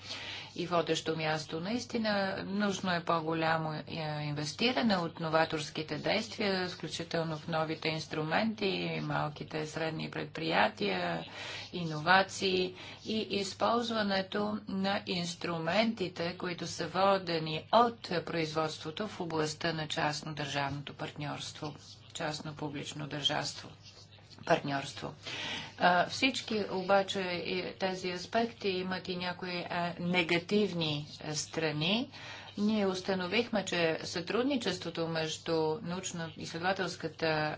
и водещо място. Наистина нужно е по-голямо е, инвестиране от новаторските действия, включително в новите инструменти, малките средни предприятия, иновации и използването на инструментите, които са водени от производството в областта на частно-държавното партньорство, частно-публично държавство партньорство. Всички обаче тези аспекти имат и някои негативни страни. Ние установихме, че сътрудничеството между научно-изследователската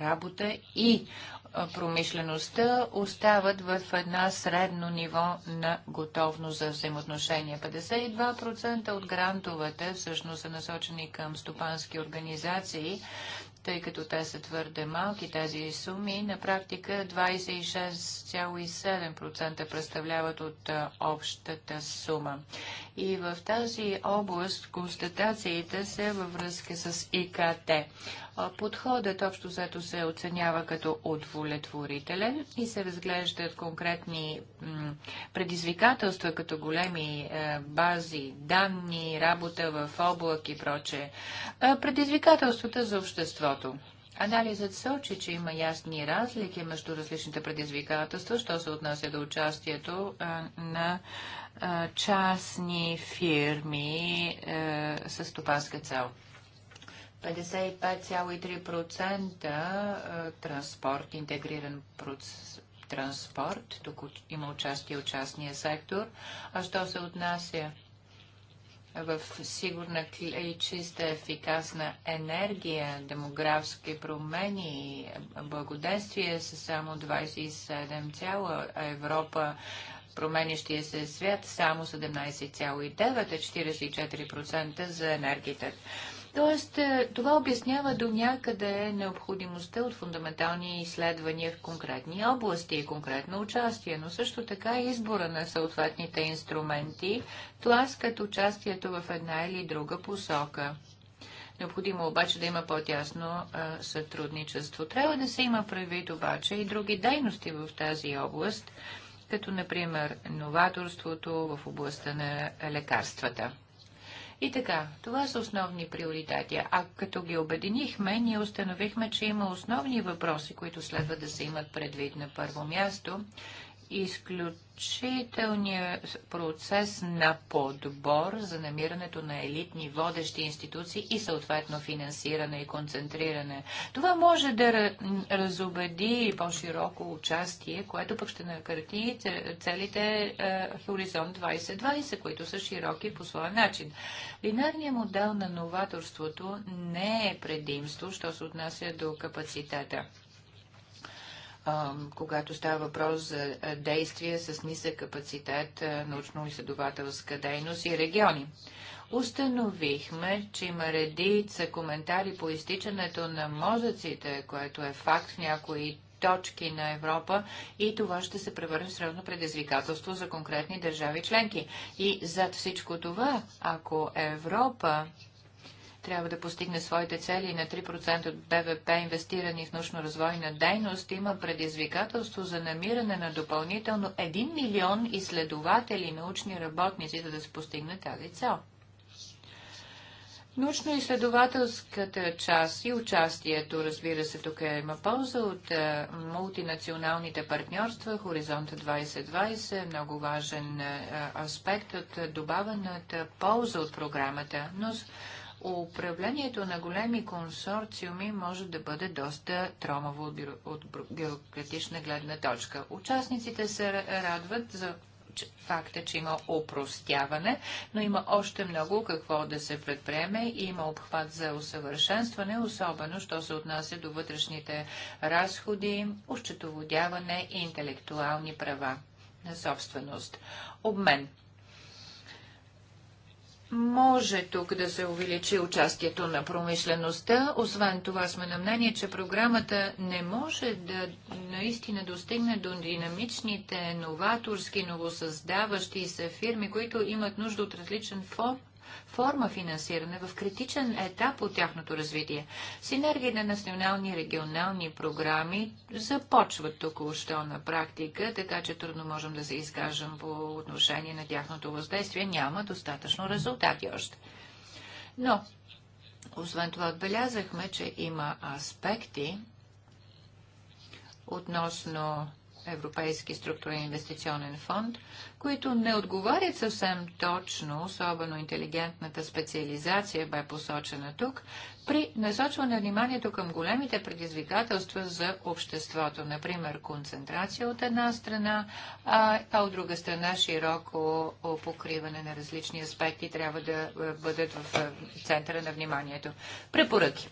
работа и промишлеността остават в една средно ниво на готовност за взаимоотношения. 52% от грантовете всъщност са насочени към стопански организации, тъй като те са твърде малки тези суми, на практика 26,7% представляват от общата сума. И в тази област констатациите са във връзка с ИКТ. Подходът общо взето се оценява като удовлетворителен и се разглеждат конкретни предизвикателства, като големи е, бази, данни, работа в облак и прочее. Предизвикателствата за обществото. Анализът сочи, че има ясни разлики между различните предизвикателства, що се отнася до участието на частни фирми е, с стопанска цел. 55,3% транспорт, интегриран транспорт, тук има участие от частния сектор. А що се отнася в сигурна и чиста ефикасна енергия, демографски промени, благоденствие са само 27 цяло, а Европа променящия се свят само 17,9, 44% за енергията. Тоест, е, това обяснява до някъде необходимостта от фундаментални изследвания в конкретни области и конкретно участие, но също така и избора на съответните инструменти тласкат участието в една или друга посока. Необходимо обаче да има по-тясно сътрудничество. Трябва да се има предвид обаче и други дейности в тази област, като например новаторството в областта на лекарствата. И така, това са основни приоритети. А като ги обединихме, ние установихме, че има основни въпроси, които следва да се имат предвид на първо място изключителния процес на подбор за намирането на елитни водещи институции и съответно финансиране и концентриране. Това може да разобеди по-широко участие, което пък ще накърти целите е, Хоризонт 2020, които са широки по своя начин. Линарният модел на новаторството не е предимство, що се отнася до капацитета когато става въпрос за действия с нисък капацитет научно-изследователска дейност и региони. Установихме, че има редица коментари по изтичането на мозъците, което е факт в някои точки на Европа и това ще се превърне в предизвикателство за конкретни държави членки. И зад всичко това, ако Европа трябва да постигне своите цели на 3% от БВП, инвестирани в научно-развойна дейност, има предизвикателство за намиране на допълнително 1 милион изследователи, научни работници, за да се постигне тази цел. Научно-изследователската част и участието, разбира се, тук е, има полза от е, мултинационалните партньорства. Хоризонта 2020 много важен е, аспект от е, добавената полза от програмата. Но управлението на големи консорциуми може да бъде доста тромаво от, бюрократична гледна точка. Участниците се радват за факта, че има опростяване, но има още много какво да се предприеме и има обхват за усъвършенстване, особено, що се отнася до вътрешните разходи, ощетоводяване и интелектуални права на собственост. Обмен може тук да се увеличи участието на промишлеността. Освен това сме на мнение, че програмата не може да наистина достигне до динамичните, новаторски, новосъздаващи се фирми, които имат нужда от различен форма финансиране в критичен етап от тяхното развитие. Синергия на национални и регионални програми започват тук що на практика, така че трудно можем да се изкажем по отношение на тяхното въздействие. Няма достатъчно резултати още. Но, освен това, отбелязахме, че има аспекти относно Европейски структурен инвестиционен фонд, които не отговарят съвсем точно, особено интелигентната специализация бе посочена тук, при насочване вниманието към големите предизвикателства за обществото, например концентрация от една страна, а, а от друга страна широко покриване на различни аспекти трябва да бъдат в центъра на вниманието. Препоръки.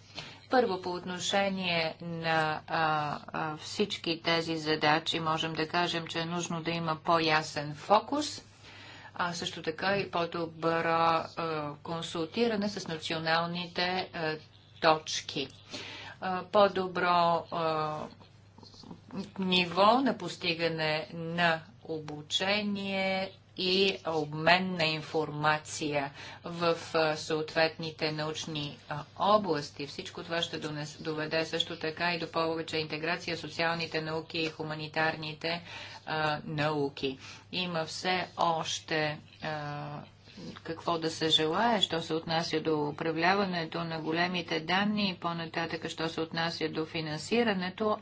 Първо, по отношение на а, а, всички тези задачи, можем да кажем, че е нужно да има по-ясен фокус, а също така и по-добро консултиране с националните а, точки. по-добро ниво на постигане на обучение, и обмен на информация в съответните научни области. Всичко това ще доведе също така и до повече интеграция социалните науки и хуманитарните науки. Има все още какво да се желая, що се отнася до управляването на големите данни и по-нататък, що се отнася до финансирането,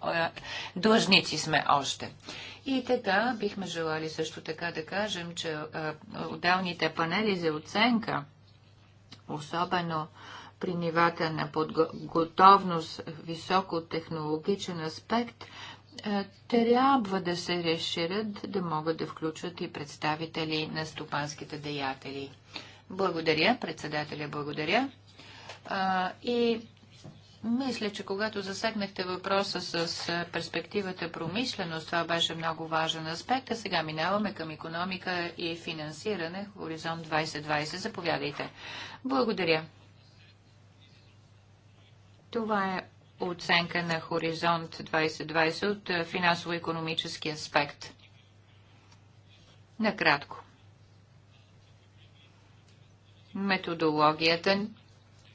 длъжници сме още. И така бихме желали също така да кажем, че отделните панели за оценка, особено при нивата на подготовност, високотехнологичен аспект, трябва да се разширят, да могат да включат и представители на стопанските деятели. Благодаря, председателя, благодаря. и мисля, че когато засегнахте въпроса с е, перспективата промишленост, това беше много важен аспект, а сега минаваме към економика и финансиране. Хоризонт 2020. Заповядайте. Благодаря. Това е оценка на Хоризонт 2020 от е, финансово-економически аспект. Накратко. Методологията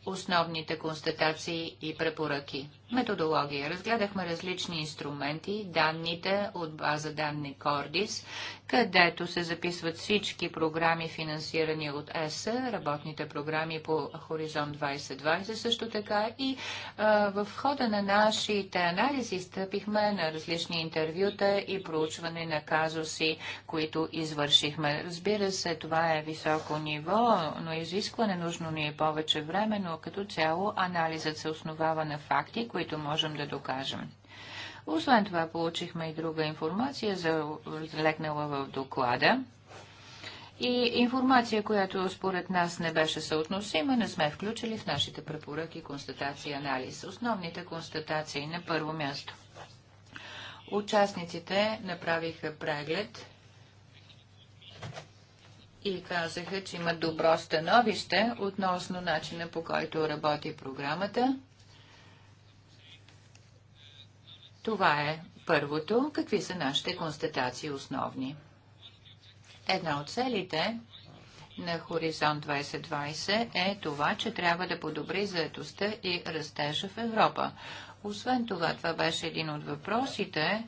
основните констатации и препоръки методология. Разгледахме различни инструменти, данните от база данни Кордис, където се записват всички програми, финансирани от ЕС, работните програми по Хоризонт 2020 също така и а, в хода на нашите анализи стъпихме на различни интервюта и проучване на казуси, които извършихме. Разбира се, това е високо ниво, но изискване нужно ни е повече време, но като цяло анализът се основава на факти, които които можем да докажем. Освен това, получихме и друга информация, залегнала в доклада. И информация, която според нас не беше съотносима, не сме включили в нашите препоръки, констатации и анализ. Основните констатации на първо място. Участниците направиха преглед и казаха, че има добро становище относно начина по който работи програмата Това е първото. Какви са нашите констатации основни? Една от целите на Хоризонт 2020 е това, че трябва да подобри заетостта и растежа в Европа. Освен това, това беше един от въпросите,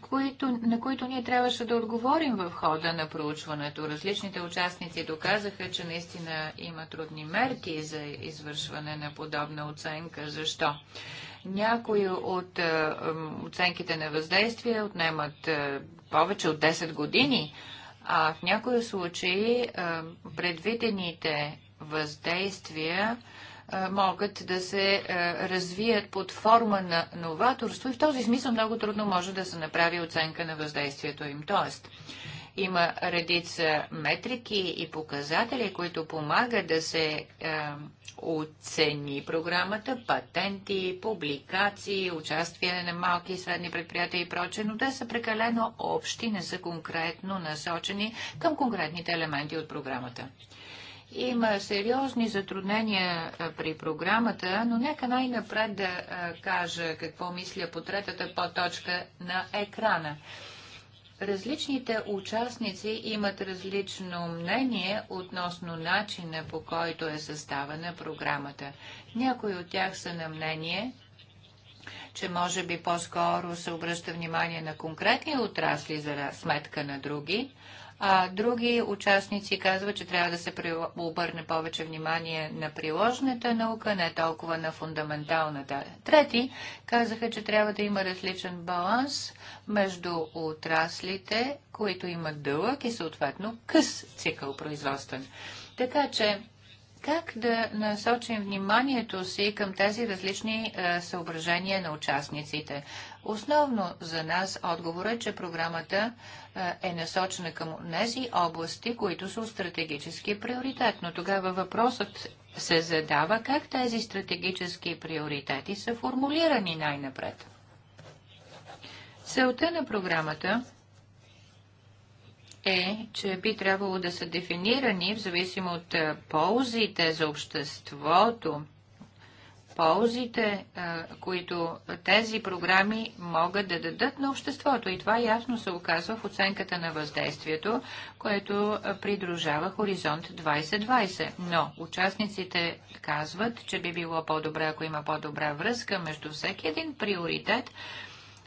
които, на които ние трябваше да отговорим в хода на проучването. Различните участници доказаха, че наистина има трудни мерки за извършване на подобна оценка. Защо? Някои от е, оценките на въздействие отнемат е, повече от 10 години, а в някои случаи е, предвидените въздействия могат да се развият под форма на новаторство и в този смисъл много трудно може да се направи оценка на въздействието им. Тоест, има редица метрики и показатели, които помагат да се е, оцени програмата, патенти, публикации, участие на малки и средни предприятия и прочее, но те са прекалено общи, не са конкретно насочени към конкретните елементи от програмата. Има сериозни затруднения е, при програмата, но нека най-напред да е, кажа какво мисля по третата подточка на екрана. Различните участници имат различно мнение относно начина по който е съставена програмата. Някои от тях са на мнение, че може би по-скоро се обръща внимание на конкретни отрасли за сметка на други, а други участници казват, че трябва да се обърне повече внимание на приложната наука, не толкова на фундаменталната. Трети казаха, че трябва да има различен баланс между отраслите, които имат дълъг и съответно къс цикъл производствен. Така че как да насочим вниманието си към тези различни е, съображения на участниците? Основно за нас отговор е, че програмата е, е насочена към тези области, които са стратегически приоритет. Но тогава въпросът се задава как тези стратегически приоритети са формулирани най-напред. Целта на програмата е, че би трябвало да са дефинирани в зависимо от е, ползите за обществото, ползите, които тези програми могат да дадат на обществото. И това ясно се оказва в оценката на въздействието, което придружава Хоризонт 2020. Но участниците казват, че би било по-добре, ако има по-добра връзка между всеки един приоритет,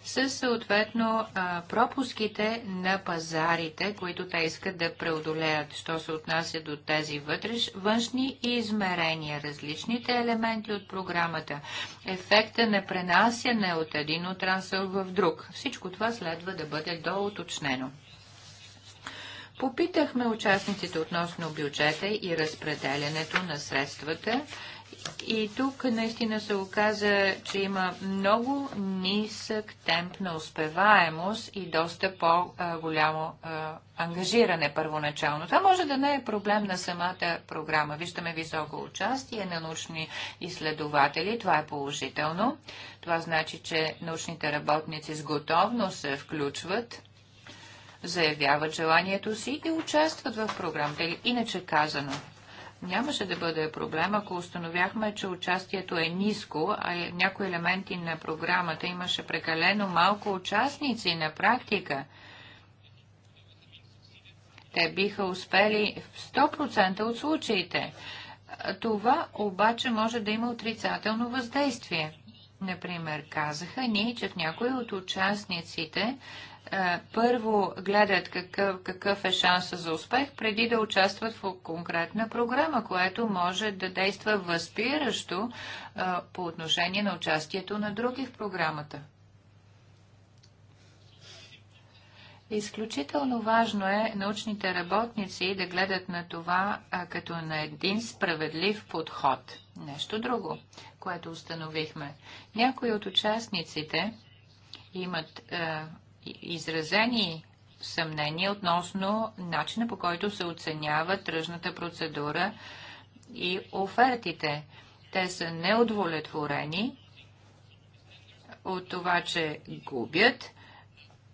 със съответно пропуските на пазарите, които те искат да преодолеят, що се отнася до тези вътреш, външни измерения, различните елементи от програмата, ефекта на пренасяне от един отрасъл в друг. Всичко това следва да бъде доуточнено. Попитахме участниците относно бюджета и разпределянето на средствата и тук наистина се оказа, че има много нисък темп на успеваемост и доста по-голямо ангажиране първоначално. Това може да не е проблем на самата програма. Виждаме високо участие на научни изследователи. Това е положително. Това значи, че научните работници с готовност се включват заявяват желанието си и участват в програмата. Иначе казано, нямаше да бъде проблем, ако установяхме, че участието е ниско, а е- някои елементи на програмата имаше прекалено малко участници на практика. Те биха успели в 100% от случаите. Това обаче може да има отрицателно въздействие. Например, казаха ни, че в някои от участниците е, първо гледат какъв, какъв е шанса за успех, преди да участват в конкретна програма, която може да действа възпиращо а, е, по отношение на участието на други в програмата. Изключително важно е научните работници да гледат на това а, е, като на един справедлив подход. Нещо друго, което установихме. Някои от участниците имат а, изразени съмнения относно начина по който се оценява тръжната процедура и офертите. Те са неудовлетворени от това, че губят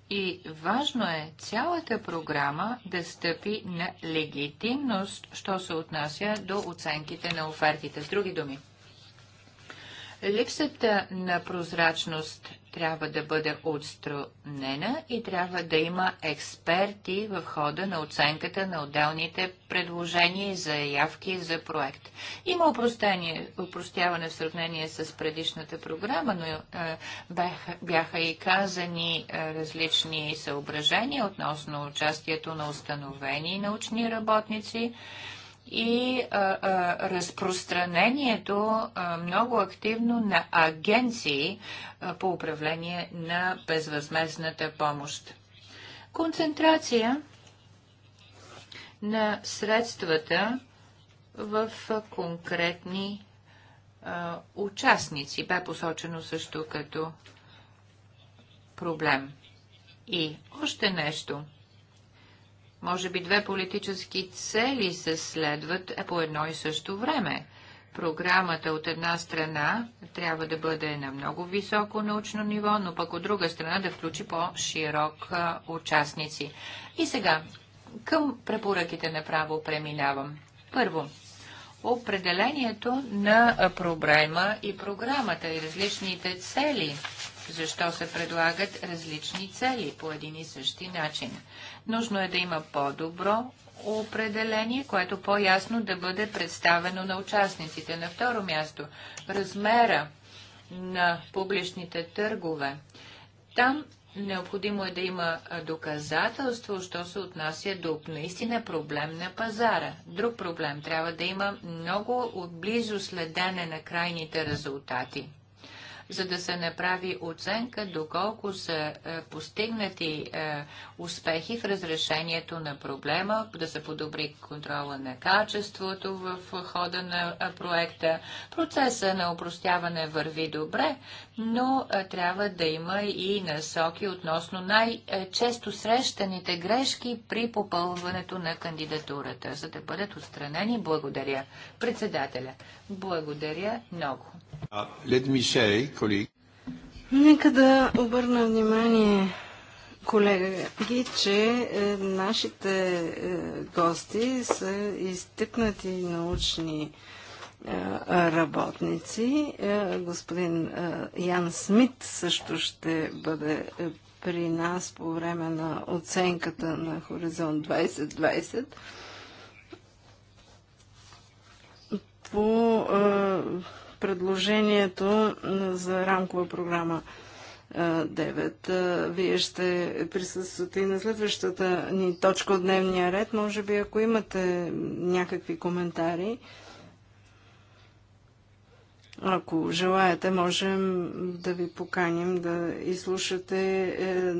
и важно е цялата програма да стъпи на легитимност, що се отнася до оценките на офертите. С други думи, Липсата на прозрачност трябва да бъде отстранена и трябва да има експерти в хода на оценката на отделните предложения и заявки за проект. Има упростяване в сравнение с предишната програма, но е, бяха, бяха и казани е, различни съображения относно участието на установени научни работници и а, а, разпространението а, много активно на агенции а, по управление на безвъзмезната помощ. Концентрация на средствата в конкретни а, участници бе посочено също като проблем. И още нещо – може би две политически цели се следват по едно и също време. Програмата от една страна трябва да бъде на много високо научно ниво, но пък от друга страна да включи по-широк участници. И сега към препоръките направо преминавам. Първо, определението на проблема и програмата и различните цели защо се предлагат различни цели по един и същи начин. Нужно е да има по-добро определение, което по-ясно да бъде представено на участниците. На второ място, размера на публичните търгове. Там необходимо е да има доказателство, що се отнася до наистина проблем на пазара. Друг проблем трябва да има много отблизо следене на крайните резултати за да се направи оценка доколко са е, постигнати е, успехи в разрешението на проблема, да се подобри контрола на качеството в хода на е, проекта. Процеса на упростяване върви добре, но трябва да има и насоки относно най-често срещаните грешки при попълването на кандидатурата, за да бъдат отстранени. Благодаря. Председателя, благодаря много. Uh, Нека да обърна внимание, колега ги, че е, нашите е, гости са изтъкнати научни е, работници. Господин Ян Смит също ще бъде при нас по време на оценката на Хоризонт 2020 по предложението за рамкова програма 9. Вие ще присъствате и на следващата ни точка от дневния ред. Може би, ако имате някакви коментари, ако желаете, можем да ви поканим да изслушате е,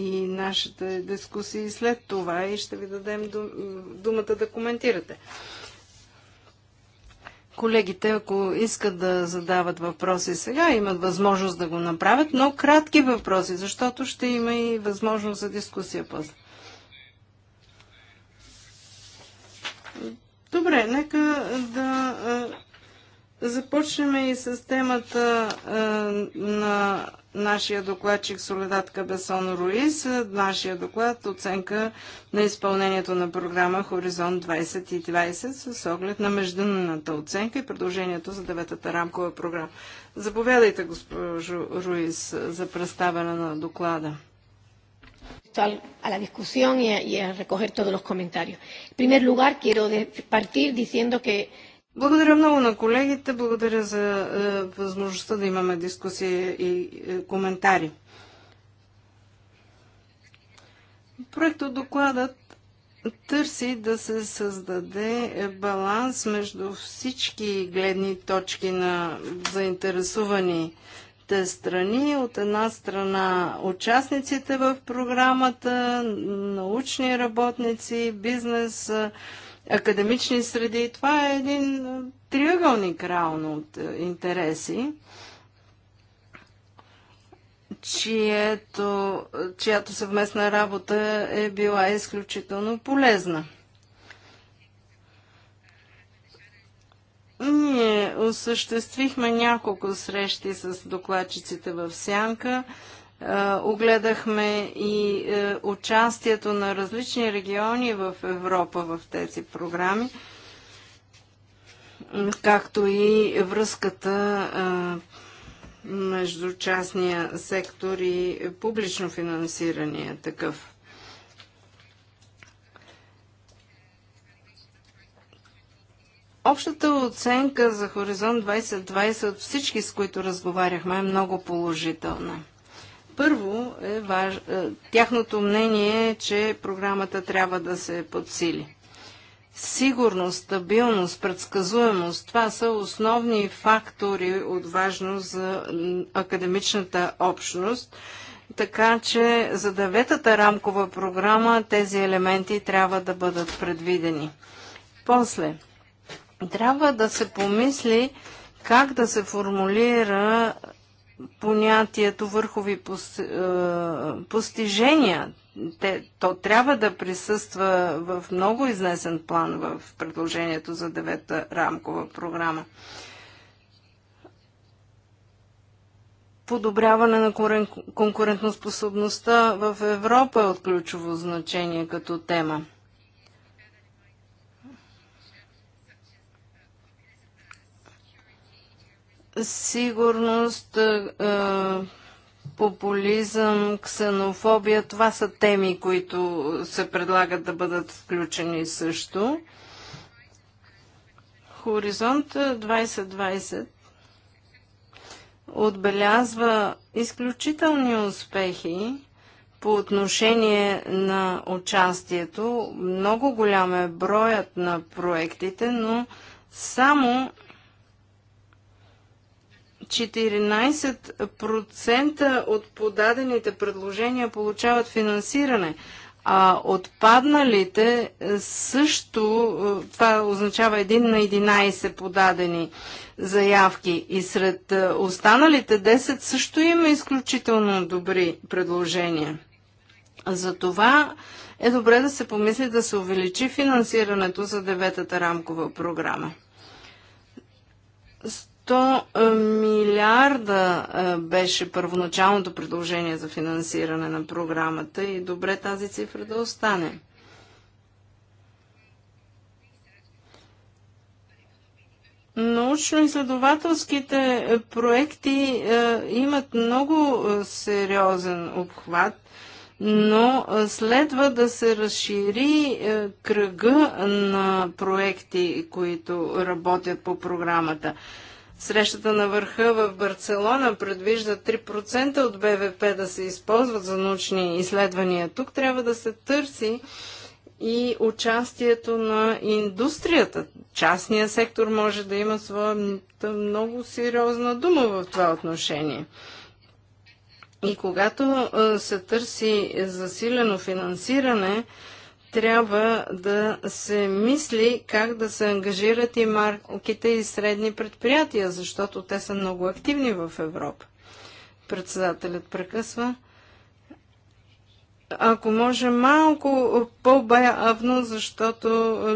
и нашите дискусии след това и ще ви дадем думата да коментирате. Колегите, ако искат да задават въпроси сега, имат възможност да го направят, но кратки въпроси, защото ще има и възможност за дискусия после. Добре, нека да започнем и с темата на нашия докладчик Соледат Кабесон Руис, нашия доклад оценка на изпълнението на програма Хоризонт 2020 с оглед на международната оценка и предложението за деветата рамкова програма. Заповядайте, госпожо Руис, за представяне на доклада a la discusión y a, y a recoger todos los comentarios. En primer lugar, quiero partir diciendo que благодаря много на колегите, благодаря за е, възможността да имаме дискусия и е, коментари. Проектът докладът търси да се създаде е, баланс между всички гледни точки на заинтересуваните страни. От една страна участниците в програмата, научни работници, бизнес, бизнес академични среди. Това е един триъгълник реално от интереси, чието, чиято съвместна работа е била изключително полезна. Ние осъществихме няколко срещи с докладчиците в Сянка. Е, огледахме и е, участието на различни региони в Европа в тези програми, както и връзката е, между частния сектор и публично финансиране такъв. Общата оценка за Хоризонт 2020 от всички, с които разговаряхме, е много положителна. Първо, е важ... Е, тяхното мнение е, че програмата трябва да се подсили. Сигурност, стабилност, предсказуемост – това са основни фактори от важност за академичната общност. Така че за деветата рамкова програма тези елементи трябва да бъдат предвидени. После, трябва да се помисли как да се формулира понятието върхови пос, е, постижения. Те, то трябва да присъства в много изнесен план в предложението за девета рамкова програма. подобряване на конкурентоспособността в Европа е от ключово значение като тема. сигурност, е, е, популизъм, ксенофобия, това са теми, които се предлагат да бъдат включени също. Хоризонт 2020 отбелязва изключителни успехи по отношение на участието. Много голям е броят на проектите, но само 14% от подадените предложения получават финансиране, а отпадналите също, е, това означава 1 на 11 подадени заявки. И сред е, останалите 10 също има изключително добри предложения. Затова е добре да се помисли да се увеличи финансирането за деветата рамкова програма. 100 е, милиарда е, беше първоначалното предложение за финансиране на програмата и добре тази цифра да остане. Научно-изследователските е, проекти имат много сериозен обхват, но следва да се разшири кръга на проекти, които работят по програмата. Срещата на върха в Барселона предвижда 3% от БВП да се използват за научни изследвания. Тук трябва да се търси и участието на индустрията. Частният сектор може да има своята много сериозна дума в това отношение. И когато се търси засилено финансиране, трябва да се мисли как да се ангажират и марките и средни предприятия, защото те са много активни в Европа. Председателят прекъсва. Ако може малко по-бавно, защото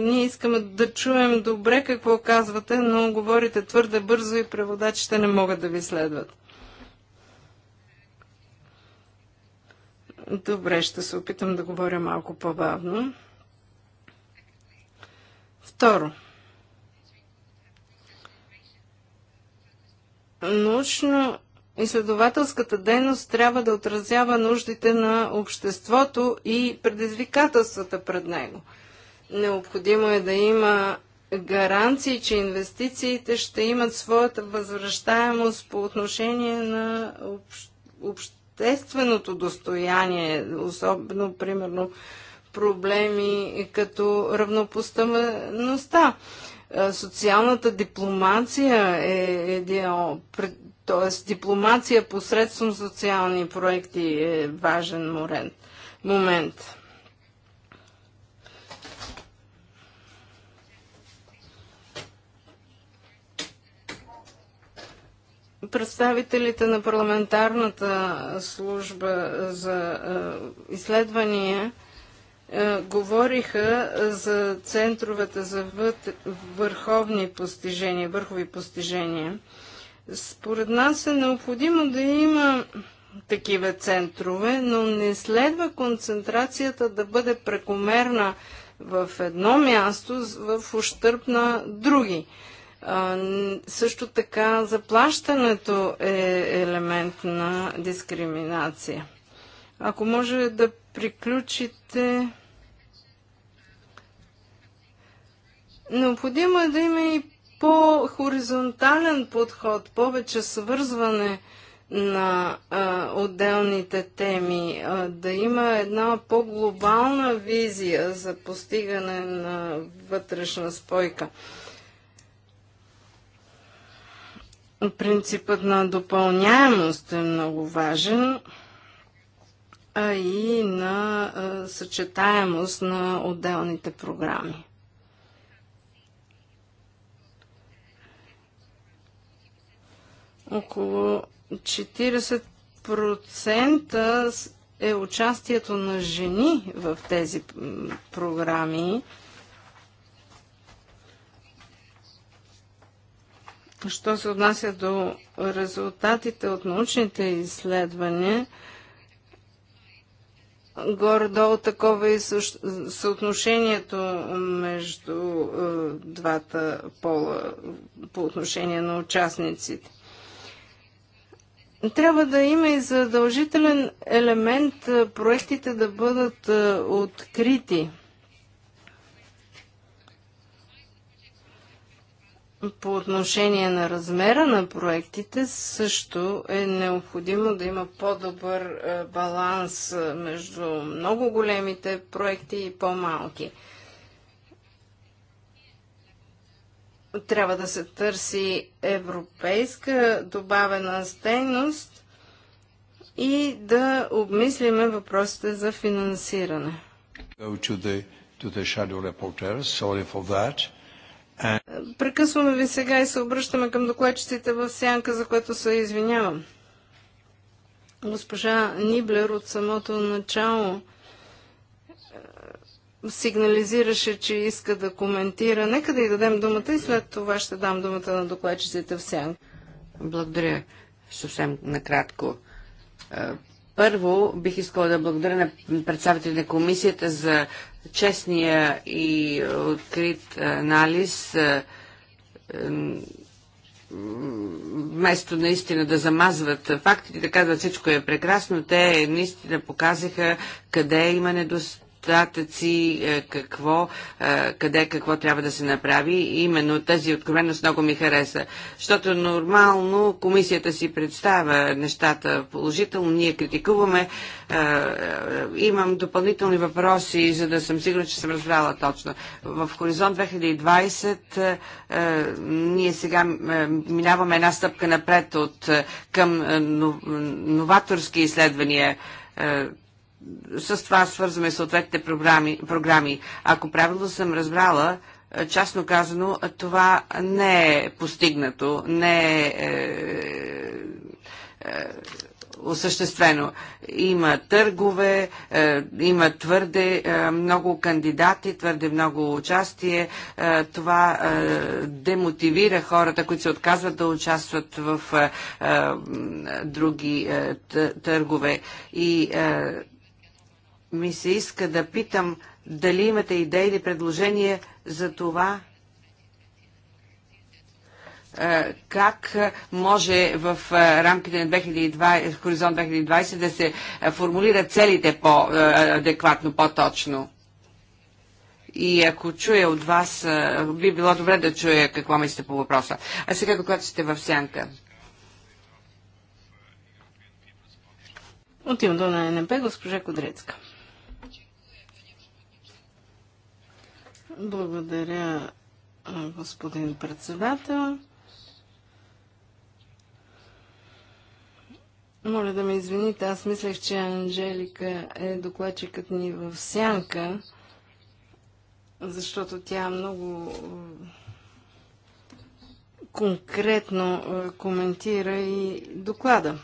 ние искаме да чуем добре какво казвате, но говорите твърде бързо и преводачите не могат да ви следват. Добре, ще се опитам да говоря малко по-бавно. Второ. Научно-изследователската дейност трябва да отразява нуждите на обществото и предизвикателствата пред него. Необходимо е да има гаранции, че инвестициите ще имат своята възвръщаемост по отношение на общ естественото достояние, особено, примерно, проблеми като равнопоставеността. Социалната дипломация е един, т.е. дипломация посредством социални проекти е важен момент. представителите на парламентарната служба за изследвания говориха за центровете за върховни постижения, върхови постижения. Според нас е необходимо да има такива центрове, но не следва концентрацията да бъде прекомерна в едно място в ущърп на други също така заплащането е елемент на дискриминация. Ако може да приключите. Необходимо е да има и по-хоризонтален подход, повече свързване на а, отделните теми, а, да има една по-глобална визия за постигане на вътрешна спойка. Принципът на допълняемост е много важен, а и на съчетаемост на отделните програми. Около 40% е участието на жени в тези програми. Що се отнася до резултатите от научните изследвания, горе-долу такова е и съотношението между е, двата пола по отношение на участниците. Трябва да има и задължителен елемент е, проектите да бъдат е, открити. по отношение на размера на проектите също е необходимо да има по-добър е, баланс е, между много големите проекти и по-малки. Трябва да се търси европейска добавена стейност и да обмислиме въпросите за финансиране. Go to the, to the shadow reporters. Sorry for that. Прекъсваме ви сега и се обръщаме към докладчиците в сянка, за което се извинявам. Госпожа Ниблер от самото начало е, сигнализираше, че иска да коментира. Нека да й дадем думата и след това ще дам думата на докладчиците в сянка. Благодаря. Съвсем накратко. Е, първо бих искала да благодаря на представителите на комисията за честния и открит анализ е, вместо наистина да замазват фактите, да казват всичко е прекрасно, те наистина показаха къде има недостатък недостатъци, е, какво, е, къде какво трябва да се направи. Именно тази откровеност много ми хареса. Защото нормално комисията си представя нещата положително, ние критикуваме. Е, имам допълнителни въпроси, за да съм сигурна, че съм разбрала точно. В Хоризонт 2020 ние сега минаваме една стъпка напред от към новаторски изследвания с това свързваме съответните програми. програми. Ако правилно съм разбрала, е, частно казано, това не е постигнато, не е, е, е осъществено. Има търгове, е, има твърде е, много кандидати, твърде много участие. Е, това е, демотивира хората, които се отказват да участват в е, други търгове. И ми се иска да питам дали имате идеи или предложения за това, как може в рамките на 2020, Хоризонт 2020 да се формулират целите по-адекватно, по-точно? И ако чуя от вас, би било добре да чуя какво мислите по въпроса. А сега, когато сте в сянка. От името на НП, госпожа Кодрецка. Благодаря, господин председател. Моля да ме извините, аз мислех, че Анжелика е докладчикът ни в сянка, защото тя много конкретно коментира и доклада.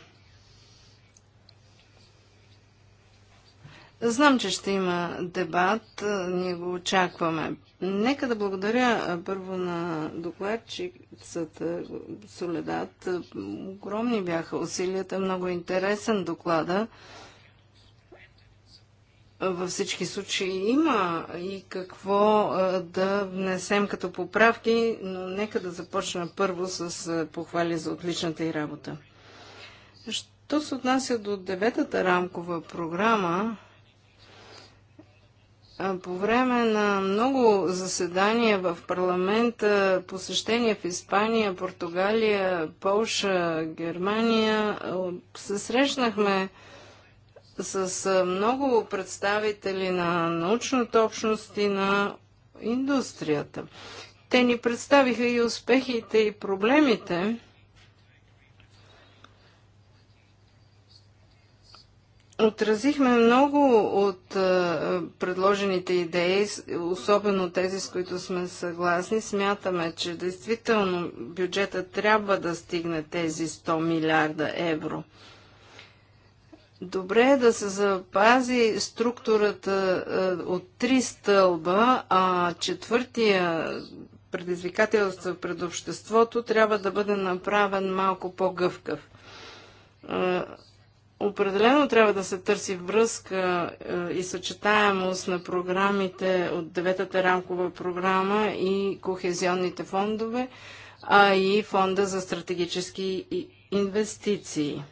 Знам, че ще има дебат, ние го очакваме. Нека да благодаря първо на докладчицата Соледат. Огромни бяха усилията, много интересен доклада. Във всички случаи има и какво да внесем като поправки, но нека да започна първо с похвали за отличната и работа. Що се отнася до деветата рамкова програма, по време на много заседания в парламента, посещения в Испания, Португалия, Полша, Германия, се срещнахме с много представители на научната общност и на индустрията. Те ни представиха и успехите, и проблемите. Отразихме много от а, предложените идеи, особено тези, с които сме съгласни. Смятаме, че действително бюджета трябва да стигне тези 100 милиарда евро. Добре е да се запази структурата а, от три стълба, а четвъртия предизвикателство пред обществото трябва да бъде направен малко по-гъвкав Определено трябва да се търси връзка е, и съчетаемост на програмите от деветата рамкова програма и кохезионните фондове, а и фонда за стратегически инвестиции.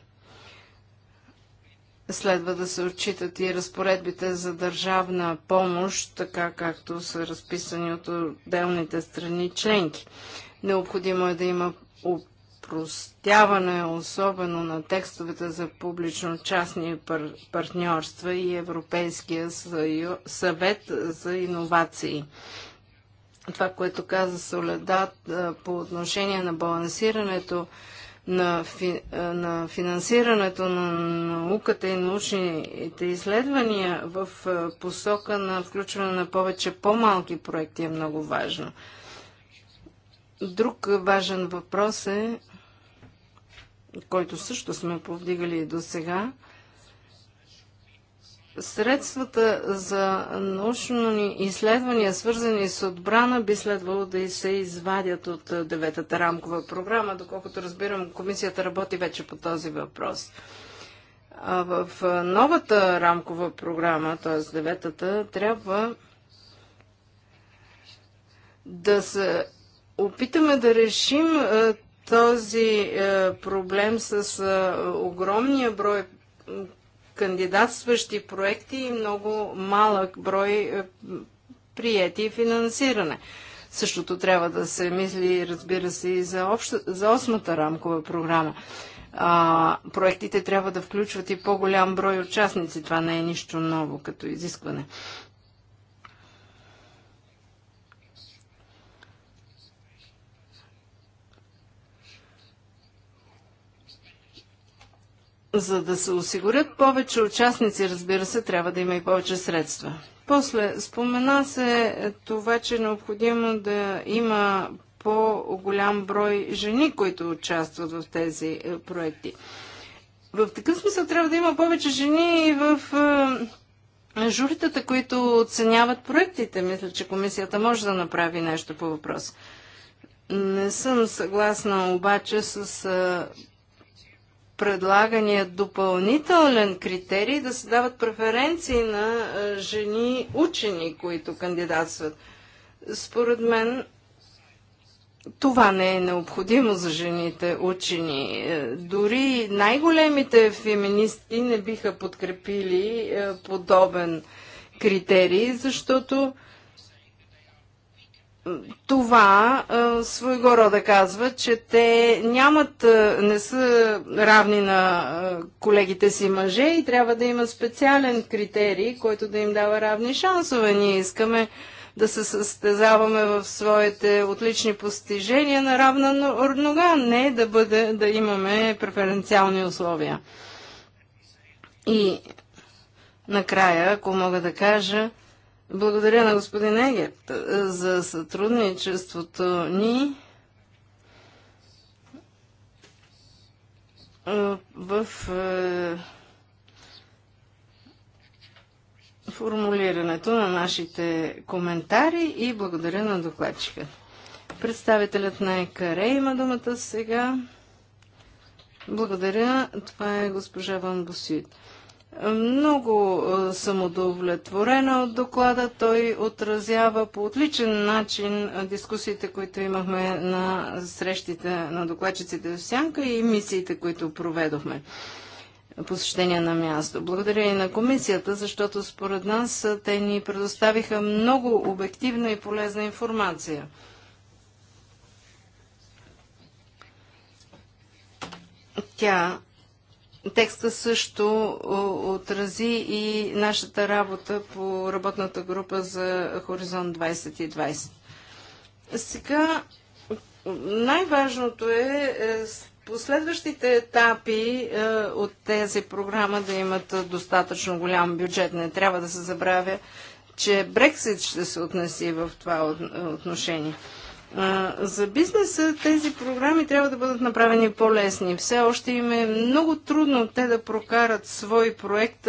Следва да се отчитат и разпоредбите за държавна помощ, така както са разписани от отделните страни членки. Необходимо е да има опростяване, особено на текстовете за публично-частни пар партньорства и Европейския съю... съвет за иновации. Това, което каза Соледат по отношение на балансирането на, фи... на финансирането на науката и научните изследвания в посока на включване на повече по-малки проекти е много важно. Друг важен въпрос е който също сме повдигали и до сега, средствата за научни изследвания, свързани с отбрана, би следвало да се извадят от деветата рамкова програма. Доколкото разбирам, комисията работи вече по този въпрос. А в новата рамкова програма, т.е. деветата, трябва да се опитаме да решим този е, проблем с е, огромния брой кандидатстващи проекти и много малък брой е, приети и финансиране. Същото трябва да се мисли, разбира се, и за, обща, за осмата рамкова програма. А, проектите трябва да включват и по-голям брой участници. Това не е нищо ново като изискване. За да се осигурят повече участници, разбира се, трябва да има и повече средства. После спомена се това, че е необходимо да има по-голям брой жени, които участват в тези е, проекти. В такъв смисъл трябва да има повече жени и в е, журитата, които оценяват проектите. Мисля, че комисията може да направи нещо по въпрос. Не съм съгласна обаче с е, предлагания допълнителен критерий да се дават преференции на жени учени, които кандидатстват. Според мен това не е необходимо за жените учени. Е, дори най-големите феминисти не биха подкрепили е, подобен критерий, защото това своего рода казва, че те нямат, не са равни на колегите си мъже и трябва да има специален критерий, който да им дава равни шансове. Ние искаме да се състезаваме в своите отлични постижения на равна нога, не да, бъде, да имаме преференциални условия. И накрая, ако мога да кажа, благодаря на господин Егет е, за сътрудничеството ни. Е, в е, формулирането на нашите коментари и благодаря на докладчика. Представителят на ЕКАРЕ има думата сега. Благодаря. Това е госпожа Ван Босюит. Много съм удовлетворена от доклада. Той отразява по отличен начин дискусиите, които имахме на срещите на докладчиците в Сянка и мисиите, които проведохме посещения на място. Благодаря и на комисията, защото според нас те ни предоставиха много обективна и полезна информация. Тя Текста също отрази и нашата работа по работната група за Хоризонт 2020. Сега най-важното е, е последващите етапи е, от тези програма да имат достатъчно голям бюджет. Не трябва да се забравя, че Брексит ще се отнеси в това отношение. За бизнеса тези програми трябва да бъдат направени по-лесни. Все още им е много трудно те да прокарат свой проект,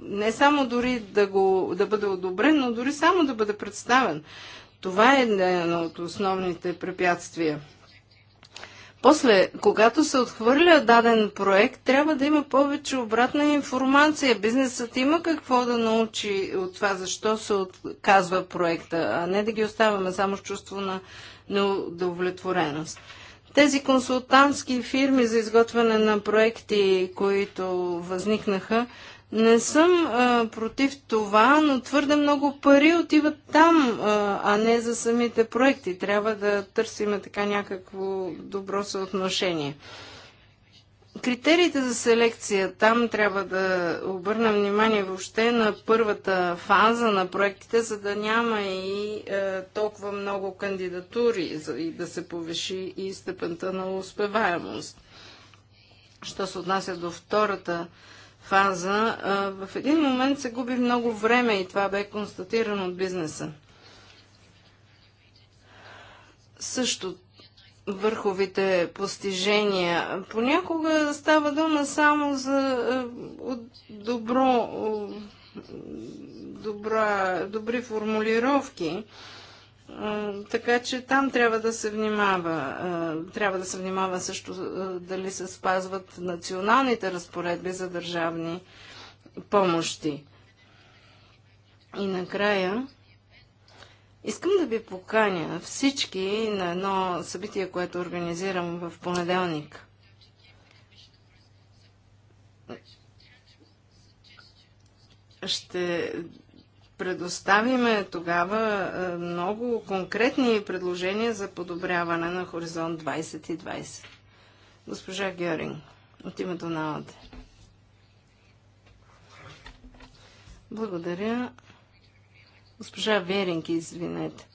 не само дори да, го, да бъде одобрен, но дори само да бъде представен. Това е едно от основните препятствия. После, когато се отхвърля даден проект, трябва да има повече обратна информация. Бизнесът има какво да научи от това, защо се отказва проекта, а не да ги оставяме само с чувство на неудовлетвореност. Тези консултантски фирми за изготвяне на проекти, които възникнаха, не съм а, против това, но твърде много пари отиват там, а, а не за самите проекти. Трябва да търсим така някакво добро съотношение. Критериите за селекция там трябва да обърна внимание въобще на първата фаза на проектите, за да няма и е, толкова много кандидатури за, и да се повиши и степента на успеваемост. Що се отнася до втората фаза, в един момент се губи много време и това бе констатирано от бизнеса. Също върховите постижения. Понякога става дума само за добро, добра, добри формулировки така че там трябва да се внимава. Трябва да се внимава също дали се спазват националните разпоредби за държавни помощи. И накрая искам да ви поканя всички на едно събитие, което организирам в понеделник. Ще предоставиме тогава е, много конкретни предложения за подобряване на Хоризонт 2020. Госпожа Георин, от името на ОДЕ. Благодаря. Госпожа Веринки, извинете.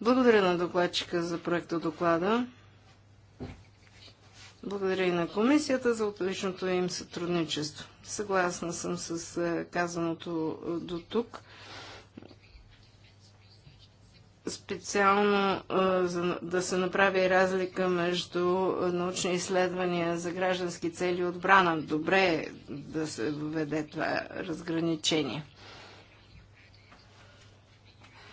Благодаря на докладчика за проекта доклада. Благодаря и на комисията за отличното им сътрудничество. Съгласна съм с е, казаното е, до тук специално за да се направи разлика между научни изследвания за граждански цели и отбрана. Добре е да се въведе това разграничение.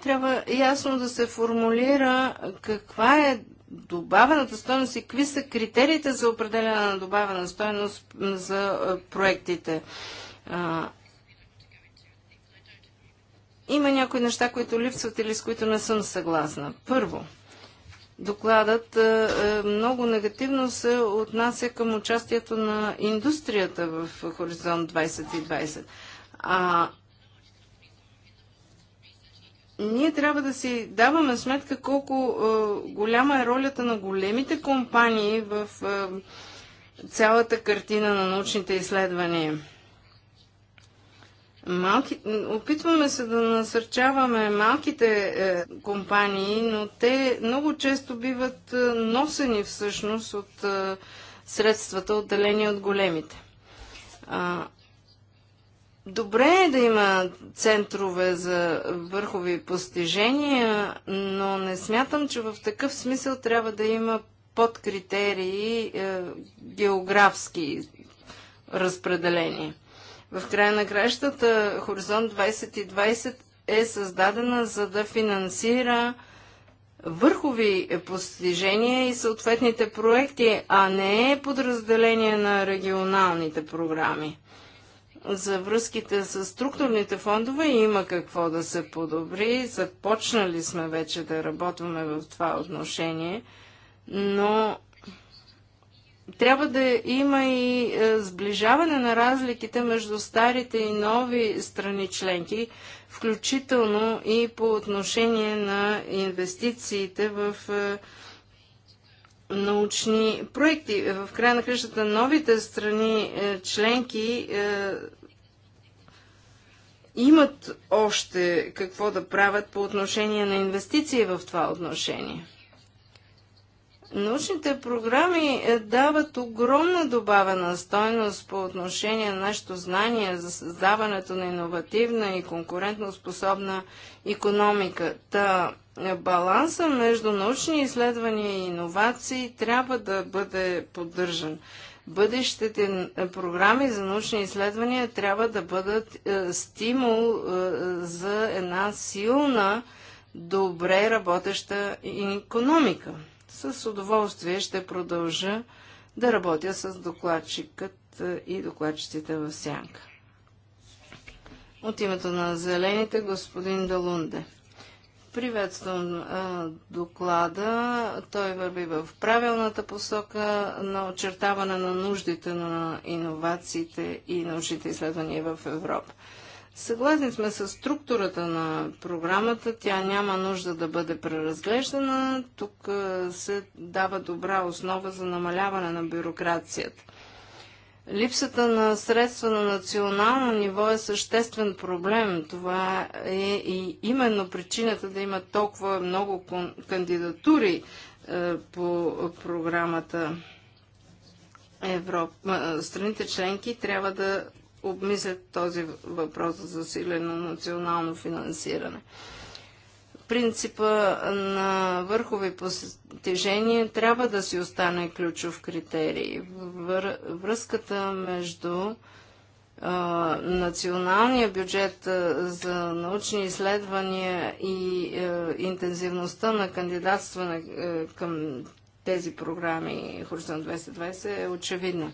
Трябва ясно да се формулира каква е добавената стоеност и какви са критериите за определяне на добавена стоеност за проектите има някои неща, които липсват или с които не съм съгласна. Първо, докладът е, е, много негативно се отнася към участието на индустрията в Хоризонт 2020. А ние трябва да си даваме сметка колко е, голяма е ролята на големите компании в е, цялата картина на научните изследвания. Малки... Опитваме се да насърчаваме малките е, компании, но те много често биват е, носени всъщност от е, средствата, отделени от големите. А, добре е да има центрове за върхови постижения, но не смятам, че в такъв смисъл трябва да има подкритерии е, географски разпределения. В края на кращата Хоризонт 2020 е създадена за да финансира върхови постижения и съответните проекти, а не е подразделение на регионалните програми. За връзките с структурните фондове има какво да се подобри. Започнали сме вече да работваме в това отношение, но трябва да има и е, сближаване на разликите между старите и нови страни членки, включително и по отношение на инвестициите в е, научни проекти. Е, в края на кръщата новите страни членки имат още какво да правят по отношение на инвестиции в това отношение. Научните програми е, дават огромна добавена стойност по отношение на нашето знание за създаването на иновативна и конкурентоспособна економика. Та е, баланса между научни изследвания и иновации трябва да бъде поддържан. Бъдещите е, програми за научни изследвания трябва да бъдат стимул за една силна, добре работеща економика. С удоволствие ще продължа да работя с докладчикът е, и докладчиците в сянка. От името на зелените, господин Далунде. Приветствам а, е, доклада. Той върви в правилната посока на очертаване на нуждите на иновациите и научните изследвания в Европа. Съгласни сме с структурата на програмата. Тя няма нужда да бъде преразглеждана. Тук се дава добра основа за намаляване на бюрокрацията. Липсата на средства на национално ниво е съществен проблем. Това е и именно причината да има толкова много кандидатури е, по програмата Европ... Страните членки трябва да обмислят този въпрос за засилено национално финансиране. Принципа на върхови постижения трябва да си остане ключов критерий. Вър... Връзката между националния бюджет за научни изследвания и е, интензивността на кандидатстване към тези програми Хоризонт 2020 е очевидна.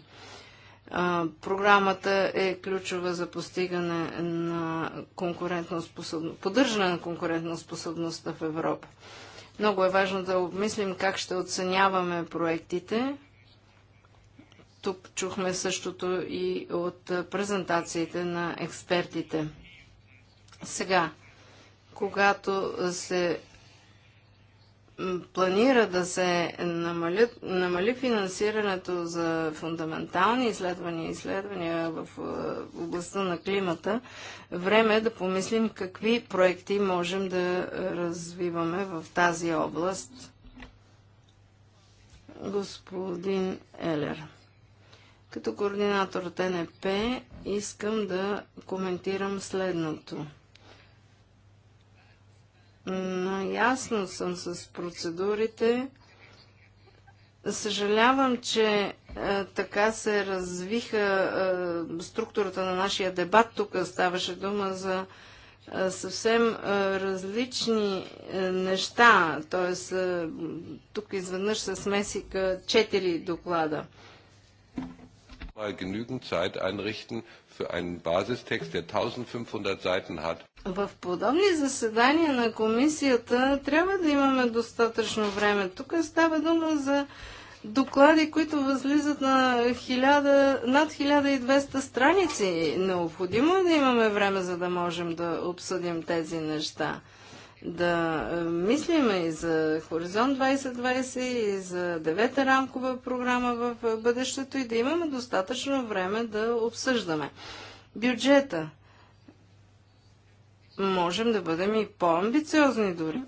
Програмата е ключова за постигане на конкурентоспособност, поддържане на конкурентоспособността в Европа. Много е важно да обмислим как ще оценяваме проектите. Тук чухме същото и от презентациите на експертите. Сега, когато се планира да се намали, намали финансирането за фундаментални изследвания и изследвания в областта на климата, време е да помислим какви проекти можем да развиваме в тази област. Господин Елер. Като координатор от НП искам да коментирам следното – Наясно съм с процедурите. Съжалявам, че е, така се развиха е, структурата на нашия дебат. Тук ставаше дума за е, съвсем е, различни е, неща. Тоест, е, тук изведнъж се смесиха четири доклада. genügend Zeit einrichten für einen Basistext, der 1500 Seiten hat. В подобни заседания на комисията трябва да имаме достатъчно време. Тук става дума за доклади, които възлизат на 1000, над 1200 страници. Необходимо е да имаме време, за да можем да обсъдим тези неща да е, мислим и за Хоризонт 2020 и за девета рамкова програма в е, бъдещето и да имаме достатъчно време да обсъждаме. Бюджета. Можем да бъдем и по-амбициозни дори.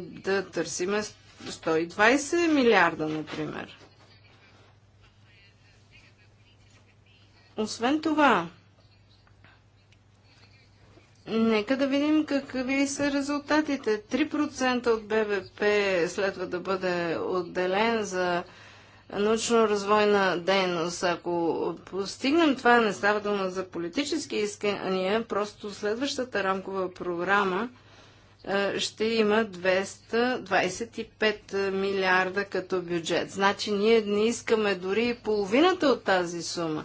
Да търсиме 120 милиарда, например. Освен това, Нека да видим какви са резултатите. 3% от БВП следва да бъде отделен за научно-развойна дейност. Ако постигнем това, не става дума за политически искания, просто следващата рамкова програма е, ще има 225 милиарда като бюджет. Значи ние не искаме дори половината от тази сума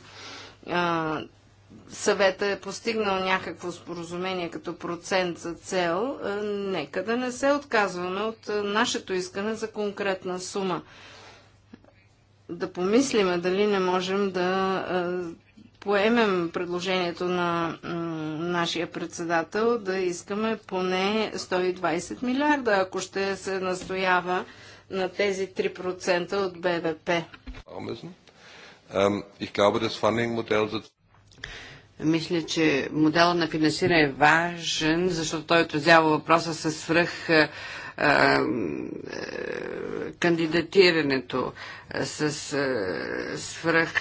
съвета е постигнал някакво споразумение като процент за цел, е, нека да не се отказваме от е, нашето искане за конкретна сума. Да помислиме дали не можем да е, поемем предложението на нашия председател да искаме поне 120 милиарда, ако ще се настоява на тези 3% от БВП. Ich glaube, das Funding-Modell мисля, че модела на финансиране е важен, защото той отразява въпроса с свръх кандидатирането, с свръх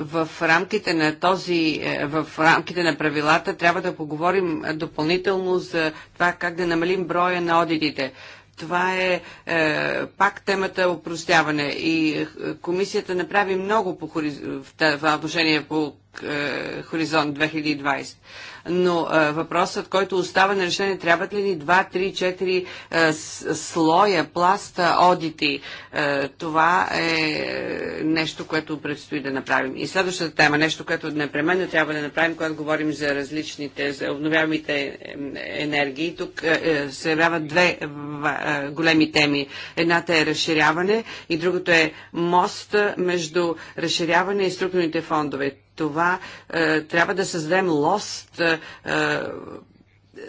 В рамките на този, е, в рамките на правилата трябва да поговорим допълнително за това как да намалим броя на одитите. Това е, е пак темата опростяване и е, комисията направи много по хориз... в това отношение по е, хоризонт 2020. Но а, е, въпросът, който остава на решение, трябват ли ни 2, 3, 4 а, с, слоя, пласта, одити? а, е, това е нещо, което предстои да направим. И следващата тема, нещо, което непременно трябва да направим, когато говорим за различните, за обновяемите енергии. Тук а, се явяват две а, големи теми. Едната е разширяване и другото е мост между разширяване и структурните фондове това е, трябва да създадем лост е, е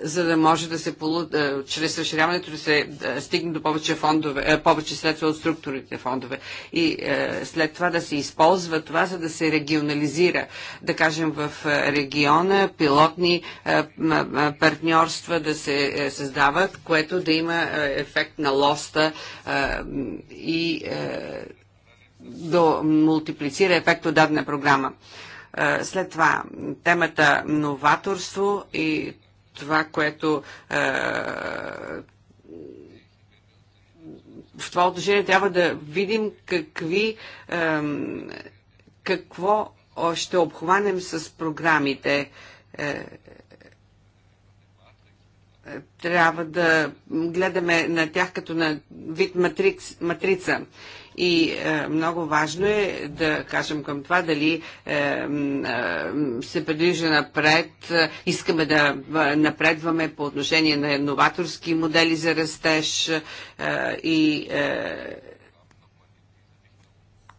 за да може да се полу... Е, чрез разширяването да се е, стигне до повече фондове, повече средства от структурните фондове и е, след това да се използва това, за да се регионализира, да кажем в региона, пилотни е, партньорства да се създават, което да има ефект на лоста е, и да мултиплицира ефект от дадена програма. След това темата новаторство и това, което в това отношение трябва да видим какви какво ще обхванем с програмите е, трябва да гледаме на тях като на вид матрица и е, много важно е да кажем към това дали е, е, се предвижда напред, е, искаме да е, напредваме по отношение на новаторски модели за растеж е, и е,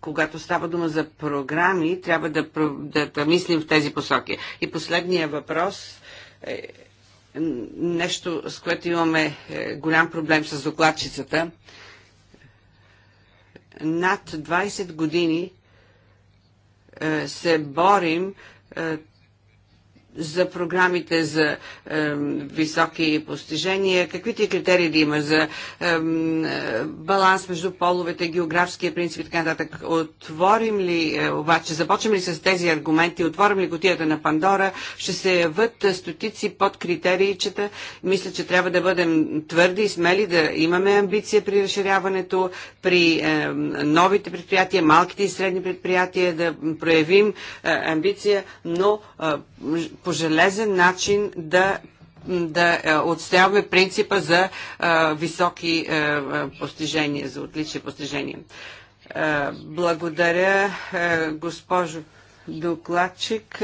когато става дума за програми, трябва да, да, да мислим в тези посоки. И последния въпрос е нещо, с което имаме е, голям проблем с докладчицата. Е, над 20 години е, се борим е, за програмите за е, високи постижения, каквито и критерии да има за е, баланс между половете, географския принцип и така нататък. Отворим ли, е, обаче, започваме ли с тези аргументи, отворим ли котията на Пандора, ще се яват е, стотици под критериичета. Мисля, че трябва да бъдем твърди и смели да имаме амбиция при разширяването, при е, новите предприятия, малките и средни предприятия, да проявим е, амбиция, но е, по железен начин да да е, отстояваме принципа за а, е, високи а, е, постижения, за отлични постижения. А, благодаря, а, госпожо докладчик.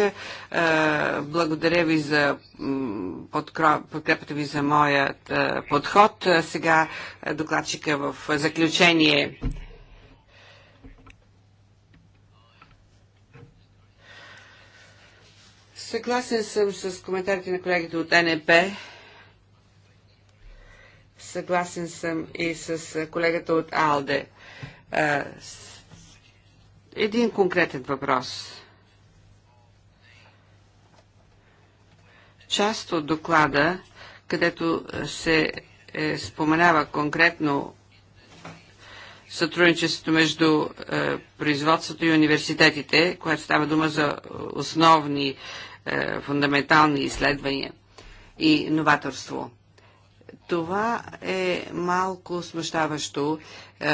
Благодаря ви за подкрепата ви за моят подход. Сега докладчика в заключение Съгласен съм с коментарите на колегите от НЕП. Съгласен съм и с колегата от АЛДЕ. Един конкретен въпрос. Част от доклада, където се е, споменава конкретно сътрудничеството между е, производството и университетите, което става дума за основни е, фундаментални изследвания и новаторство. Това е малко смущаващо е,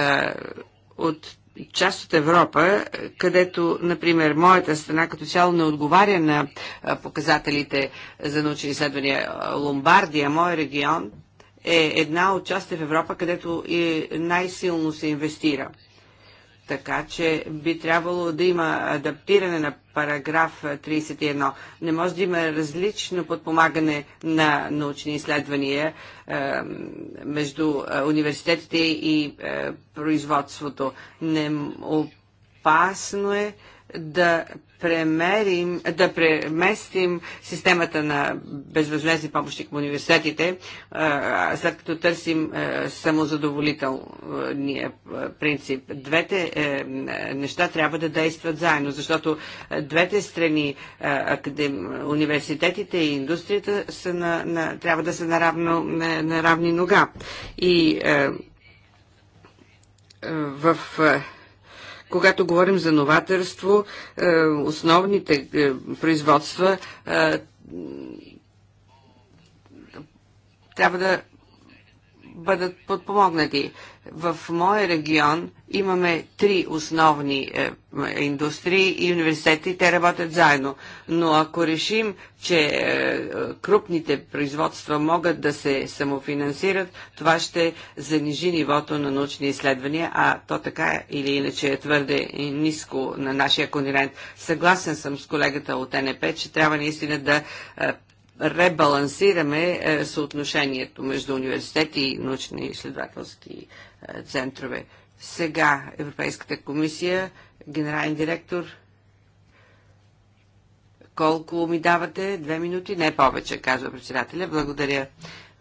от част от Европа, където, например, моята страна като цяло не отговаря на е, показателите за научни изследвания. Ломбардия, мой регион, е една от частите в Европа, където и най-силно се инвестира така че би трябвало да има адаптиране на параграф 31. Не може да има различно подпомагане на научни изследвания е, между е, университетите и е, производството. Не, опасно е да премерим, да преместим системата на безвъзмезни помощи към университетите, след като търсим самозадоволителния принцип. Двете е, е, неща трябва да действат заедно, защото е, двете страни, университетите и индустрията са на, на, трябва да са на, равно, на, на равни нога. И в когато говорим за новаторство, е, основните е, производства е, трябва да бъдат подпомогнати. В моя регион имаме три основни е, индустрии и университети, те работят заедно. Но ако решим, че е, е, крупните производства могат да се самофинансират, това ще занижи нивото на научни изследвания, а то така или иначе е твърде ниско на нашия континент. Съгласен съм с колегата от НП, че трябва наистина да е, ребалансираме е, съотношението между университети и научни изследователски центрове. Сега Европейската комисия, генерален директор, колко ми давате? Две минути? Не повече, казва председателя. Благодаря.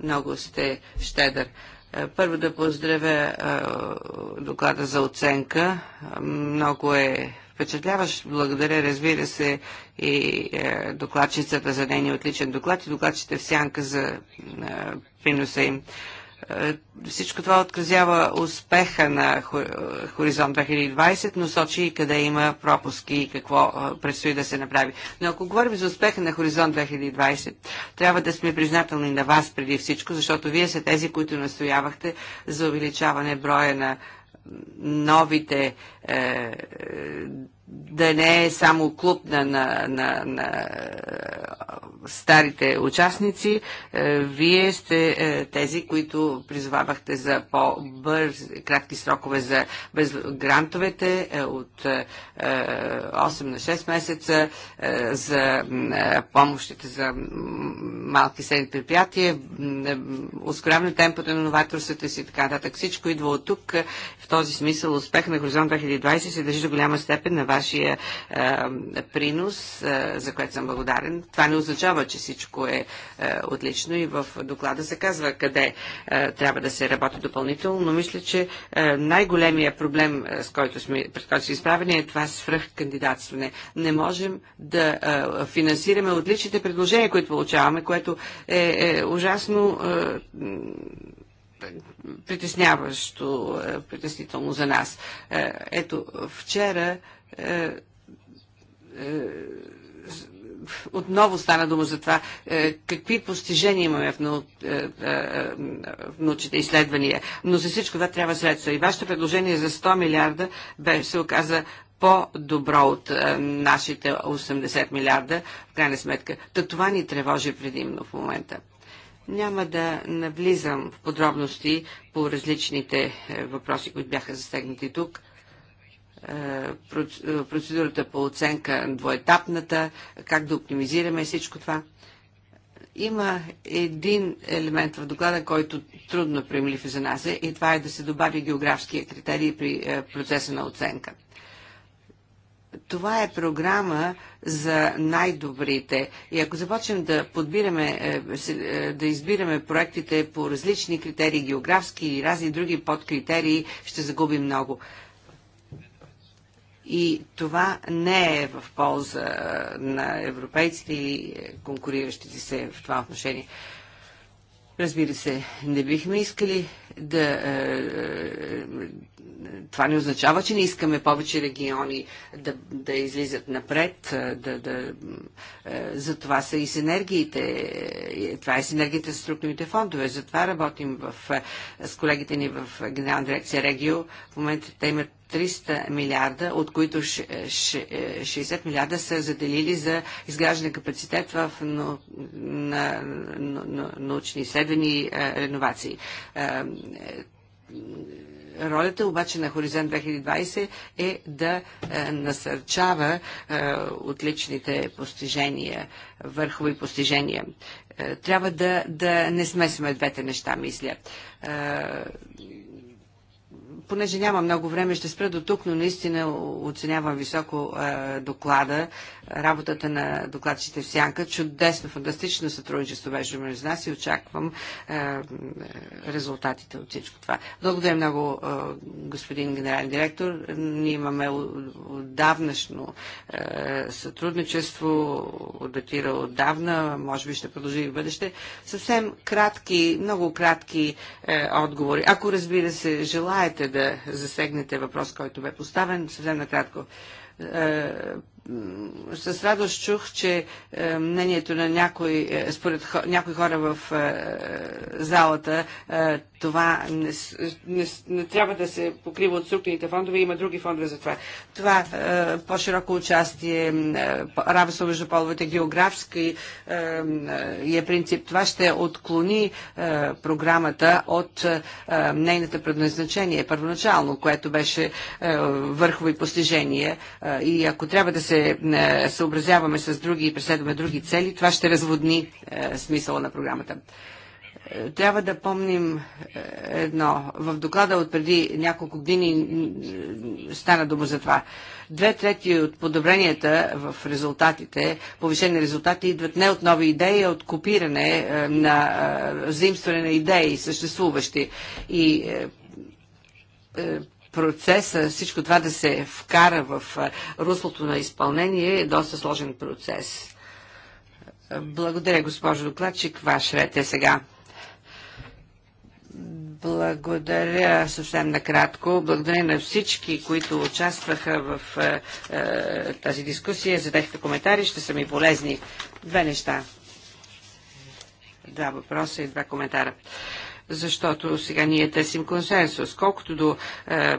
Много сте щедър. Е, първо да поздравя е, доклада за оценка. Много е впечатляващ. Благодаря, разбира се, и е, докладчицата за нейния отличен доклад и докладчите в сянка за приноса им. Е, всичко това отказява успеха на е, Хоризонт 2020, но сочи и къде има пропуски и какво е, предстои да се направи. Но ако говорим за успеха на Хоризонт 2020, трябва да сме признателни на вас преди всичко, защото вие са тези, които настоявахте за увеличаване броя на новите е, да не е само клуб на, на, на, на старите участници. Е, вие сте е, тези, които призовавахте за по-бърз, кратки срокове за без грантовете е, от 8 на 6 месеца за помощите за малки седни предприятия, ускоряване темпото на новаторството си и така нататък. Всичко идва от тук. В този смисъл успех на Хоризонт 2020 се държи до голяма степен на вас вашия е, принос, е, за което съм благодарен. Това не означава, че всичко е, е отлично и в доклада се казва къде трябва да се работи допълнително, но мисля, че най-големия проблем, с който сме, пред който сме изправени, е това свръхкандидатстване. Не можем да финансираме отличните предложения, които получаваме, което е, е ужасно притесняващо, притеснително за нас. Ето, вчера е, е, отново стана дума за това, е, какви постижения имаме в, нау... в научните изследвания. Но за всичко това трябва средства. И вашето предложение за 100 милиарда се оказа по-добро от нашите 80 милиарда, в крайна сметка. Та това ни тревожи предимно в момента. Няма да навлизам в подробности по различните въпроси, които бяха застегнати тук е, е, процедурата по оценка двоетапната, как да оптимизираме всичко това. Има един елемент в доклада, който трудно приемлив за нас е, и това е да се добави географския критерий при е, процеса на оценка. Това е програма за най-добрите. И ако започнем да подбираме, да избираме проектите по различни критерии, географски и разни други подкритерии, ще загубим много и това не е в полза на европейците и е, конкуриращите се в това отношение. Разбира се, не бихме искали да. Е, е, това не означава, че не искаме повече региони да, да излизат напред. Да, да, за това са и синергиите. Това е синергията с структурните фондове. Затова работим в, с колегите ни в Генерална дирекция Регио. В момента те имат 300 милиарда, от които 60 е, милиарда са заделили за изграждане капацитет в научни изследвания и е, реновации. Е, ролята обаче на Хоризонт 2020 е да насърчава отличните постижения, върхови постижения. Трябва да, да не смесваме двете неща, мисля понеже няма много време, ще спра до тук, но наистина оценявам високо е, доклада, работата на докладчите в Сянка. Чудесно, фантастично сътрудничество беше между нас и очаквам е, резултатите от всичко това. Благодаря много, е, господин генерален директор. Ние имаме отдавнашно е, сътрудничество, датира отдавна, може би ще продължи и в бъдеще. Съвсем кратки, много кратки е, отговори. Ако разбира се, желаете да да засегнете въпрос, който бе поставен. Съвсем накратко. Е, с радост чух, че е, мнението на някои, е, според някои хора в е, залата, това не, не, не трябва да се покрива от структурните фондове, има други фондове за това. Това по-широко участие, равенство между половете, географски е принцип. Това ще отклони програмата от нейната предназначение първоначално, което беше върхови постижение. И ако трябва да се се е, съобразяваме с други и преследваме други цели, това ще разводни е, смисъла на програмата е, трябва да помним едно. В доклада от преди няколко години стана дума за това. Две трети от подобренията в резултатите, повишени резултати, идват не от нови идеи, а от копиране на заимстване на идеи, съществуващи. И процеса, всичко това да се вкара в руслото на изпълнение е доста сложен процес. Благодаря, госпожо докладчик. Ваш ред е сега. Благодаря съвсем накратко. Благодаря на всички, които участваха в е, е, тази дискусия за техните коментари. Ще са ми полезни. Две неща. Два въпроса и два коментара защото сега ние търсим консенсус. Колкото до е,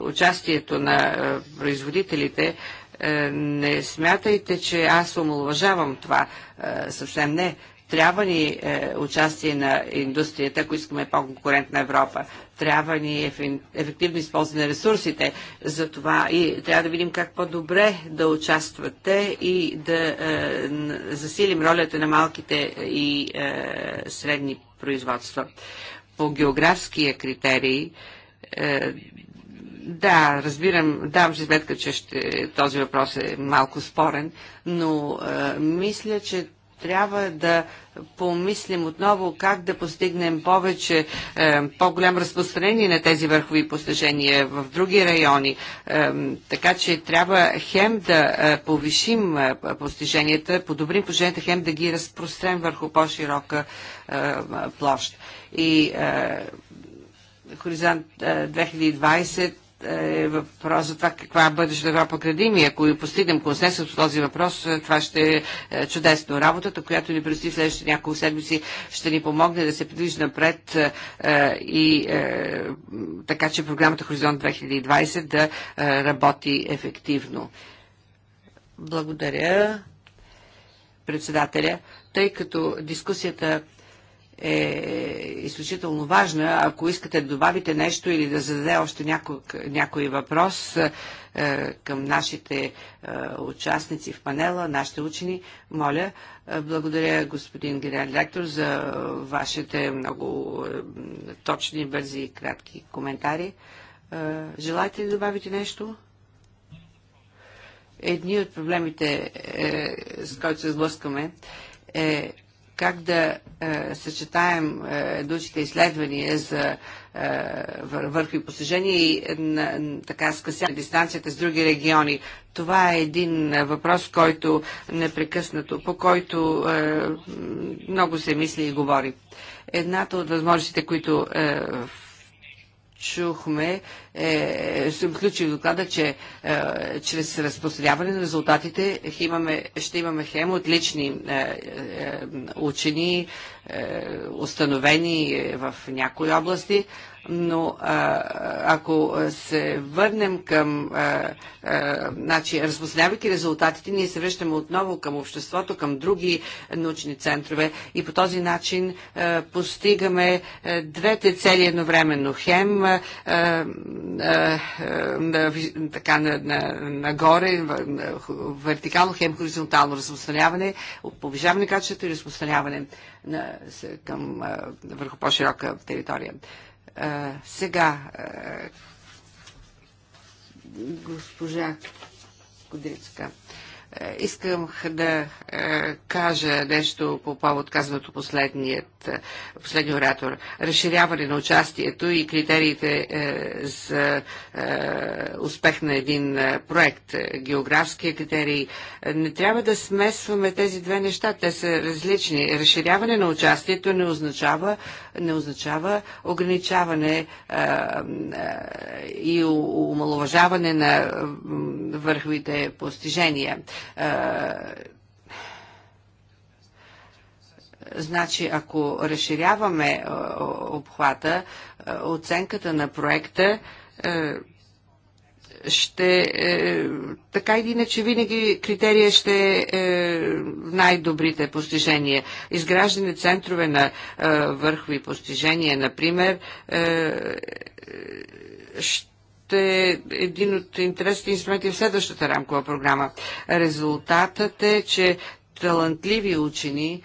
участието на е, производителите, е, не смятайте, че аз омалуважавам това. Е, съвсем не. Трябва ни е, участие на индустрията, ако искаме по-конкурентна Европа. Трябва ни ефективно използване на ресурсите. За това и трябва да видим как по-добре да участвате и да е, засилим ролята на малките и е, средни производства. По географския критерий е, да, разбирам, давам си сметка, че ще, този въпрос е малко спорен, но е, мисля, че трябва да помислим отново как да постигнем повече, е, по-голям разпространение на тези върхови постижения в други райони. Е, така че трябва хем да е, повишим постиженията, подобрим постиженията, хем да ги разпрострем върху по-широка площ. И Хоризонт 2020 е въпрос за това каква бъдеща Европа градим и ако постигнем консенсус по този въпрос, е, това ще е чудесно. Работата, която ни предстои следващите няколко седмици, ще ни помогне да се придвижи напред е, е и е, така, че програмата Хоризонт 2020 да е, работи ефективно. Благодаря председателя, тъй като дискусията е, е изключително важна. Ако искате да добавите нещо или да зададе още някой, някой въпрос е, е към нашите е, участници в панела, нашите учени, моля, е, благодаря господин генерал директор за вашите много е, точни, бързи и кратки коментари. желаете ли да добавите нещо? Едни от проблемите, с който се сблъскаме, е как да е, съчетаем е, научните изследвания за е, и постижения и на, е, на, така скъсяване дистанцията с други региони. Това е един е, въпрос, който непрекъснато, по който е, много се мисли и говори. Едната от възможностите, които е, чухме, е, съм включил доклада, че е, чрез разпространяване на резултатите имаме, ще имаме хем отлични е, е, учени, е, установени в някои области, но а, ако се върнем към, а, а, значи, разпознавайки резултатите, ние се връщаме отново към обществото, към други научни центрове и по този начин а, постигаме а, двете цели едновременно. Хем а, а, така, на, на, нагоре, вертикално, хем хоризонтално разпространяване, повишаване качеството и разпространяване към, а, върху по-широка територия. А, сега, а, госпожа Кудрицка. А, е, искам да е, кажа нещо по повод казаното последният, е, последния оратор. Разширяване на участието и критериите за успех на един проект, географския критерий. Не трябва да смесваме тези две неща. Те са различни. Разширяване на участието не означава, не означава ограничаване и омалуважаване на върховите постижения е, значи, ако разширяваме е, обхвата, е, оценката на проекта ще, така или иначе винаги критерия ще е най-добрите постижения. Изграждане центрове на върхови постижения, например, ще ще е един от интересните инструменти в следващата рамкова програма. Резултатът е, че талантливи учени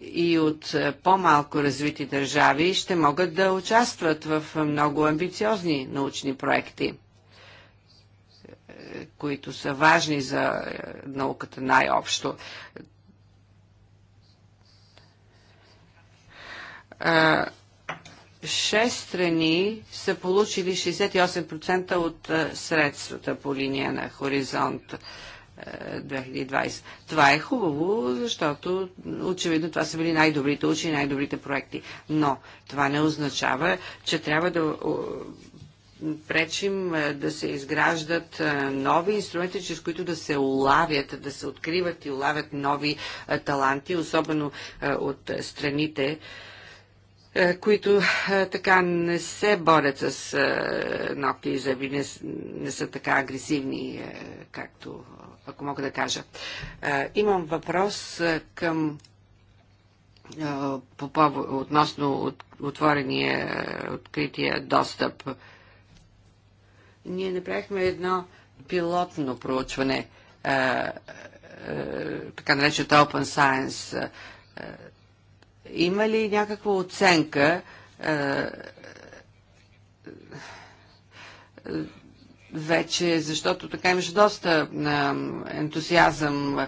и от по-малко развити държави ще могат да участват в много амбициозни научни проекти, които са важни за науката най-общо. 6 страни са получили 68% от е, средствата по линия на Хоризонт 2020. Е, това е хубаво, защото очевидно това са били най-добрите учени, най-добрите проекти. Но това не означава, че трябва да пречим е, да се изграждат нови инструменти, чрез които да се улавят, да се откриват и улавят нови таланти, особено от страните, е, които е, така не се борят с е, ногти и зъби, не, не са така агресивни, както, ако мога да кажа. Имам въпрос към по повод, относно отворения, открития достъп. Ние направихме едно пилотно проучване, така нареченото Open Science има ли някаква оценка е, вече, защото така имаше доста е, ентусиазъм е,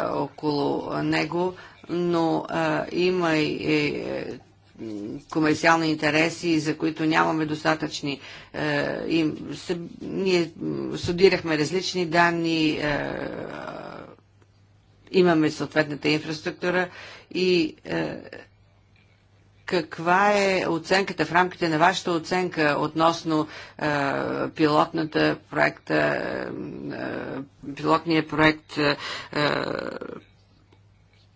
около него, но има и комерциални интереси, за които нямаме достатъчни. Им, ние судирахме различни данни, е, имаме съответната инфраструктура и е, каква е оценката в рамките на вашата оценка относно е, пилотната проекта, е, е пилотния проект е, е,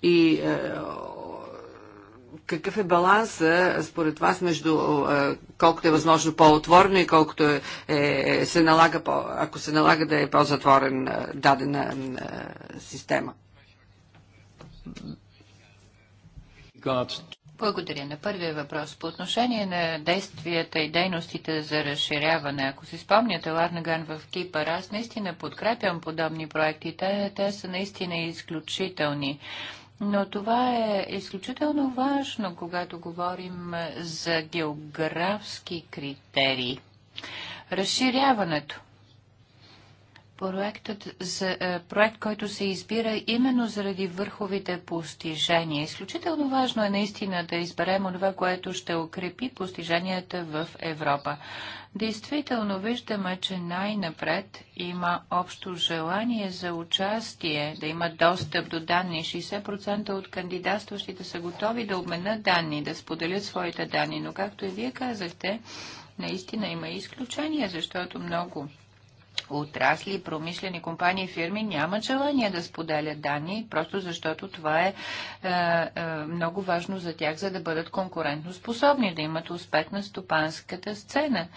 и е, какъв е баланса според вас между е, колкото е възможно по-отворено и колкото е, е, се налага, по, ако се налага да е по-затворен е, дадена е, система? Благодаря. На първия въпрос. По отношение на действията и дейностите за разширяване, ако си спомняте Ларнаган в Кипър, аз наистина подкрепям подобни проекти. Те, те са наистина изключителни. Но това е изключително важно, когато говорим за географски критерии. Разширяването проектът за, е, проект, който се избира именно заради върховите постижения. Изключително важно е наистина да изберем това, което ще укрепи постиженията в Европа. Действително виждаме, че най-напред има общо желание за участие, да има достъп до данни. 60% от кандидатстващите са готови да обменят данни, да споделят своите данни, но както и вие казахте, наистина има изключения, защото много отрасли, промишлени компании и фирми нямат желание да споделят данни, просто защото това е, е, е много важно за тях, за да бъдат конкурентно способни, да имат успех на стопанската сцена.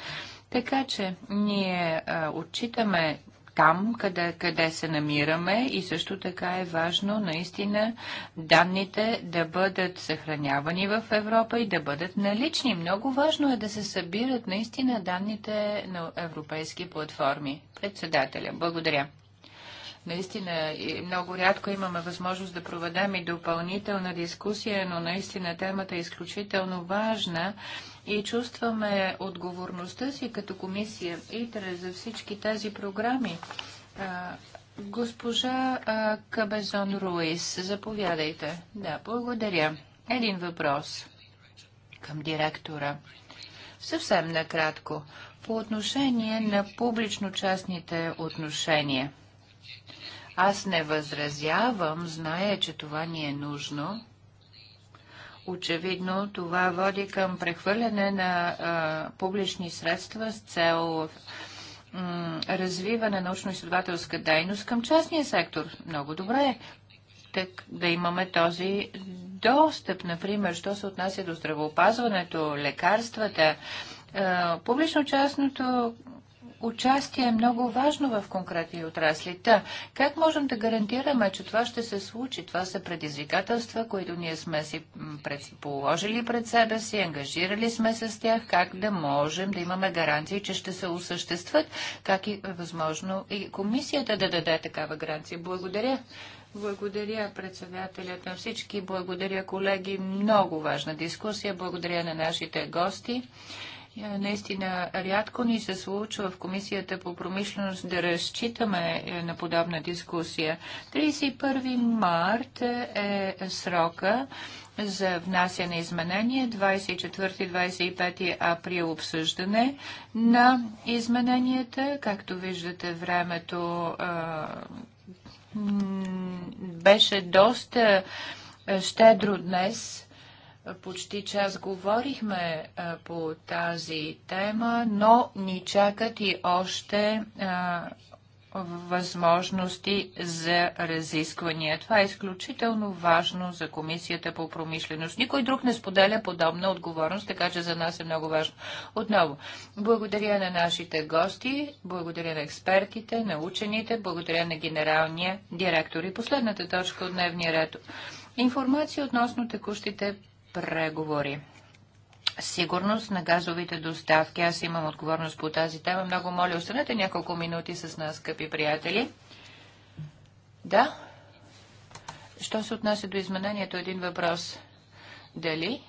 Така че ние е, отчитаме там, къде, къде се намираме и също така е важно наистина данните да бъдат съхранявани в Европа и да бъдат налични. Много важно е да се събират наистина данните на европейски платформи. Председателя, благодаря. Наистина, много рядко имаме възможност да проведем и допълнителна дискусия, но наистина темата е изключително важна и чувстваме отговорността си като комисия ИТРЕ за всички тези програми. Госпожа Кабезон Руис, заповядайте. Да, благодаря. Един въпрос към директора. Съвсем накратко. По отношение на публично-частните отношения. Аз не възразявам, зная, че това ни е нужно, очевидно това води към прехвърляне на а, публични средства с цел развиване на научно-изследователска дейност към частния сектор. Много добре е так, да имаме този достъп, например, що се отнася до здравеопазването, лекарствата, публично-частното участие е много важно в конкретни отрасли. Та, как можем да гарантираме, че това ще се случи? Това са предизвикателства, които ние сме си положили пред себе си, ангажирали сме с тях, как да можем да имаме гаранции, че ще се осъществят, как и е възможно и комисията да даде такава гаранция. Благодаря. Благодаря председателят на всички, благодаря колеги, много важна дискусия, благодаря на нашите гости. Е, наистина, рядко ни се случва в Комисията по промишленост да разчитаме е, на подобна дискусия. 31 март е срока за внасяне изменение, 24-25 април обсъждане на измененията. Както виждате, времето а, е, беше доста щедро днес почти час говорихме по тази тема, но ни чакат и още възможности за разисквания. Това е изключително важно за Комисията по промишленост. Никой друг не споделя подобна отговорност, така че за нас е много важно. Отново, благодаря на нашите гости, благодаря на експертите, на учените, благодаря на генералния директор. И последната точка от дневния ред. Информация относно текущите преговори. Сигурност на газовите доставки. Аз имам отговорност по тази тема. Много моля, останете няколко минути с нас, скъпи приятели. Да. Що се отнася до изменението? Един въпрос. Дали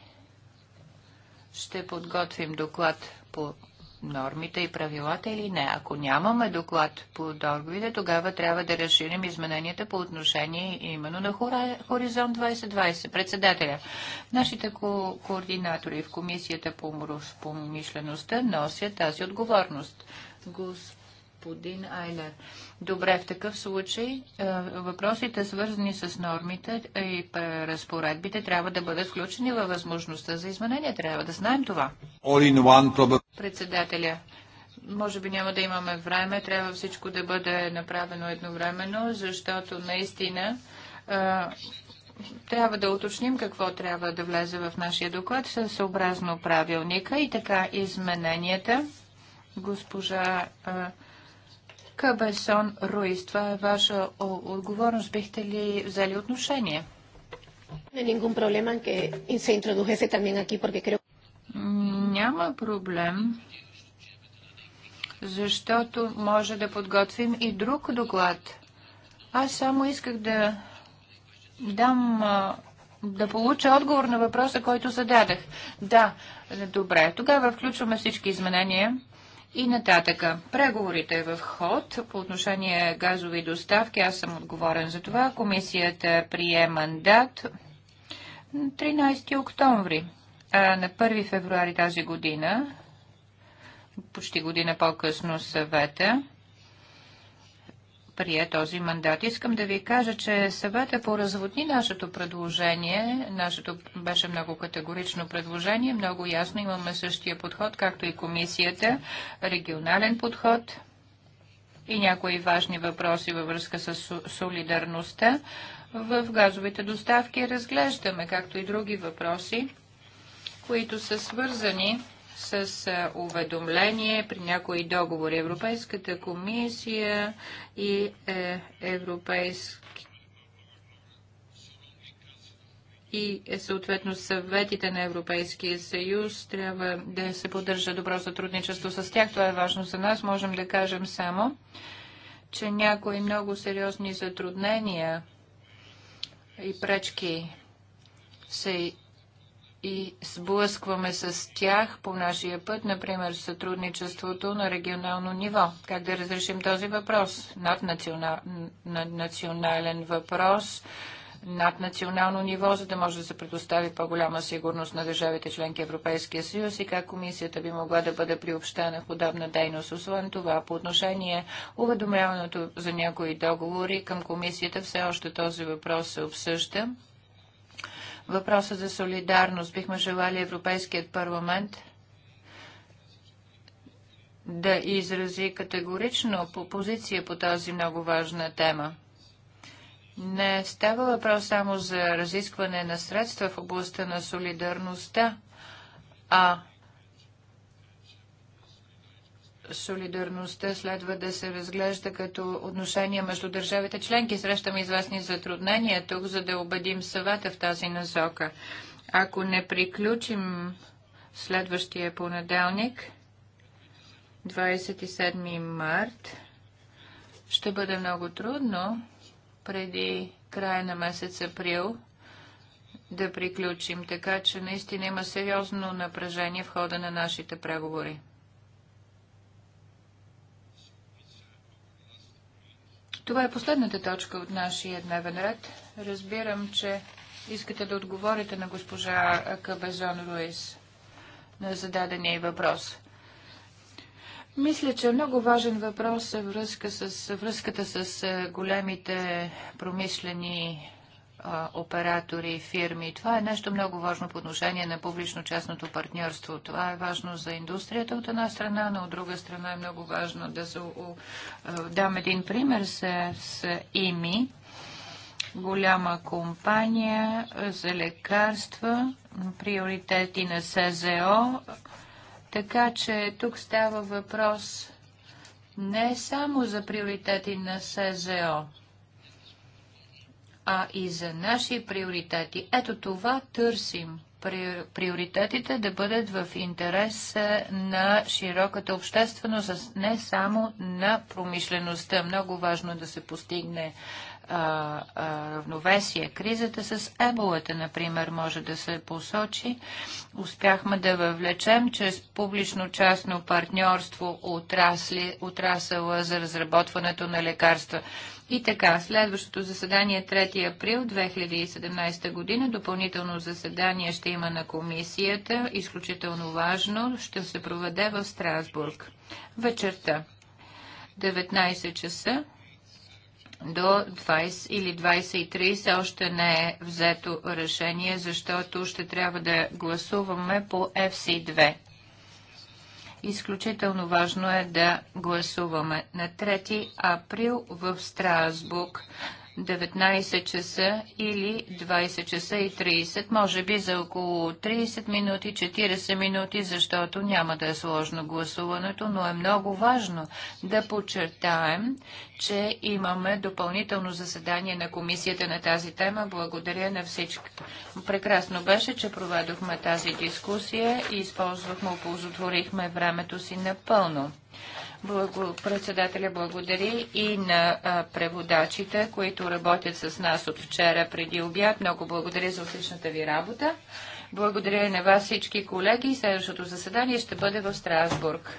ще подготвим доклад по нормите и правилата или не. Ако нямаме доклад по договорите, тогава трябва да разширим измененията по отношение именно на Хоризонт 2020. Председателя, нашите ко- координатори в Комисията по промишлеността носят тази отговорност. Господин господин Айлер. Добре, в такъв случай е, въпросите свързани с нормите и разпоредбите трябва да бъдат включени във възможността за изменение. Трябва да знаем това. Председателя, може би няма да имаме време, трябва всичко да бъде направено едновременно, защото наистина е, трябва да уточним какво трябва да влезе в нашия доклад съобразно правилника и така измененията. Госпожа е, Кабесон Руис. Това е ваша отговорност. Бихте ли взели отношение? Няма проблем, защото може да подготвим и друг доклад. Аз само исках да дам да получа отговор на въпроса, който зададах. Да, добре. Тогава включваме всички изменения и нататъка. Преговорите е в ход по отношение газови доставки. Аз съм отговорен за това. Комисията прие мандат 13 октомври. А на 1 февруари тази година, почти година по-късно съвета, прие този мандат. Искам да ви кажа, че съвета поразводни нашето предложение. Нашето беше много категорично предложение. Много ясно имаме същия подход, както и комисията. Регионален подход и някои важни въпроси във връзка с солидарността. В газовите доставки разглеждаме, както и други въпроси, които са свързани с с е, уведомление при някои договори. Европейската комисия и е, Европейски и е, съответно съветите на Европейския съюз трябва да се поддържа добро сътрудничество с тях. Това е важно за нас. Можем да кажем само, че някои много сериозни затруднения и пречки се и сблъскваме с тях по нашия път, например сътрудничеството на регионално ниво. Как да разрешим този въпрос? над национален въпрос над национално ниво, за да може да се предостави по-голяма сигурност на държавите членки Европейския съюз и как комисията би могла да бъде приобщена в подобна дейност. Освен това, по отношение уведомяването за някои договори към комисията, все още този въпрос се обсъжда въпроса за солидарност. Бихме желали Европейският парламент да изрази категорично по позиция по тази много важна тема. Не става въпрос само за разискване на средства в областта на солидарността, а солидарността следва да се разглежда като отношение между държавите членки. Срещаме известни затруднения тук, за да убедим съвета в тази насока. Ако не приключим следващия понеделник, 27 март, ще бъде много трудно преди края на месец април да приключим, така че наистина има сериозно напрежение в хода на нашите преговори. Това е последната точка от нашия дневен ред. Разбирам, че искате да отговорите на госпожа Кабезон Руис на зададения въпрос. Мисля, че е много важен въпрос е връзка с, връзката с е, големите промишлени оператори и фирми. Това е нещо много важно по отношение на публично-частното партньорство. Това е важно за индустрията от една страна, но от друга страна е много важно да за, дам един пример с, с ИМИ голяма компания за лекарства, приоритети на СЗО. Така че тук става въпрос не само за приоритети на СЗО а и за наши приоритети. Ето това търсим. Приоритетите да бъдат в интерес е, на широката общественост, не само на промишлеността. Много важно да се постигне равновесие. Кризата с еболата, например, може да се посочи. Успяхме да въвлечем чрез публично-частно партньорство отрасли, отрасъла за разработването на лекарства. И така, следващото заседание 3 е април 2017 година, допълнително заседание ще има на комисията, изключително важно, ще се проведе в Страсбург. Вечерта, 19 часа до 20 или 20.30 още не е взето решение, защото ще трябва да гласуваме по FC2. Изключително важно е да гласуваме на 3 април в Страсбург. 19 часа или 20 часа и 30, може би за около 30 минути, 40 минути, защото няма да е сложно гласуването, но е много важно да подчертаем, че имаме допълнително заседание на комисията на тази тема. Благодаря на всички. Прекрасно беше, че проведохме тази дискусия и използвахме, оползотворихме времето си напълно. Благо... Председателя благодари и на а, преводачите, които работят с нас от вчера преди обяд. Много благодаря за отличната ви работа. Благодаря и на вас всички колеги. Следващото заседание ще бъде в Страсбург.